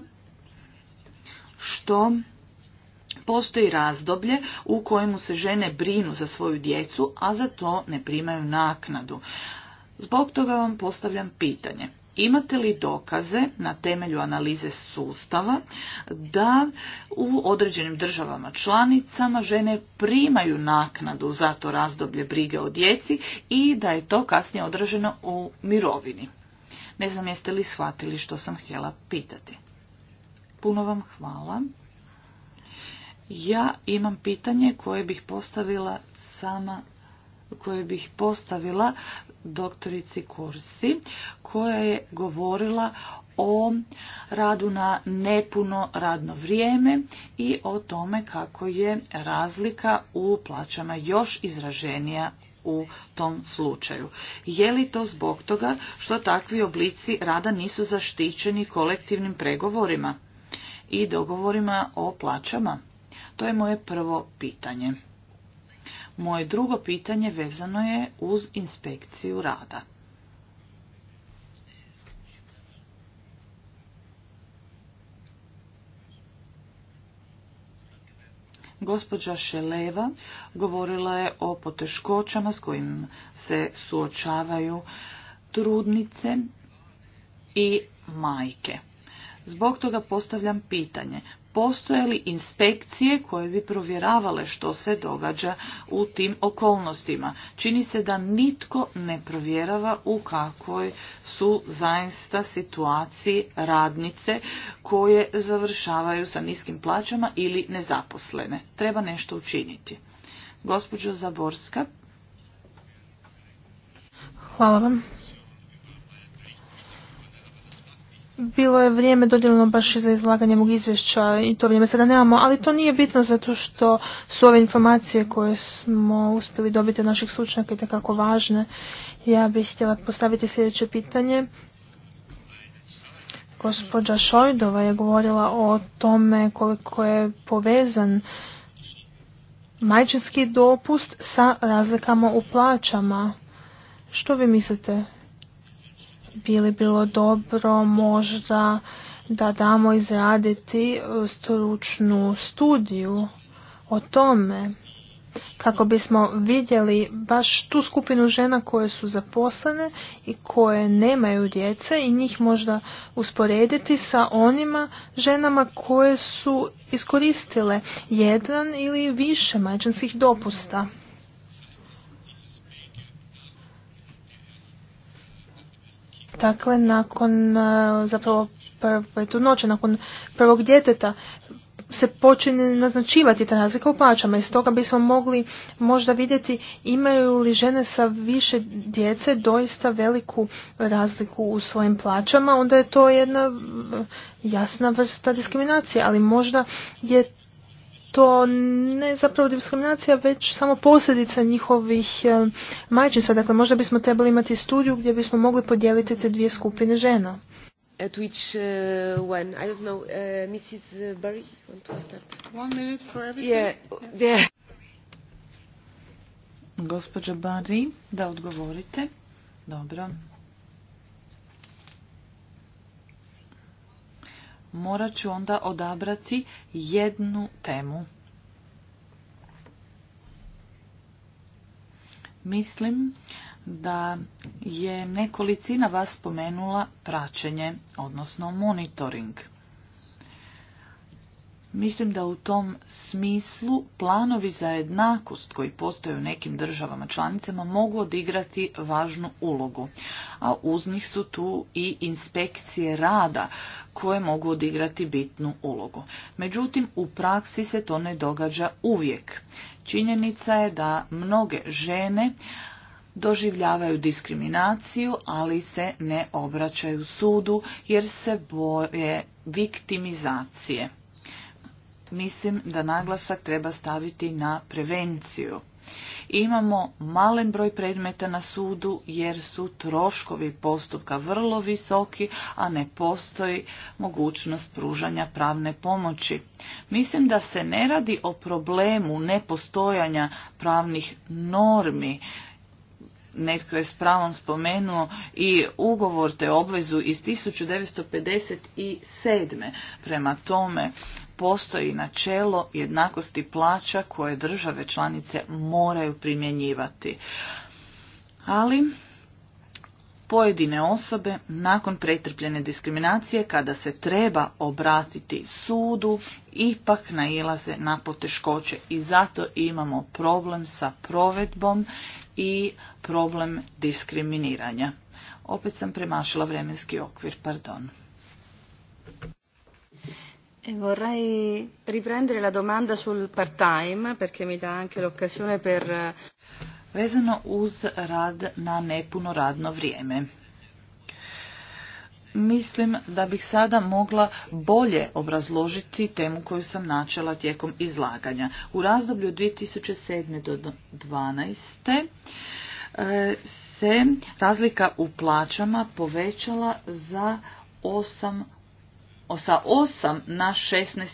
što Postoji razdoblje u kojemu se žene brinu za svoju djecu, a za to ne primaju naknadu. Zbog toga vam postavljam pitanje. Imate li dokaze na temelju analize sustava da u određenim državama članicama žene primaju naknadu za to razdoblje brige o djeci i da je to kasnije odraženo u mirovini? Ne znam jeste li shvatili što sam htjela pitati. Puno vam hvala. Ja imam pitanje koje bih postavila sama koje bih postavila doktorici Kursi koja je govorila o radu na nepuno radno vrijeme i o tome kako je razlika u plaćama još izraženija u tom slučaju. Je li to zbog toga što takvi oblici rada nisu zaštićeni kolektivnim pregovorima i dogovorima o plaćama? To je moje prvo pitanje. Moje drugo pitanje vezano je uz inspekciju rada. Gospođa Šeleva govorila je o poteškoćama s kojim se suočavaju trudnice i majke. Zbog toga postavljam pitanje, postoje li inspekcije koje bi provjeravale što se događa u tim okolnostima. Čini se da nitko ne provjerava u kakvoj su zaista situaciji radnice koje završavaju sa niskim plaćama ili nezaposlene. Treba nešto učiniti. Gospođo Zaborska. Hvala vam. bilo je vrijeme dodijeljeno baš za izlaganje mog izvješća i to vrijeme sada nemamo, ali to nije bitno zato što su ove informacije koje smo uspjeli dobiti od naših slučnjaka i takako važne. Ja bih htjela postaviti sljedeće pitanje. Gospođa Šojdova je govorila o tome koliko je povezan majčinski dopust sa razlikama u plaćama. Što vi mislite bi bilo dobro možda da damo izraditi e, stručnu studiju o tome kako bismo vidjeli baš tu skupinu žena koje su zaposlene i koje nemaju djece i njih možda usporediti sa onima ženama koje su iskoristile jedan ili više majčanskih dopusta. Dakle, nakon e, zapravo prve nakon prvog djeteta se počinje naznačivati ta razlika u plaćama. Iz toga bismo mogli možda vidjeti imaju li žene sa više djece doista veliku razliku u svojim plaćama, onda je to jedna jasna vrsta diskriminacije, ali možda je to ne zapravo diskriminacija, već samo posljedica njihovih e, majčinstva. Dakle, možda bismo trebali imati studiju gdje bismo mogli podijeliti te dvije skupine žena. At which uh, one? I don't know. E, Mrs. Burry, One minute for everything. Yeah. yeah. Barry, da odgovorite. Dobro. morat ću onda odabrati jednu temu. Mislim da je nekolicina vas spomenula praćenje, odnosno monitoring. Mislim da u tom smislu planovi za jednakost koji postoje u nekim državama članicama mogu odigrati važnu ulogu, a uz njih su tu i inspekcije rada koje mogu odigrati bitnu ulogu. Međutim, u praksi se to ne događa uvijek. Činjenica je da mnoge žene doživljavaju diskriminaciju, ali se ne obraćaju sudu jer se boje viktimizacije mislim da naglasak treba staviti na prevenciju. Imamo malen broj predmeta na sudu jer su troškovi postupka vrlo visoki, a ne postoji mogućnost pružanja pravne pomoći. Mislim da se ne radi o problemu nepostojanja pravnih normi. Netko je s pravom spomenuo i ugovor te obvezu iz 1957. Prema tome, postoji načelo jednakosti plaća koje države članice moraju primjenjivati. Ali pojedine osobe nakon pretrpljene diskriminacije kada se treba obratiti sudu ipak nailaze na poteškoće i zato imamo problem sa provedbom i problem diskriminiranja. Opet sam premašila vremenski okvir, pardon. E vorrei riprendere la domanda sul part-time perché mi dà anche l'occasione per... Vezano uz rad na nepuno radno vrijeme. Mislim da bih sada mogla bolje obrazložiti temu koju sam načela tijekom izlaganja. U razdoblju 2007. do 2012 e, se razlika u plaćama povećala za 8 sa 8 na 16%.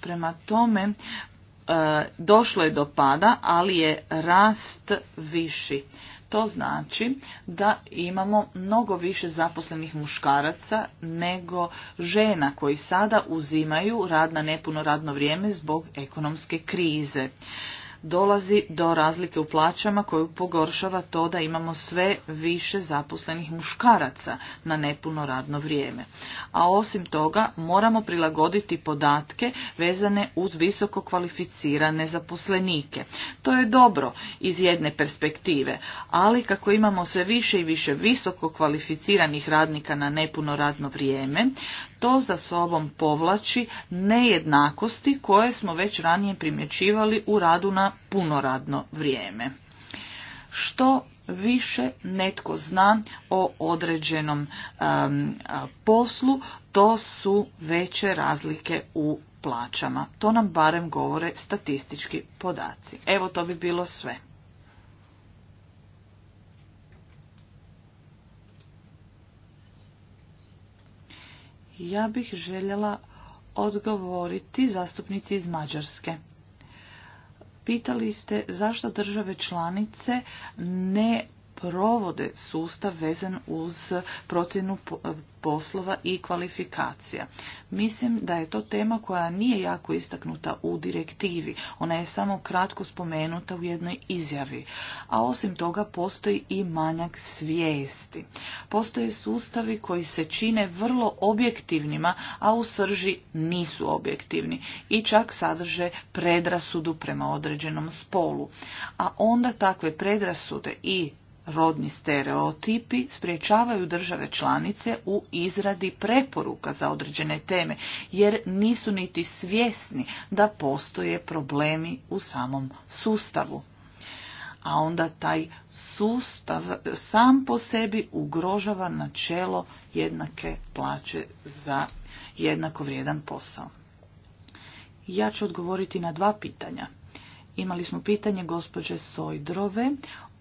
Prema tome, e, došlo je do pada, ali je rast viši. To znači da imamo mnogo više zaposlenih muškaraca nego žena koji sada uzimaju rad na nepuno radno vrijeme zbog ekonomske krize dolazi do razlike u plaćama koju pogoršava to da imamo sve više zaposlenih muškaraca na nepuno radno vrijeme. A osim toga moramo prilagoditi podatke vezane uz visoko kvalificirane zaposlenike. To je dobro iz jedne perspektive, ali kako imamo sve više i više visoko kvalificiranih radnika na nepuno radno vrijeme, to za sobom povlači nejednakosti koje smo već ranije primjećivali u radu na punoradno vrijeme. Što više netko zna o određenom poslu, to su veće razlike u plaćama. To nam barem govore statistički podaci. Evo to bi bilo sve. Ja bih željela odgovoriti zastupnici iz Mađarske. Pitali ste zašto države članice ne provode sustav vezan uz procjenu eh, poslova i kvalifikacija. Mislim da je to tema koja nije jako istaknuta u direktivi. Ona je samo kratko spomenuta u jednoj izjavi. A osim toga postoji i manjak svijesti. Postoje sustavi koji se čine vrlo objektivnima, a u srži nisu objektivni i čak sadrže predrasudu prema određenom spolu. A onda takve predrasude i rodni stereotipi spriječavaju države članice u izradi preporuka za određene teme, jer nisu niti svjesni da postoje problemi u samom sustavu. A onda taj sustav sam po sebi ugrožava načelo jednake plaće za jednako vrijedan posao. Ja ću odgovoriti na dva pitanja. Imali smo pitanje gospođe Sojdrove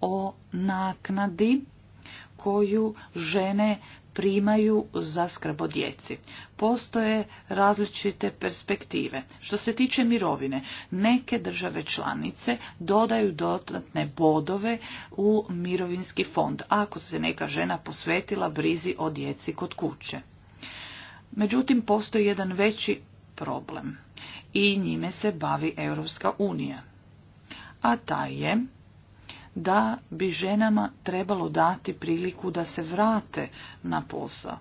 o naknadi koju žene primaju za skrbo djeci. Postoje različite perspektive. Što se tiče mirovine, neke države članice dodaju dodatne bodove u mirovinski fond ako se neka žena posvetila brizi o djeci kod kuće. Međutim, postoji jedan veći problem i njime se bavi Europska unija. A taj je da bi ženama trebalo dati priliku da se vrate na posao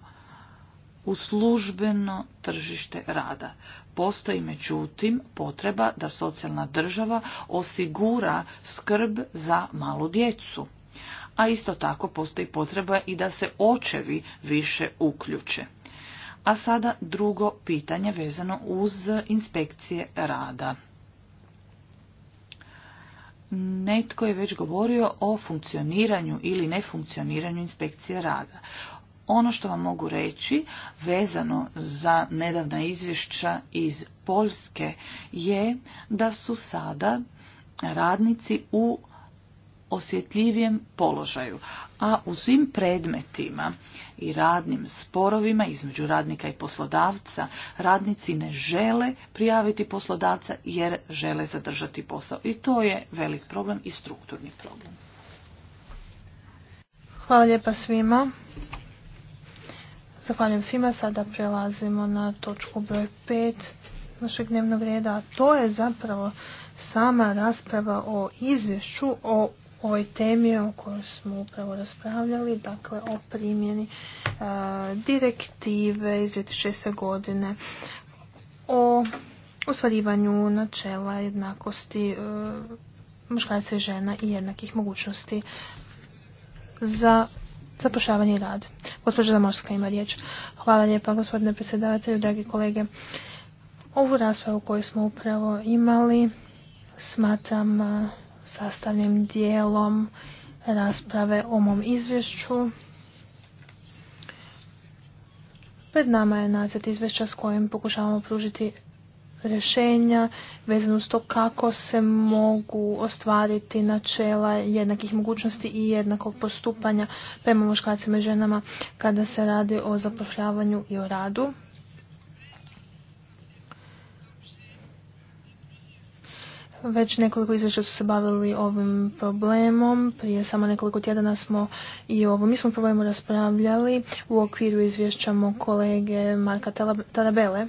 u službeno tržište rada. Postoji međutim potreba da socijalna država osigura skrb za malu djecu. A isto tako postoji potreba i da se očevi više uključe. A sada drugo pitanje vezano uz inspekcije rada netko je već govorio o funkcioniranju ili nefunkcioniranju inspekcije rada. Ono što vam mogu reći vezano za nedavna izvješća iz Poljske je da su sada radnici u osjetljivijem položaju, a u svim predmetima i radnim sporovima između radnika i poslodavca radnici ne žele prijaviti poslodavca jer žele zadržati posao. I to je velik problem i strukturni problem. Hvala lijepa svima. Zahvaljujem svima. Sada prelazimo na točku broj 5 našeg dnevnog reda, a to je zapravo sama rasprava o izvješću o ovoj temi o kojoj smo upravo raspravljali, dakle o primjeni e, direktive iz 2006. godine o ostvarivanju načela jednakosti e, muškarca i žena i jednakih mogućnosti za zapošljavanje i rad. Gospođa Zamorska ima riječ. Hvala lijepa gospodine predsjedavatelju, dragi kolege. Ovu raspravu koju smo upravo imali smatram e, sastavnim dijelom rasprave o mom izvješću. Pred nama je nacet izvješća s kojim pokušavamo pružiti rješenja vezano s to kako se mogu ostvariti načela jednakih mogućnosti i jednakog postupanja prema muškarcima i ženama kada se radi o zapošljavanju i o radu. Već nekoliko izvješća su se bavili ovim problemom. Prije samo nekoliko tjedana smo i o ovom istom problemu raspravljali u okviru izvješća kolege Marka Tarabele.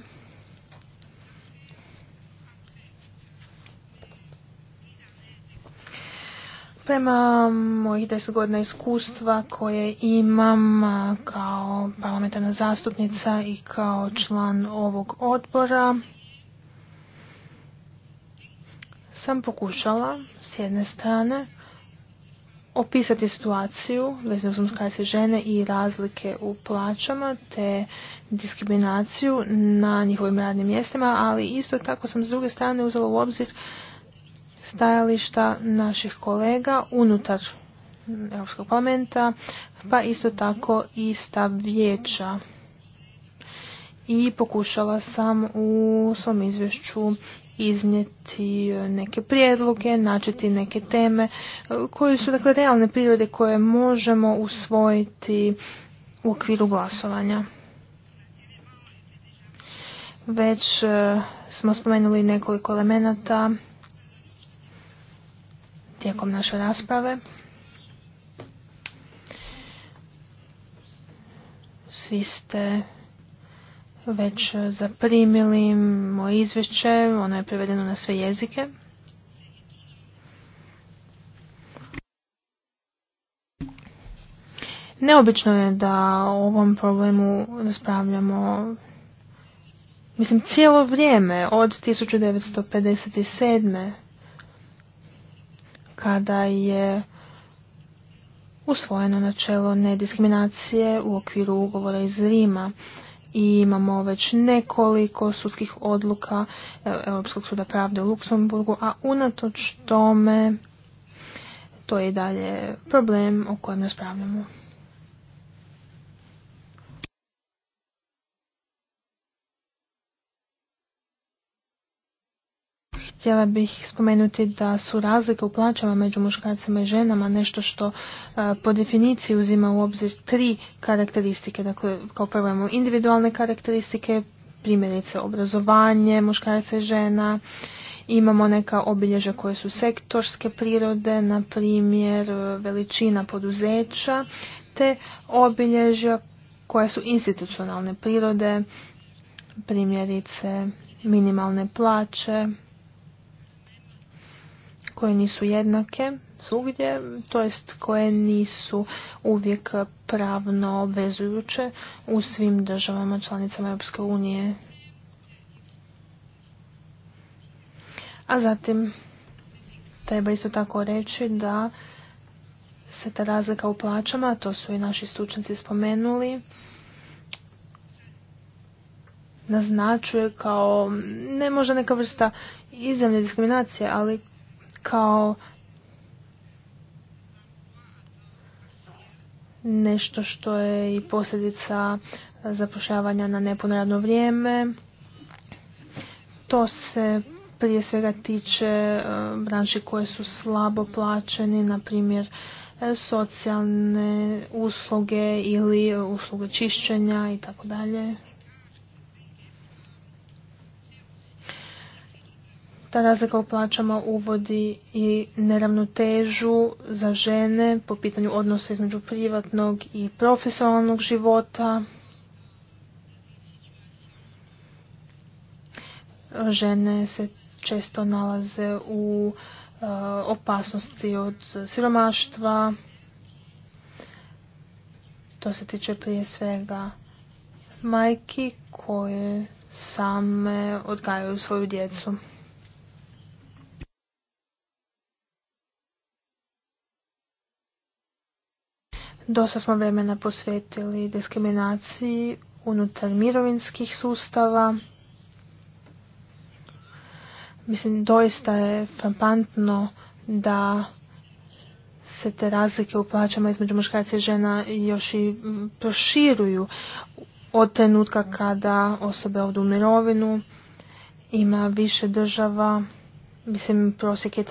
Prema mojih deset godina iskustva koje imam kao parlamentarna zastupnica i kao član ovog odbora, sam pokušala s jedne strane opisati situaciju vezano s muškarce žene i razlike u plaćama te diskriminaciju na njihovim radnim mjestima, ali isto tako sam s druge strane uzela u obzir stajališta naših kolega unutar Europskog parlamenta, pa isto tako i stav vijeća i pokušala sam u svom izvješću iznijeti neke prijedloge, načeti neke teme e, koje su dakle realne prirode koje možemo usvojiti u okviru glasovanja. Već e, smo spomenuli nekoliko elemenata tijekom naše rasprave. Svi ste već e, zaprimili moje izvješće, ono je prevedeno na sve jezike. Neobično je da o ovom problemu raspravljamo mislim cijelo vrijeme od 1957. kada je usvojeno načelo nediskriminacije u okviru ugovora iz Rima i imamo već nekoliko sudskih odluka e, Europskog suda pravde u Luksemburgu, a unatoč tome to je i dalje problem o kojem raspravljamo. Htjela bih spomenuti da su razlike u plaćama među muškarcima i ženama nešto što e, po definiciji uzima u obzir tri karakteristike. Dakle, kao prvo imamo individualne karakteristike, primjerice obrazovanje muškaraca i žena, imamo neka obilježja koje su sektorske prirode, na primjer e, veličina poduzeća, te obilježja koja su institucionalne prirode, primjerice minimalne plaće, koje nisu jednake svugdje, to jest koje nisu uvijek pravno obvezujuće u svim državama članicama Europske unije. A zatim treba isto tako reći da se ta razlika u plaćama, to su i naši stručnjaci spomenuli, naznačuje kao ne možda neka vrsta izjemne diskriminacije, ali kao nešto što je i posljedica zapošljavanja na nepuno radno vrijeme. To se prije svega tiče e, branši koje su slabo plaćeni, na primjer e, socijalne usluge ili usluge čišćenja i tako dalje. Ta razlika u plaćama uvodi i neravnotežu za žene po pitanju odnosa između privatnog i profesionalnog života. Žene se često nalaze u e, opasnosti od siromaštva. To se tiče prije svega majki koje same odgajaju svoju djecu. Dosta smo vremena posvetili diskriminaciji unutar mirovinskih sustava. Mislim, doista je frampantno da se te razlike u plaćama između muškaraca i žena još i proširuju od trenutka kada osobe ovdje u mirovinu ima više država, mislim prosjek je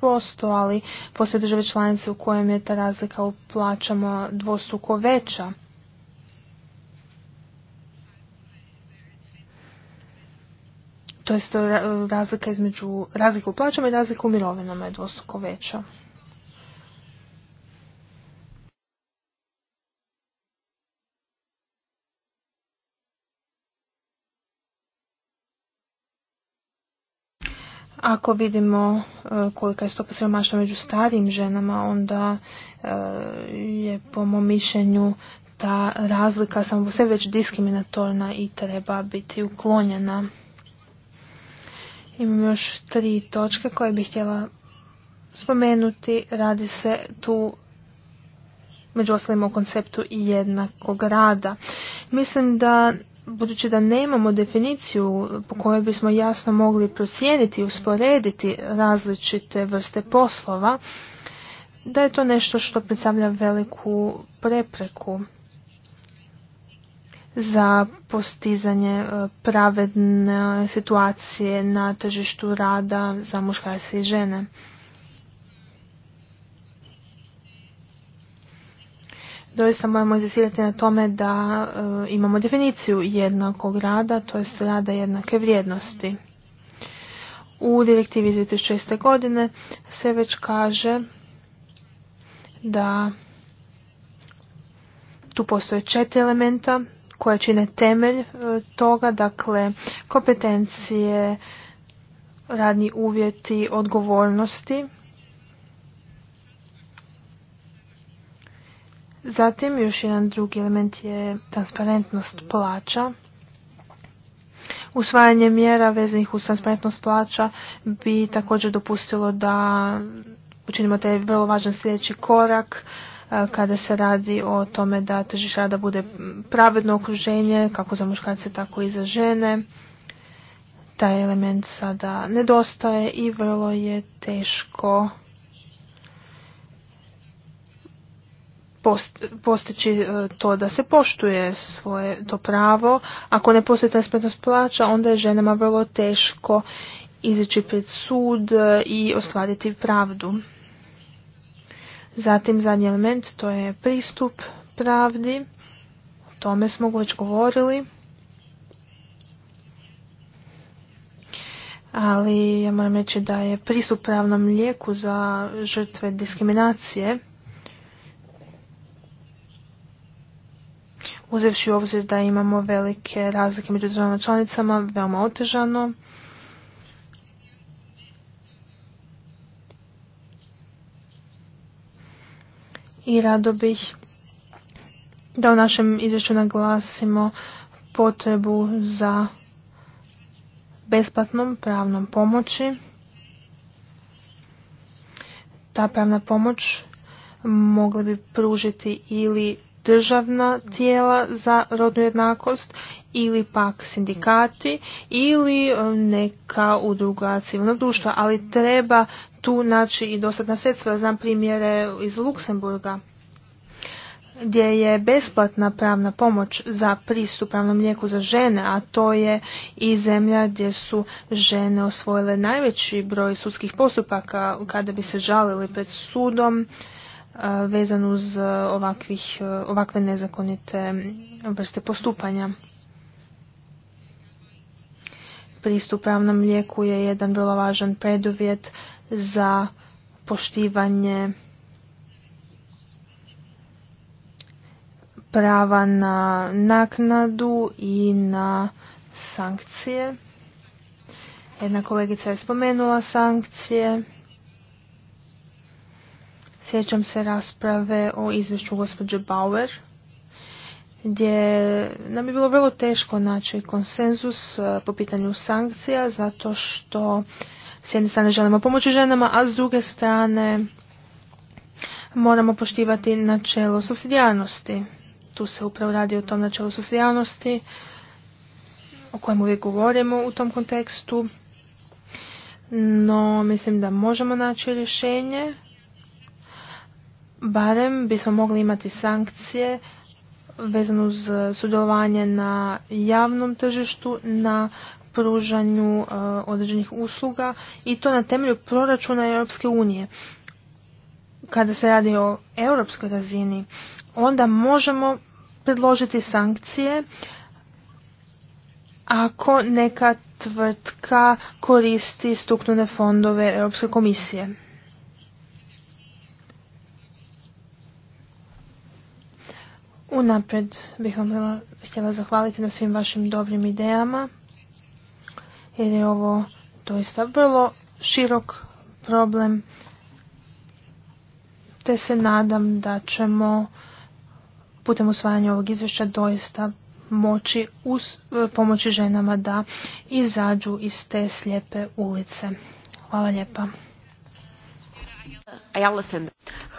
posto, ali postoje države članice u kojem je ta razlika u plaćama dvostruko veća. To je razlika između razlika u plaćama i razlika u mirovinama je dvostruko veća. Ako vidimo e, kolika je stopa siromaštva među starijim ženama, onda e, je po mom mišljenju ta razlika samo po sebi već diskriminatorna i treba biti uklonjena. Imam još tri točke koje bih htjela spomenuti. Radi se tu među ostalim o konceptu jednakog rada. Mislim da budući da nemamo definiciju po kojoj bismo jasno mogli procijeniti i usporediti različite vrste poslova, da je to nešto što predstavlja veliku prepreku za postizanje e, pravedne situacije na tržištu rada za muškarce i žene. doista moramo izasirati na tome da e, imamo definiciju jednakog rada, to jest rada jednake vrijednosti. U direktivi iz 2006. godine se već kaže da tu postoje četiri elementa koje čine temelj e, toga, dakle kompetencije, radni uvjeti, odgovornosti Zatim još jedan drugi element je transparentnost plaća. Usvajanje mjera vezanih uz transparentnost plaća bi također dopustilo da učinimo taj vrlo važan sljedeći korak e, kada se radi o tome da tržiš rada bude pravedno okruženje kako za muškarce tako i za žene. Taj element sada nedostaje i vrlo je teško post, postići e, to da se poštuje svoje to pravo. Ako ne postoji transparentnost plaća, onda je ženama vrlo teško izići pred sud e, i ostvariti pravdu. Zatim zadnji element, to je pristup pravdi. O tome smo već govorili. Ali ja moram reći da je pristup pravnom lijeku za žrtve diskriminacije uzevši u obzir da imamo velike razlike među državama članicama, veoma otežano. I rado bih da u našem izvješću naglasimo potrebu za besplatnom pravnom pomoći. Ta pravna pomoć mogla bi pružiti ili državna tijela za rodnu jednakost ili pak sindikati ili um, neka udruga civilnog društva, ali treba tu naći i dostatna sredstva. Znam primjere iz Luksemburga gdje je besplatna pravna pomoć za pristup pravnom lijeku za žene, a to je i zemlja gdje su žene osvojile najveći broj sudskih postupaka kada bi se žalili pred sudom vezan uz e, ovakvih, e, ovakve nezakonite vrste postupanja. Pristup pravnom lijeku je jedan vrlo važan preduvjet za poštivanje prava na naknadu i na sankcije. Jedna kolegica je spomenula sankcije. Sjećam se rasprave o izvješću gospođe Bauer, gdje nam je bilo vrlo teško naći konsenzus e, po pitanju sankcija, zato što s jedne strane želimo pomoći ženama, a s druge strane moramo poštivati načelo subsidijarnosti. Tu se upravo radi o tom načelu subsidijarnosti o kojem uvijek govorimo u tom kontekstu. No, mislim da možemo naći rješenje barem bismo mogli imati sankcije vezano uz eh, sudjelovanje na javnom tržištu, na pružanju eh, određenih usluga i to na temelju proračuna Europske unije. Kada se radi o europskoj razini, onda možemo predložiti sankcije ako neka tvrtka koristi strukturne fondove Europske komisije. Unapred bih vam htjela zahvaliti na svim vašim dobrim idejama, jer je ovo doista vrlo širok problem, te se nadam da ćemo putem usvajanja ovog izvješća doista moći e, pomoći ženama da izađu iz te slijepe ulice. Hvala lijepa.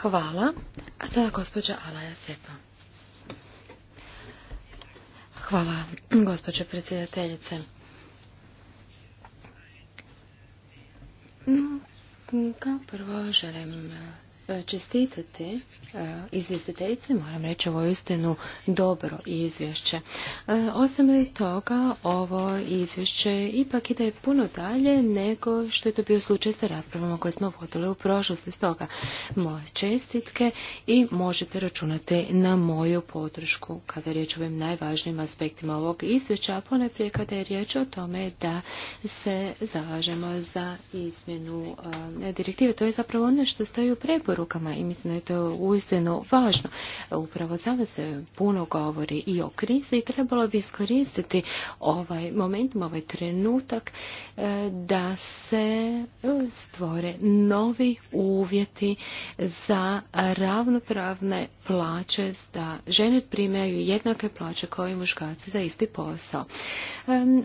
Hvala. A sada gospođa Alaja Sepa. Hvala, gospođo predsjedateljice. Kao prvo želim čestitati e, izvjestiteljice, moram reći ovo ustinu dobro izvješće. E, osim toga, ovo izvješće ipak ide puno dalje nego što je to bio slučaj sa raspravama koje smo vodili u prošlosti. Stoga, moje čestitke i možete računati na moju podršku kada je riječ o ovim najvažnijim aspektima ovog izvješća, a poneprije kada je riječ o tome da se zalažemo za izmjenu e, direktive. To je zapravo ono što stoji u preboru rukama i mislim da je to uistinu važno. Upravo sada se puno govori i o krizi i trebalo bi iskoristiti ovaj moment, ovaj trenutak e, da se e, stvore novi uvjeti za ravnopravne plaće da žene primaju jednake plaće kao i muškarci za isti posao.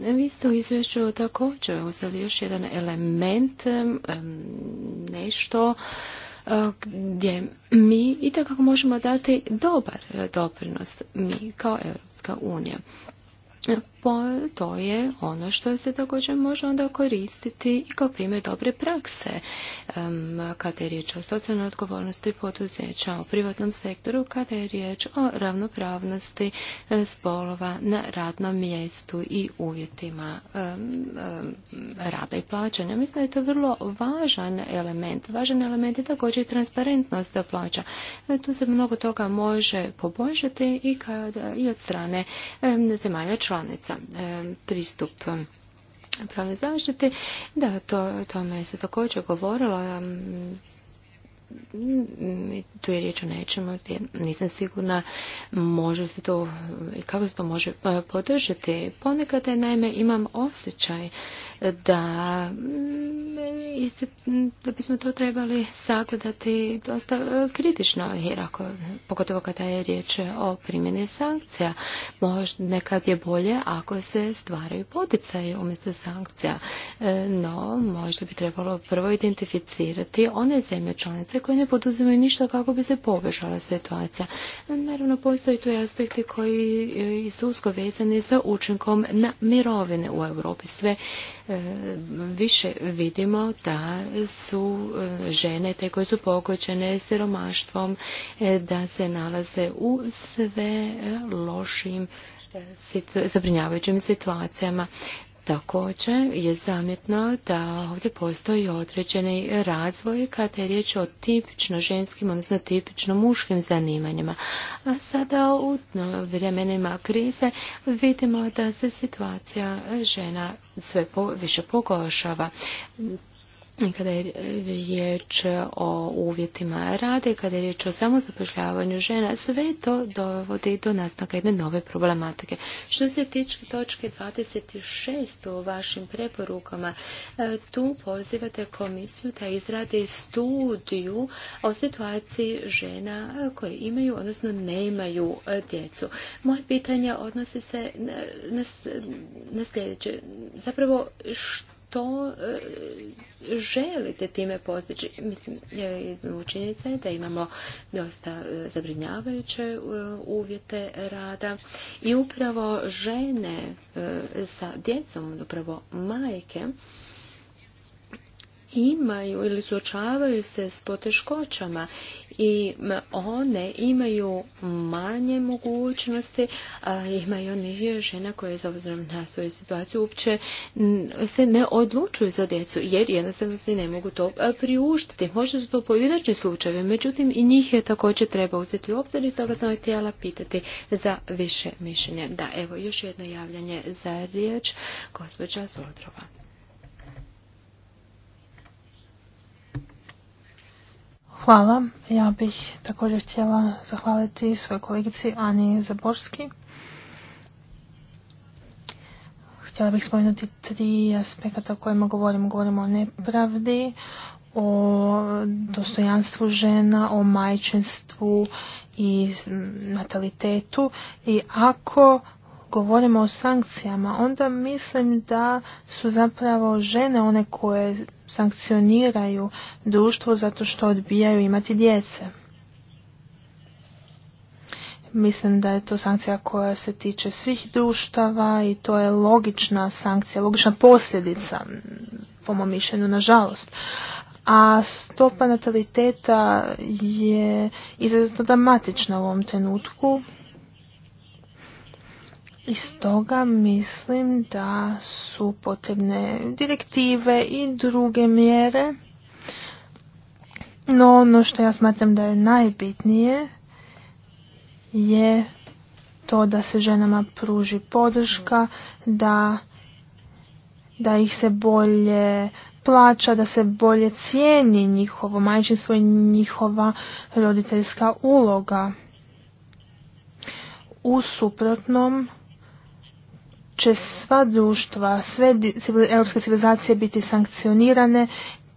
E, vi ste u izvješću također uzeli još jedan element, nešto E, gdje mi i tako možemo dati dobar e, doprinos mi kao Europska unija to je ono što se također može onda koristiti i kao primjer dobre prakse kada je riječ o socijalnoj odgovornosti poduzeća u privatnom sektoru, kada je riječ o ravnopravnosti e, spolova na radnom mjestu i uvjetima rada i plaćanja. Mislim da je to vrlo važan element. Važan element je također i transparentnost plaća. E, tu se mnogo toga može poboljšati i, i od strane zemalja članica. E, pristup e, pravne zaštite. Da, to, tome se također govorilo. E, tu je riječ o nečemu, nisam sigurna može se to, kako se to može podržati. Ponekad je, naime, imam osjećaj da, mm, da bismo to trebali sagledati dosta e, kritično, jer ako, pogotovo kada je riječ o primjeni sankcija, možda nekad je bolje ako se stvaraju poticaje umjesto sankcija. E, no, možda bi trebalo prvo identificirati one zemlje članice koje ne poduzimaju ništa kako bi se poboljšala situacija. Naravno, postoji tu aspekti koji e, su usko vezani sa učinkom na mirovine u Europi. Sve E, više vidimo da su e, žene te koje su pogođene siromaštvom, e, da se nalaze u sve lošim zabrinjavajućim situacijama. Također je zamjetno da ovdje postoji određeni razvoj kada je riječ o tipično ženskim, odnosno tipično muškim zanimanjima. A sada u vremenima krize vidimo da se situacija žena sve više pogošava kada je riječ o uvjetima rada kada je riječ o samozapošljavanju žena, sve to dovodi do nastanka jedne nove problematike. Što se tiče točke 26 u vašim preporukama, e, tu pozivate komisiju da izradi studiju o situaciji žena koje imaju, odnosno nemaju e, djecu. Moje pitanje odnosi se na, na sljedeće. Zapravo, što to e, želite time postići. Mislim, je da imamo dosta e, zabrinjavajuće e, uvjete rada i upravo žene sa djecom, upravo majke, imaju ili suočavaju se s poteškoćama i one imaju manje mogućnosti, a ima i onih žena koje za obzirom na svoju situaciju uopće se ne odlučuju za djecu jer jednostavno se ne mogu to priuštiti. Možda su to pojedinačni slučajevi, međutim i njih je također treba uzeti u obzir i stoga sam htjela pitati za više mišljenja. Da, evo još jedno javljanje za riječ gospođa Zodrova. Hvala. Ja bih također htjela zahvaliti svojoj kolegici Ani Zaborski. Htjela bih spomenuti tri aspekata o kojima govorimo. Govorimo o nepravdi, o dostojanstvu žena, o majčinstvu i natalitetu. I ako govorimo o sankcijama, onda mislim da su zapravo žene one koje sankcioniraju društvo zato što odbijaju imati djece. Mislim da je to sankcija koja se tiče svih društava i to je logična sankcija, logična posljedica, po mom mišljenju, nažalost. A stopa nataliteta je izuzetno dramatična u ovom trenutku i stoga mislim da su potrebne direktive i druge mjere. No ono što ja smatram da je najbitnije je to da se ženama pruži podrška, da, da ih se bolje plaća, da se bolje cijeni njihovo majčinstvo i njihova roditeljska uloga. U suprotnom, će sva društva, sve europske civilizacije biti sankcionirane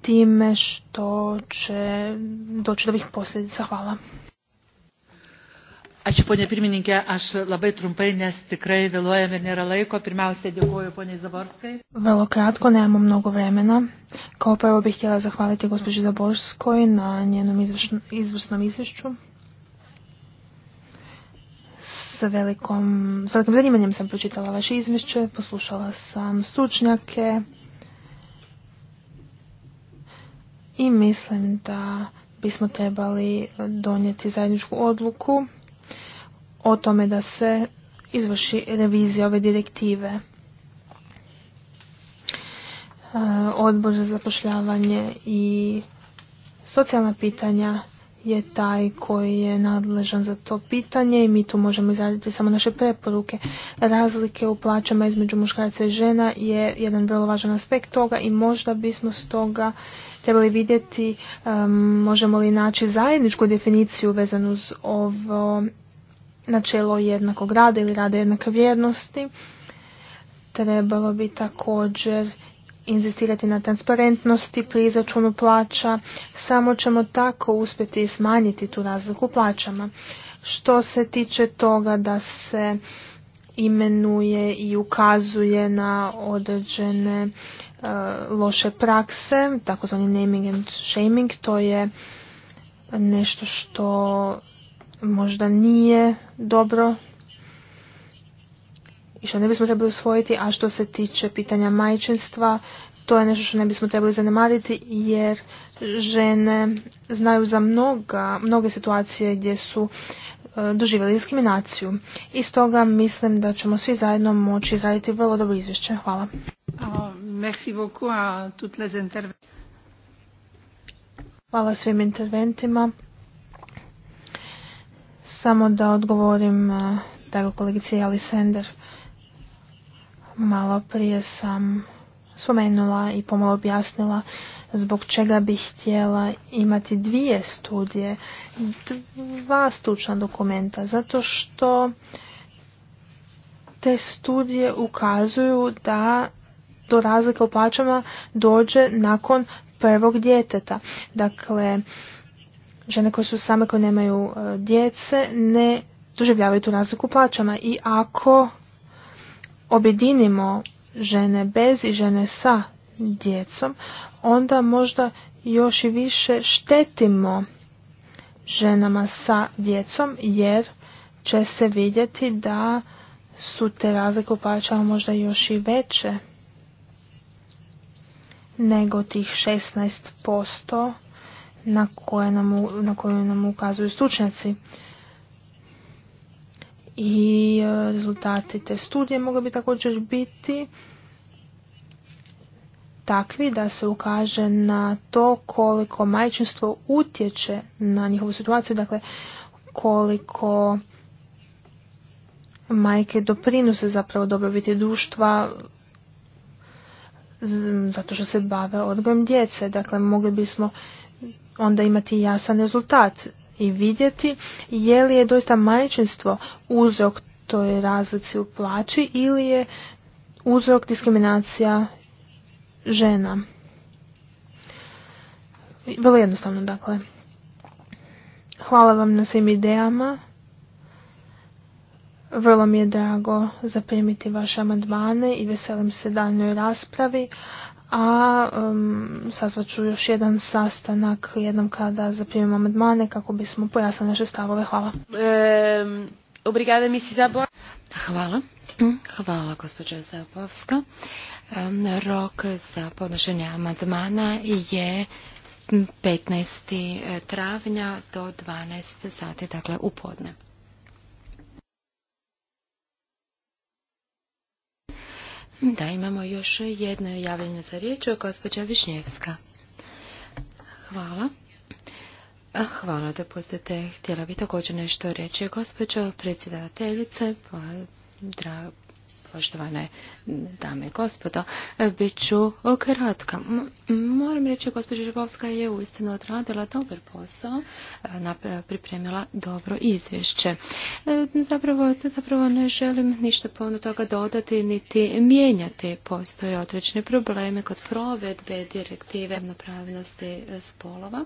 time što će doći do ovih posljedica. Hvala. Ačiū, ponė aš labai trumpai, nes tikrai vėluojame nėra laiko. Pirmiausia, dėkuoju Zaborskai. kratko, nemamo mnogo vremena. Kao prvo bih htjela zahvaliti gospođi Zaborskoj na njenom izvrsnom izvješću sa velikom, sa velikim zanimanjem sam pročitala vaše izvješće, poslušala sam stručnjake i mislim da bismo trebali donijeti zajedničku odluku o tome da se izvrši revizija ove direktive. E, Odbor za zapošljavanje i socijalna pitanja je taj koji je nadležan za to pitanje i mi tu možemo izraditi samo naše preporuke. Razlike u plaćama između muškaraca i žena je jedan vrlo važan aspekt toga i možda bismo stoga trebali vidjeti možemo li naći zajedničku definiciju vezanu uz ovo načelo jednakog rada ili rada jednake vrijednosti. Trebalo bi također inzistirati na transparentnosti pri izračunu plaća, samo ćemo tako uspjeti smanjiti tu razliku u plaćama. Što se tiče toga da se imenuje i ukazuje na određene e, loše prakse, takozvani naming and shaming, to je nešto što možda nije dobro i što ne bismo trebali usvojiti, a što se tiče pitanja majčinstva, to je nešto što ne bismo trebali zanemariti jer žene znaju za mnoga, mnoge situacije gdje su e, doživjeli diskriminaciju. I stoga mislim da ćemo svi zajedno moći izraditi vrlo dobro izvješće. Hvala. Oh, Hvala svim interventima. Samo da odgovorim e, drago kolegici Jali Sender. Malo prije sam spomenula i pomalo objasnila zbog čega bih htjela imati dvije studije, dva stručna dokumenta, zato što te studije ukazuju da do razlika u plaćama dođe nakon prvog djeteta. Dakle, žene koje su same koje nemaju e, djece ne doživljavaju tu razliku u plaćama i ako objedinimo žene bez i žene sa djecom, onda možda još i više štetimo ženama sa djecom jer će se vidjeti da su te razlike u plaćama možda još i veće nego tih 16% na, koje nam, na koju nam ukazuju stručnjaci i e, rezultati te studije mogli bi također biti takvi da se ukaže na to koliko majčinstvo utječe na njihovu situaciju, dakle koliko majke doprinose zapravo dobrobiti društva zato što se bave odgojem djece. Dakle, mogli bismo onda imati jasan rezultat i vidjeti je li je doista majčinstvo uzrok toj razlici u plaći ili je uzrok diskriminacija žena. Vrlo jednostavno, dakle. Hvala vam na svim idejama. Vrlo mi je drago zaprimiti vaše amandmane i veselim se daljnoj raspravi, a um, sazvat ću još jedan sastanak jednom kada zaprimimo amandmane kako bismo pojasnili naše stavove. Hvala. obrigada, Hvala. Mm. Hvala, gospođa Zabovska. rok za podnošenje amandmana je 15. travnja do 12. sati, dakle u podne. Da, imamo još jedno javljanje za riječ, gospođa Višnjevska. Hvala. Hvala da postate. Htjela bi također nešto reći. Gospođo predsjedavateljice, pa, dra, poštovane dame i gospodo, bit ću kratka. Moram reći, gospođa Žibovska je uistinu odradila dobar posao, e, e, pripremila dobro izvješće. E, zapravo, zapravo ne želim ništa puno toga dodati niti mijenjati. Postoje određene probleme kod provedbe direktive ravnopravnosti spolova.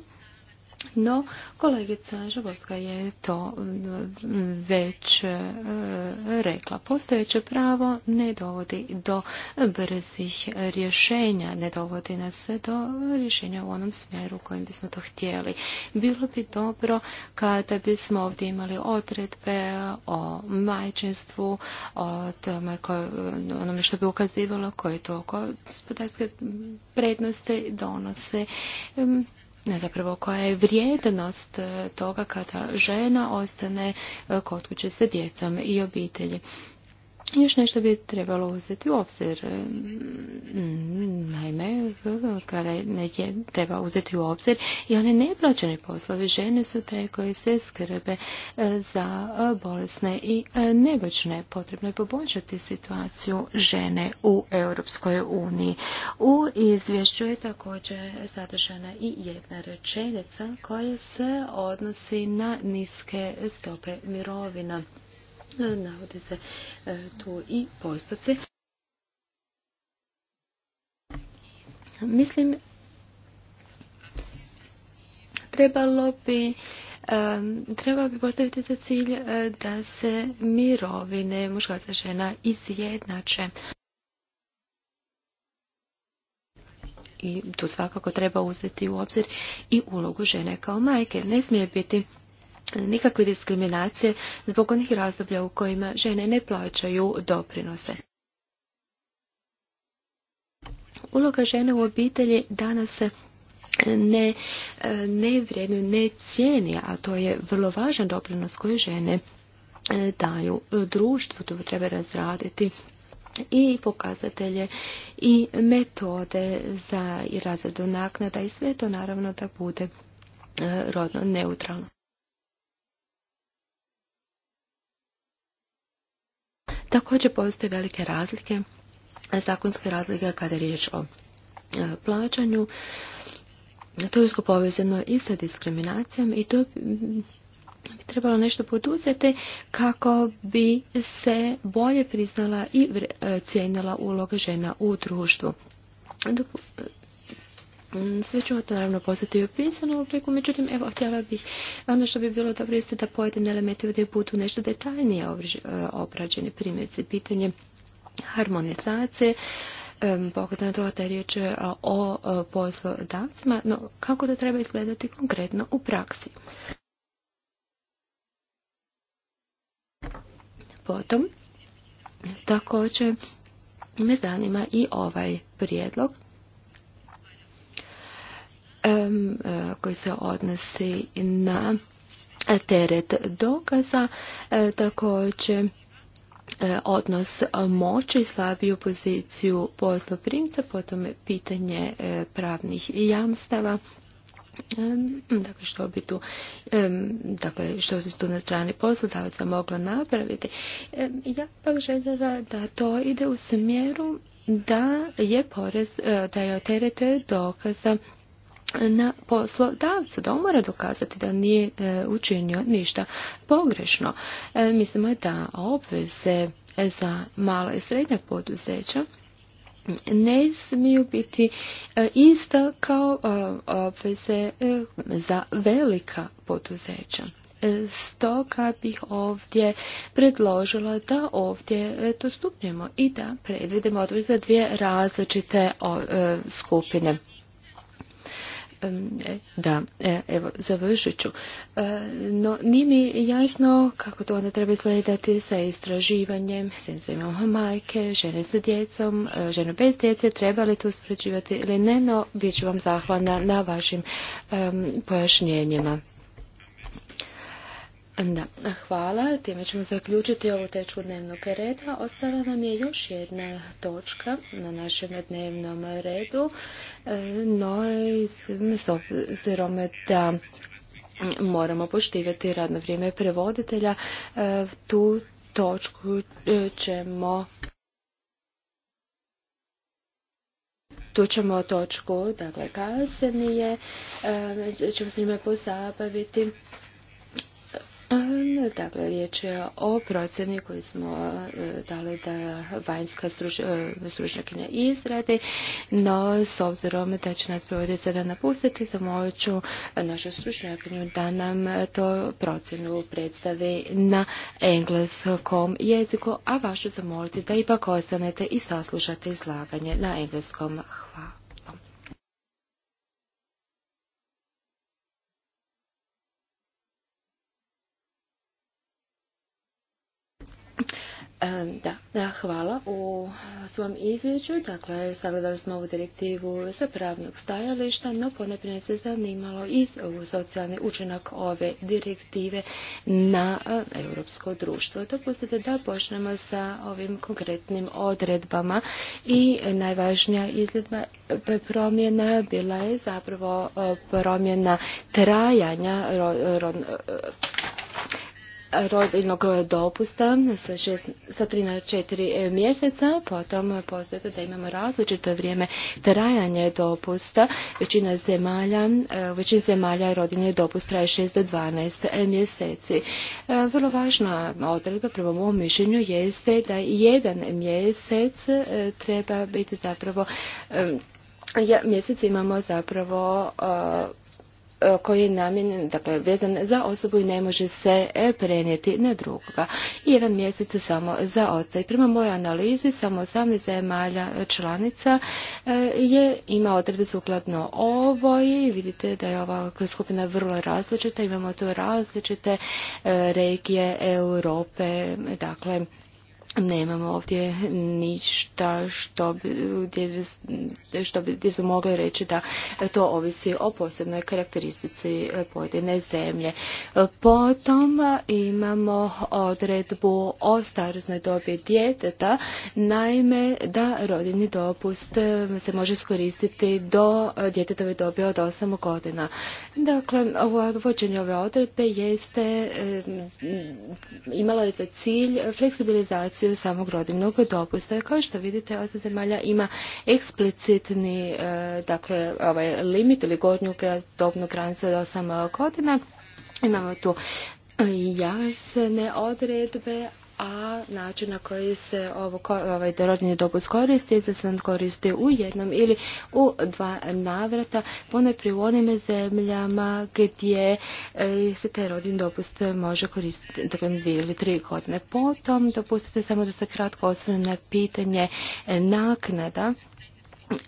No, kolegica Žabovska je to mm, već e, rekla. Postojeće pravo ne dovodi do brzih rješenja, ne dovodi nas do rješenja u onom smjeru u kojem bismo to htjeli. Bilo bi dobro kada bismo ovdje imali odredbe o majčinstvu, o tome onome što bi ukazivalo koje to gospodarske prednosti donose zapravo koja je vrijednost e, toga kada žena ostane e, kod kuće sa djecom i obitelji. Još nešto bi trebalo uzeti u obzir. Mm, naime, kada je, treba uzeti u obzir i one neplaćene poslove žene su te koje se skrbe e, za e, bolesne i e, nebačne. Potrebno je poboljšati situaciju žene u Europskoj uniji. U izvješću je također sadržana i jedna rečenica koja se odnosi na niske stope mirovina. Navode se e, tu i postoci. Mislim, trebalo bi e, treba bi postaviti za cilj e, da se mirovine muškarca žena izjednače. I tu svakako treba uzeti u obzir i ulogu žene kao majke. Ne smije biti nikakve diskriminacije zbog onih razdoblja u kojima žene ne plaćaju doprinose. Uloga žene u obitelji danas se ne, ne vrijedno ne cijeni, a to je vrlo važan doprinos koji žene e, daju društvu, to treba razraditi i pokazatelje i metode za razredu naknada i sve to naravno da bude e, rodno neutralno. Također postoje velike razlike, zakonske razlike kada je riječ o e, plaćanju. To je usko povezano i sa diskriminacijom i to bi trebalo nešto poduzeti kako bi se bolje priznala i e, cijenila uloga žena u društvu. Sve ću to naravno poslati u pisanom obliku, međutim, evo, htjela bih, ono što bi bilo dobro jeste da pojedine elementi ovdje budu nešto detaljnije e, obrađeni primjerice pitanje harmonizacije, e, pogled to da je riječ e, o poslodavcima, no kako to treba izgledati konkretno u praksi. Potom, također me zanima i ovaj prijedlog E, koji se odnosi na teret dokaza, e, također e, odnos moći i slabiju poziciju posloprimca, potom pitanje pravnih jamstava, dakle što bi tu dakle što bi tu na strani poslodavaca mogla napraviti ja pak željela da to ide u smjeru da je porez da je teret dokaza na poslodavcu, da on mora dokazati da nije e, učinio ništa pogrešno. E, mislimo da obveze za mala i srednja poduzeća ne smiju biti e, ista kao obveze za velika poduzeća. Stoga bih ovdje predložila da ovdje to i da predvidimo odvijek za dvije različite skupine. E, da, e, evo, završit ću. E, no, nije mi jasno kako to onda treba izgledati sa istraživanjem, centrima majke, žene sa djecom, žene bez djece, treba li to uspoređivati ili ne, no bit ću vam zahvalna na vašim pojašnjenjima. Da, hvala. Time ćemo zaključiti ovu tečku dnevnog reda. Ostala nam je još jedna točka na našem dnevnom redu, e, no s obzirom da moramo poštivati radno vrijeme prevoditelja, e, tu točku e, ćemo tu ćemo točku, dakle kasnije, ćemo s njima pozabaviti. Ehm, dakle, riječ je o procjeni koju smo e, dali da vanjska e, stručnjakinja izradi, no s obzirom da će nas provoditi sada napustiti, zamolit ću našu stručnjakinju da nam to procjenu predstavi na engleskom jeziku, a vašu zamoliti da ipak ostanete i saslušate izlaganje na engleskom. Hvala. E, da, da, hvala. U svom izvješću, dakle, sagledali smo ovu direktivu sa pravnog stajališta, no ponajprije se zanimalo i socijalni učinak ove direktive na e, europsko društvo. Dopustite da počnemo sa ovim konkretnim odredbama i najvažnija izgledba e, promjena bila je zapravo promjena trajanja rodilnog dopusta sa, šest, sa 3 na 4 e, mjeseca, potom postoje da imamo različito vrijeme trajanje dopusta. Većina zemalja, e, većina zemalja rodiljni dopust traje 6 do 12 e, mjeseci. Vrlo važna odredba prema mom mišljenju jeste da jedan mjesec treba biti zapravo ja, mjesec imamo zapravo E, koji je namjenjen, dakle, vezan za osobu i ne može se e, prenijeti na drugoga. I jedan mjesec samo za oca. I prema mojoj analizi samo 18 zemalja članica e, je ima odredbe sukladno ovoj. Vidite da je ova skupina vrlo različita. Imamo tu različite regije Europe, dakle, nemamo ovdje ništa što bi, što su mogli reći da to ovisi o posebnoj karakteristici pojedine zemlje. Potom imamo odredbu o starosnoj dobi djeteta, naime da rodinni dopust se može iskoristiti do djetetove dobi od 8 godina. Dakle, uvođenje ove odredbe jeste imalo je za cilj fleksibilizaciju u samog rodivnog dopusta. Kao što vidite, osam zemalja ima eksplicitni e, dakle, ovaj, limit ili godnju dobnu granicu od 8 godina. Imamo tu e, jasne odredbe, a način na koji se ovo, ovaj rođenje dopust koristi, da se on koristi u jednom ili u dva navrata, ponajprije u onim zemljama gdje e, se taj rodin dopust može koristiti dakle, dvije ili tri godine. Potom dopustite samo da se kratko osvrnem na pitanje e, naknada.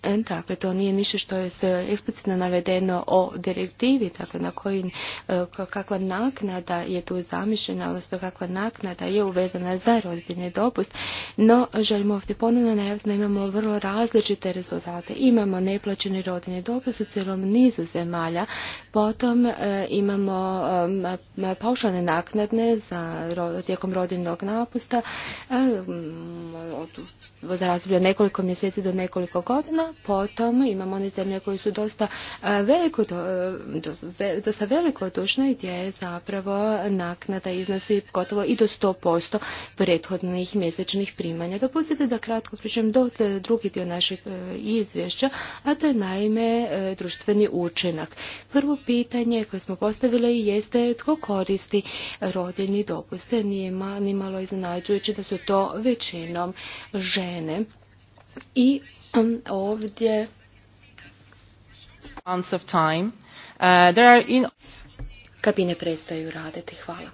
E, dakle, to nije ništa što je eksplicitno navedeno o direktivi, dakle, na koji, e, kakva naknada je tu zamišljena, odnosno kakva naknada je uvezana za roditeljni dopust, no želimo ovdje ponovno najaviti da imamo vrlo različite rezultate. Imamo neplaćeni roditeljni dopust u cijelom nizu zemalja, potom e, imamo paušalne naknadne za, tijekom rodinnog napusta, od za razdoblje nekoliko mjeseci do nekoliko godina. Potom imamo one zemlje koje su dosta e, veliko, e, dosta veliko dušno gdje je zapravo naknada iznosi gotovo i do 100% prethodnih mjesečnih primanja. Dopustite da kratko pričam do e, drugi dio našeg izvješća, a to je naime društveni učinak. Prvo pitanje koje smo postavili jeste tko koristi rodini dopuste. Nije malo iznenađujući da su to većinom žene žene i um, ovdje of time. Uh, there are in... kabine prestaju raditi. Hvala.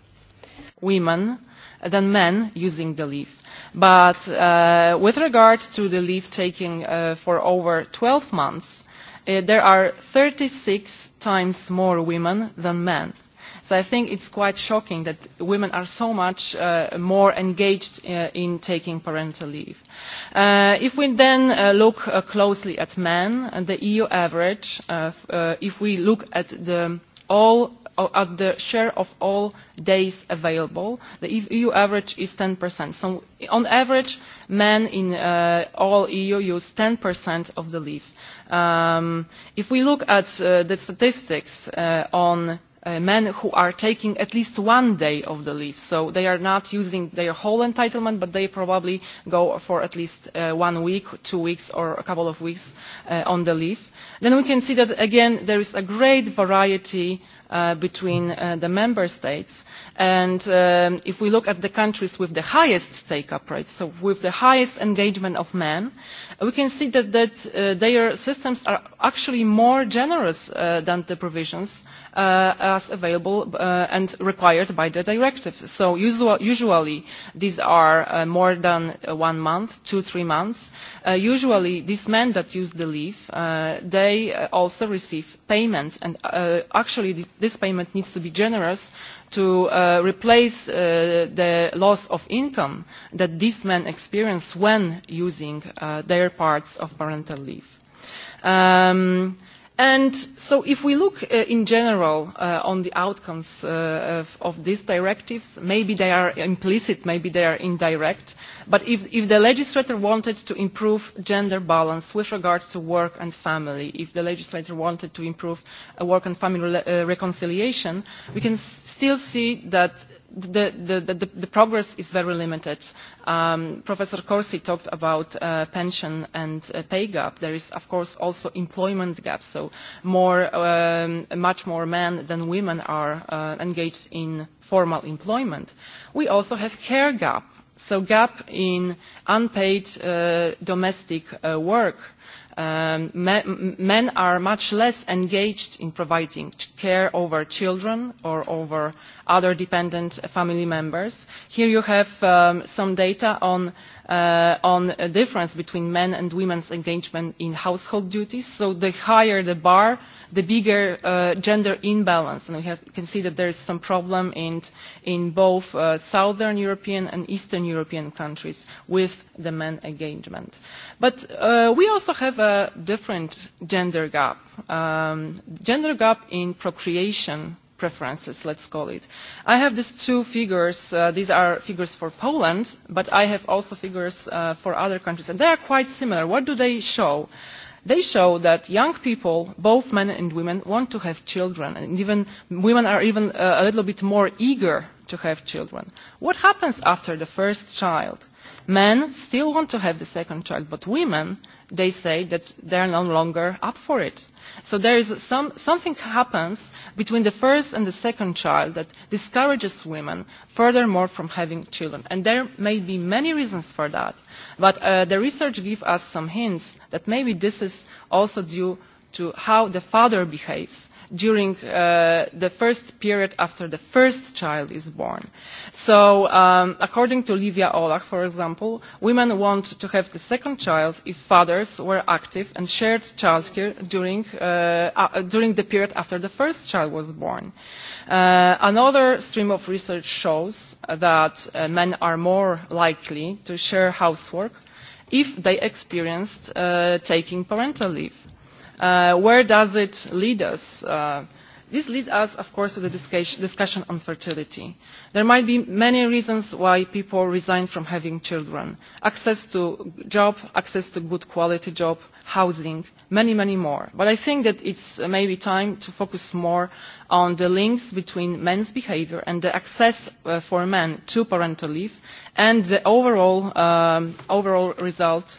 Women than men using the leaf. But uh, with regard to the leaf taking uh, for over 12 months, uh, there are 36 times more women than men So I think it's quite shocking that women are so much uh, more engaged uh, in taking parental leave. Uh, if we then look closely at men, and the EU average, if we look at the all at the share of all days available. The EU e average is 10%. So on average, men in all EU use 10% of the leave. Um, if we look at uh, the statistics uh, on Uh, men who are taking at least one day of the leave. So they are not using their whole entitlement, but they probably go for at least uh, one week, two weeks, or a couple of weeks uh, on the leave. Then we can see that, again, there is a great variety uh, between uh, the member states. And um, if we look at the countries with the highest take-up rates, so with the highest engagement of men, we can see that, that uh, their systems are actually more generous uh, than the provisions uh, as available uh, and required by the directive. So usual, usually these are uh, more than one month, two, three months. Uh, usually these men that use the leave, uh, they also receive payment and actually this payment needs to be generous to replace the loss of income that these men experience when using their parts of parental leave. Um, And so if we look uh, in general uh, on the outcomes uh, of, of these directives, maybe they are implicit, maybe they are indirect, but if, if the legislator wanted to improve gender balance with regard to work and family, if the legislator wanted to improve uh, work and family uh, reconciliation, we can still see that the, the, the, the progress is very limited. Um, Professor Corsi talked about uh, pension and uh, pay gap. There is, of course, also employment gap. So more, um, much more men than women are uh, engaged in formal employment. We also have care gap. So gap in unpaid uh, domestic uh, work Um, men, are much less engaged in providing care over children or over other dependent family members. Here you have um, some data on Uh, on a difference between men and women's engagement in household duties. So the higher the bar, the bigger uh, gender imbalance. And we have, can see that there is some problem in, in both uh, southern European and eastern European countries with the men engagement. But we also have a different gender gap. Um, gender gap in procreation preferences, let's call it. I have these two figures. Uh, these are figures for Poland, but I have also figures uh, for other countries, and they are quite similar. What do they show? They show that young people, both men and women, want to have children, and even women are even uh, a little bit more eager to have children. What happens after the first child? Men still want to have the second child, but women, they say that they are no longer up for it So there is some, something happens between the first and the second child that discourages women furthermore from having children. And there may be many reasons for that. But uh, the research gives us some hints that maybe this is also due to how the father behaves during uh, the first period after the first child is born. So um, according to Livia Olach, for example, women want to have the second child if fathers were active and shared childcare during, uh, uh, during the period after the first child was born. another stream of research shows that men are more likely to share housework if they experienced taking parental leave Uh, where does it lead us? Uh, this leads us, of course, to the discussion on fertility. There might be many reasons why people resign from having children. Access to job, access to good quality job, housing, many, many more. But I think that it's maybe time to focus more on the links between men's behavior and the access uh, for men to parental leave and the overall, um, overall result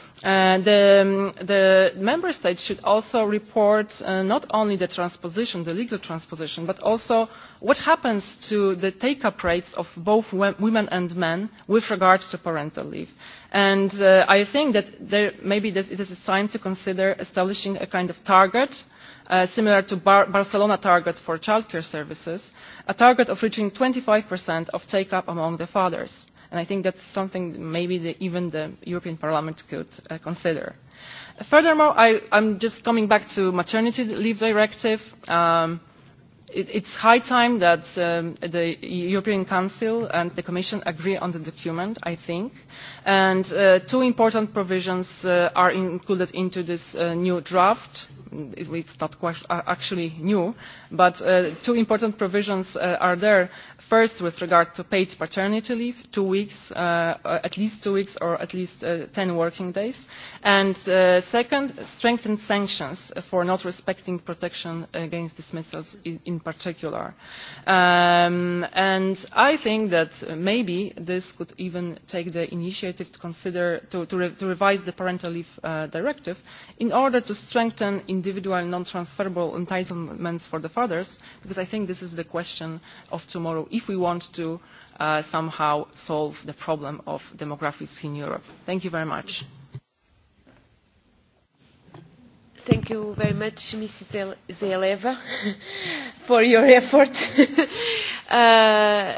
Uh, the, the member states should also report uh, not only the transposition the legal transposition but also what happens to the take up rates of both women and men with regard to parental leave and uh, i think that there maybe this, it is a sign to consider establishing a kind of target Uh, similar to Bar Barcelona target for childcare services, a target of reaching 25% of take-up among the fathers. And I think that's something maybe the, even the European Parliament could uh, consider. Furthermore, I, I'm just coming back to maternity leave directive. Um, it, it's high time that um, the European Council and the Commission agree on the document, I think. And uh, two important provisions uh, are included into this uh, new draft it's not uh, actually new, but uh, two important provisions uh, are there. First, with regard to paid paternity leave, two weeks, uh, at least two weeks or at least uh, 10 working days. And uh, second, strengthened sanctions for not respecting protection against dismissals in, in particular. Um, and I think that maybe this could even take the initiative to consider to, to, re to revise the parental leave uh, directive in order to strengthen in individual non-transferable entitlements for the fathers, because I think this is the question of tomorrow if we want to uh, somehow solve the problem of demographics in Europe. Thank you very much. Thank you very much, Mrs. Zeleva, *laughs* for your effort. *laughs* uh,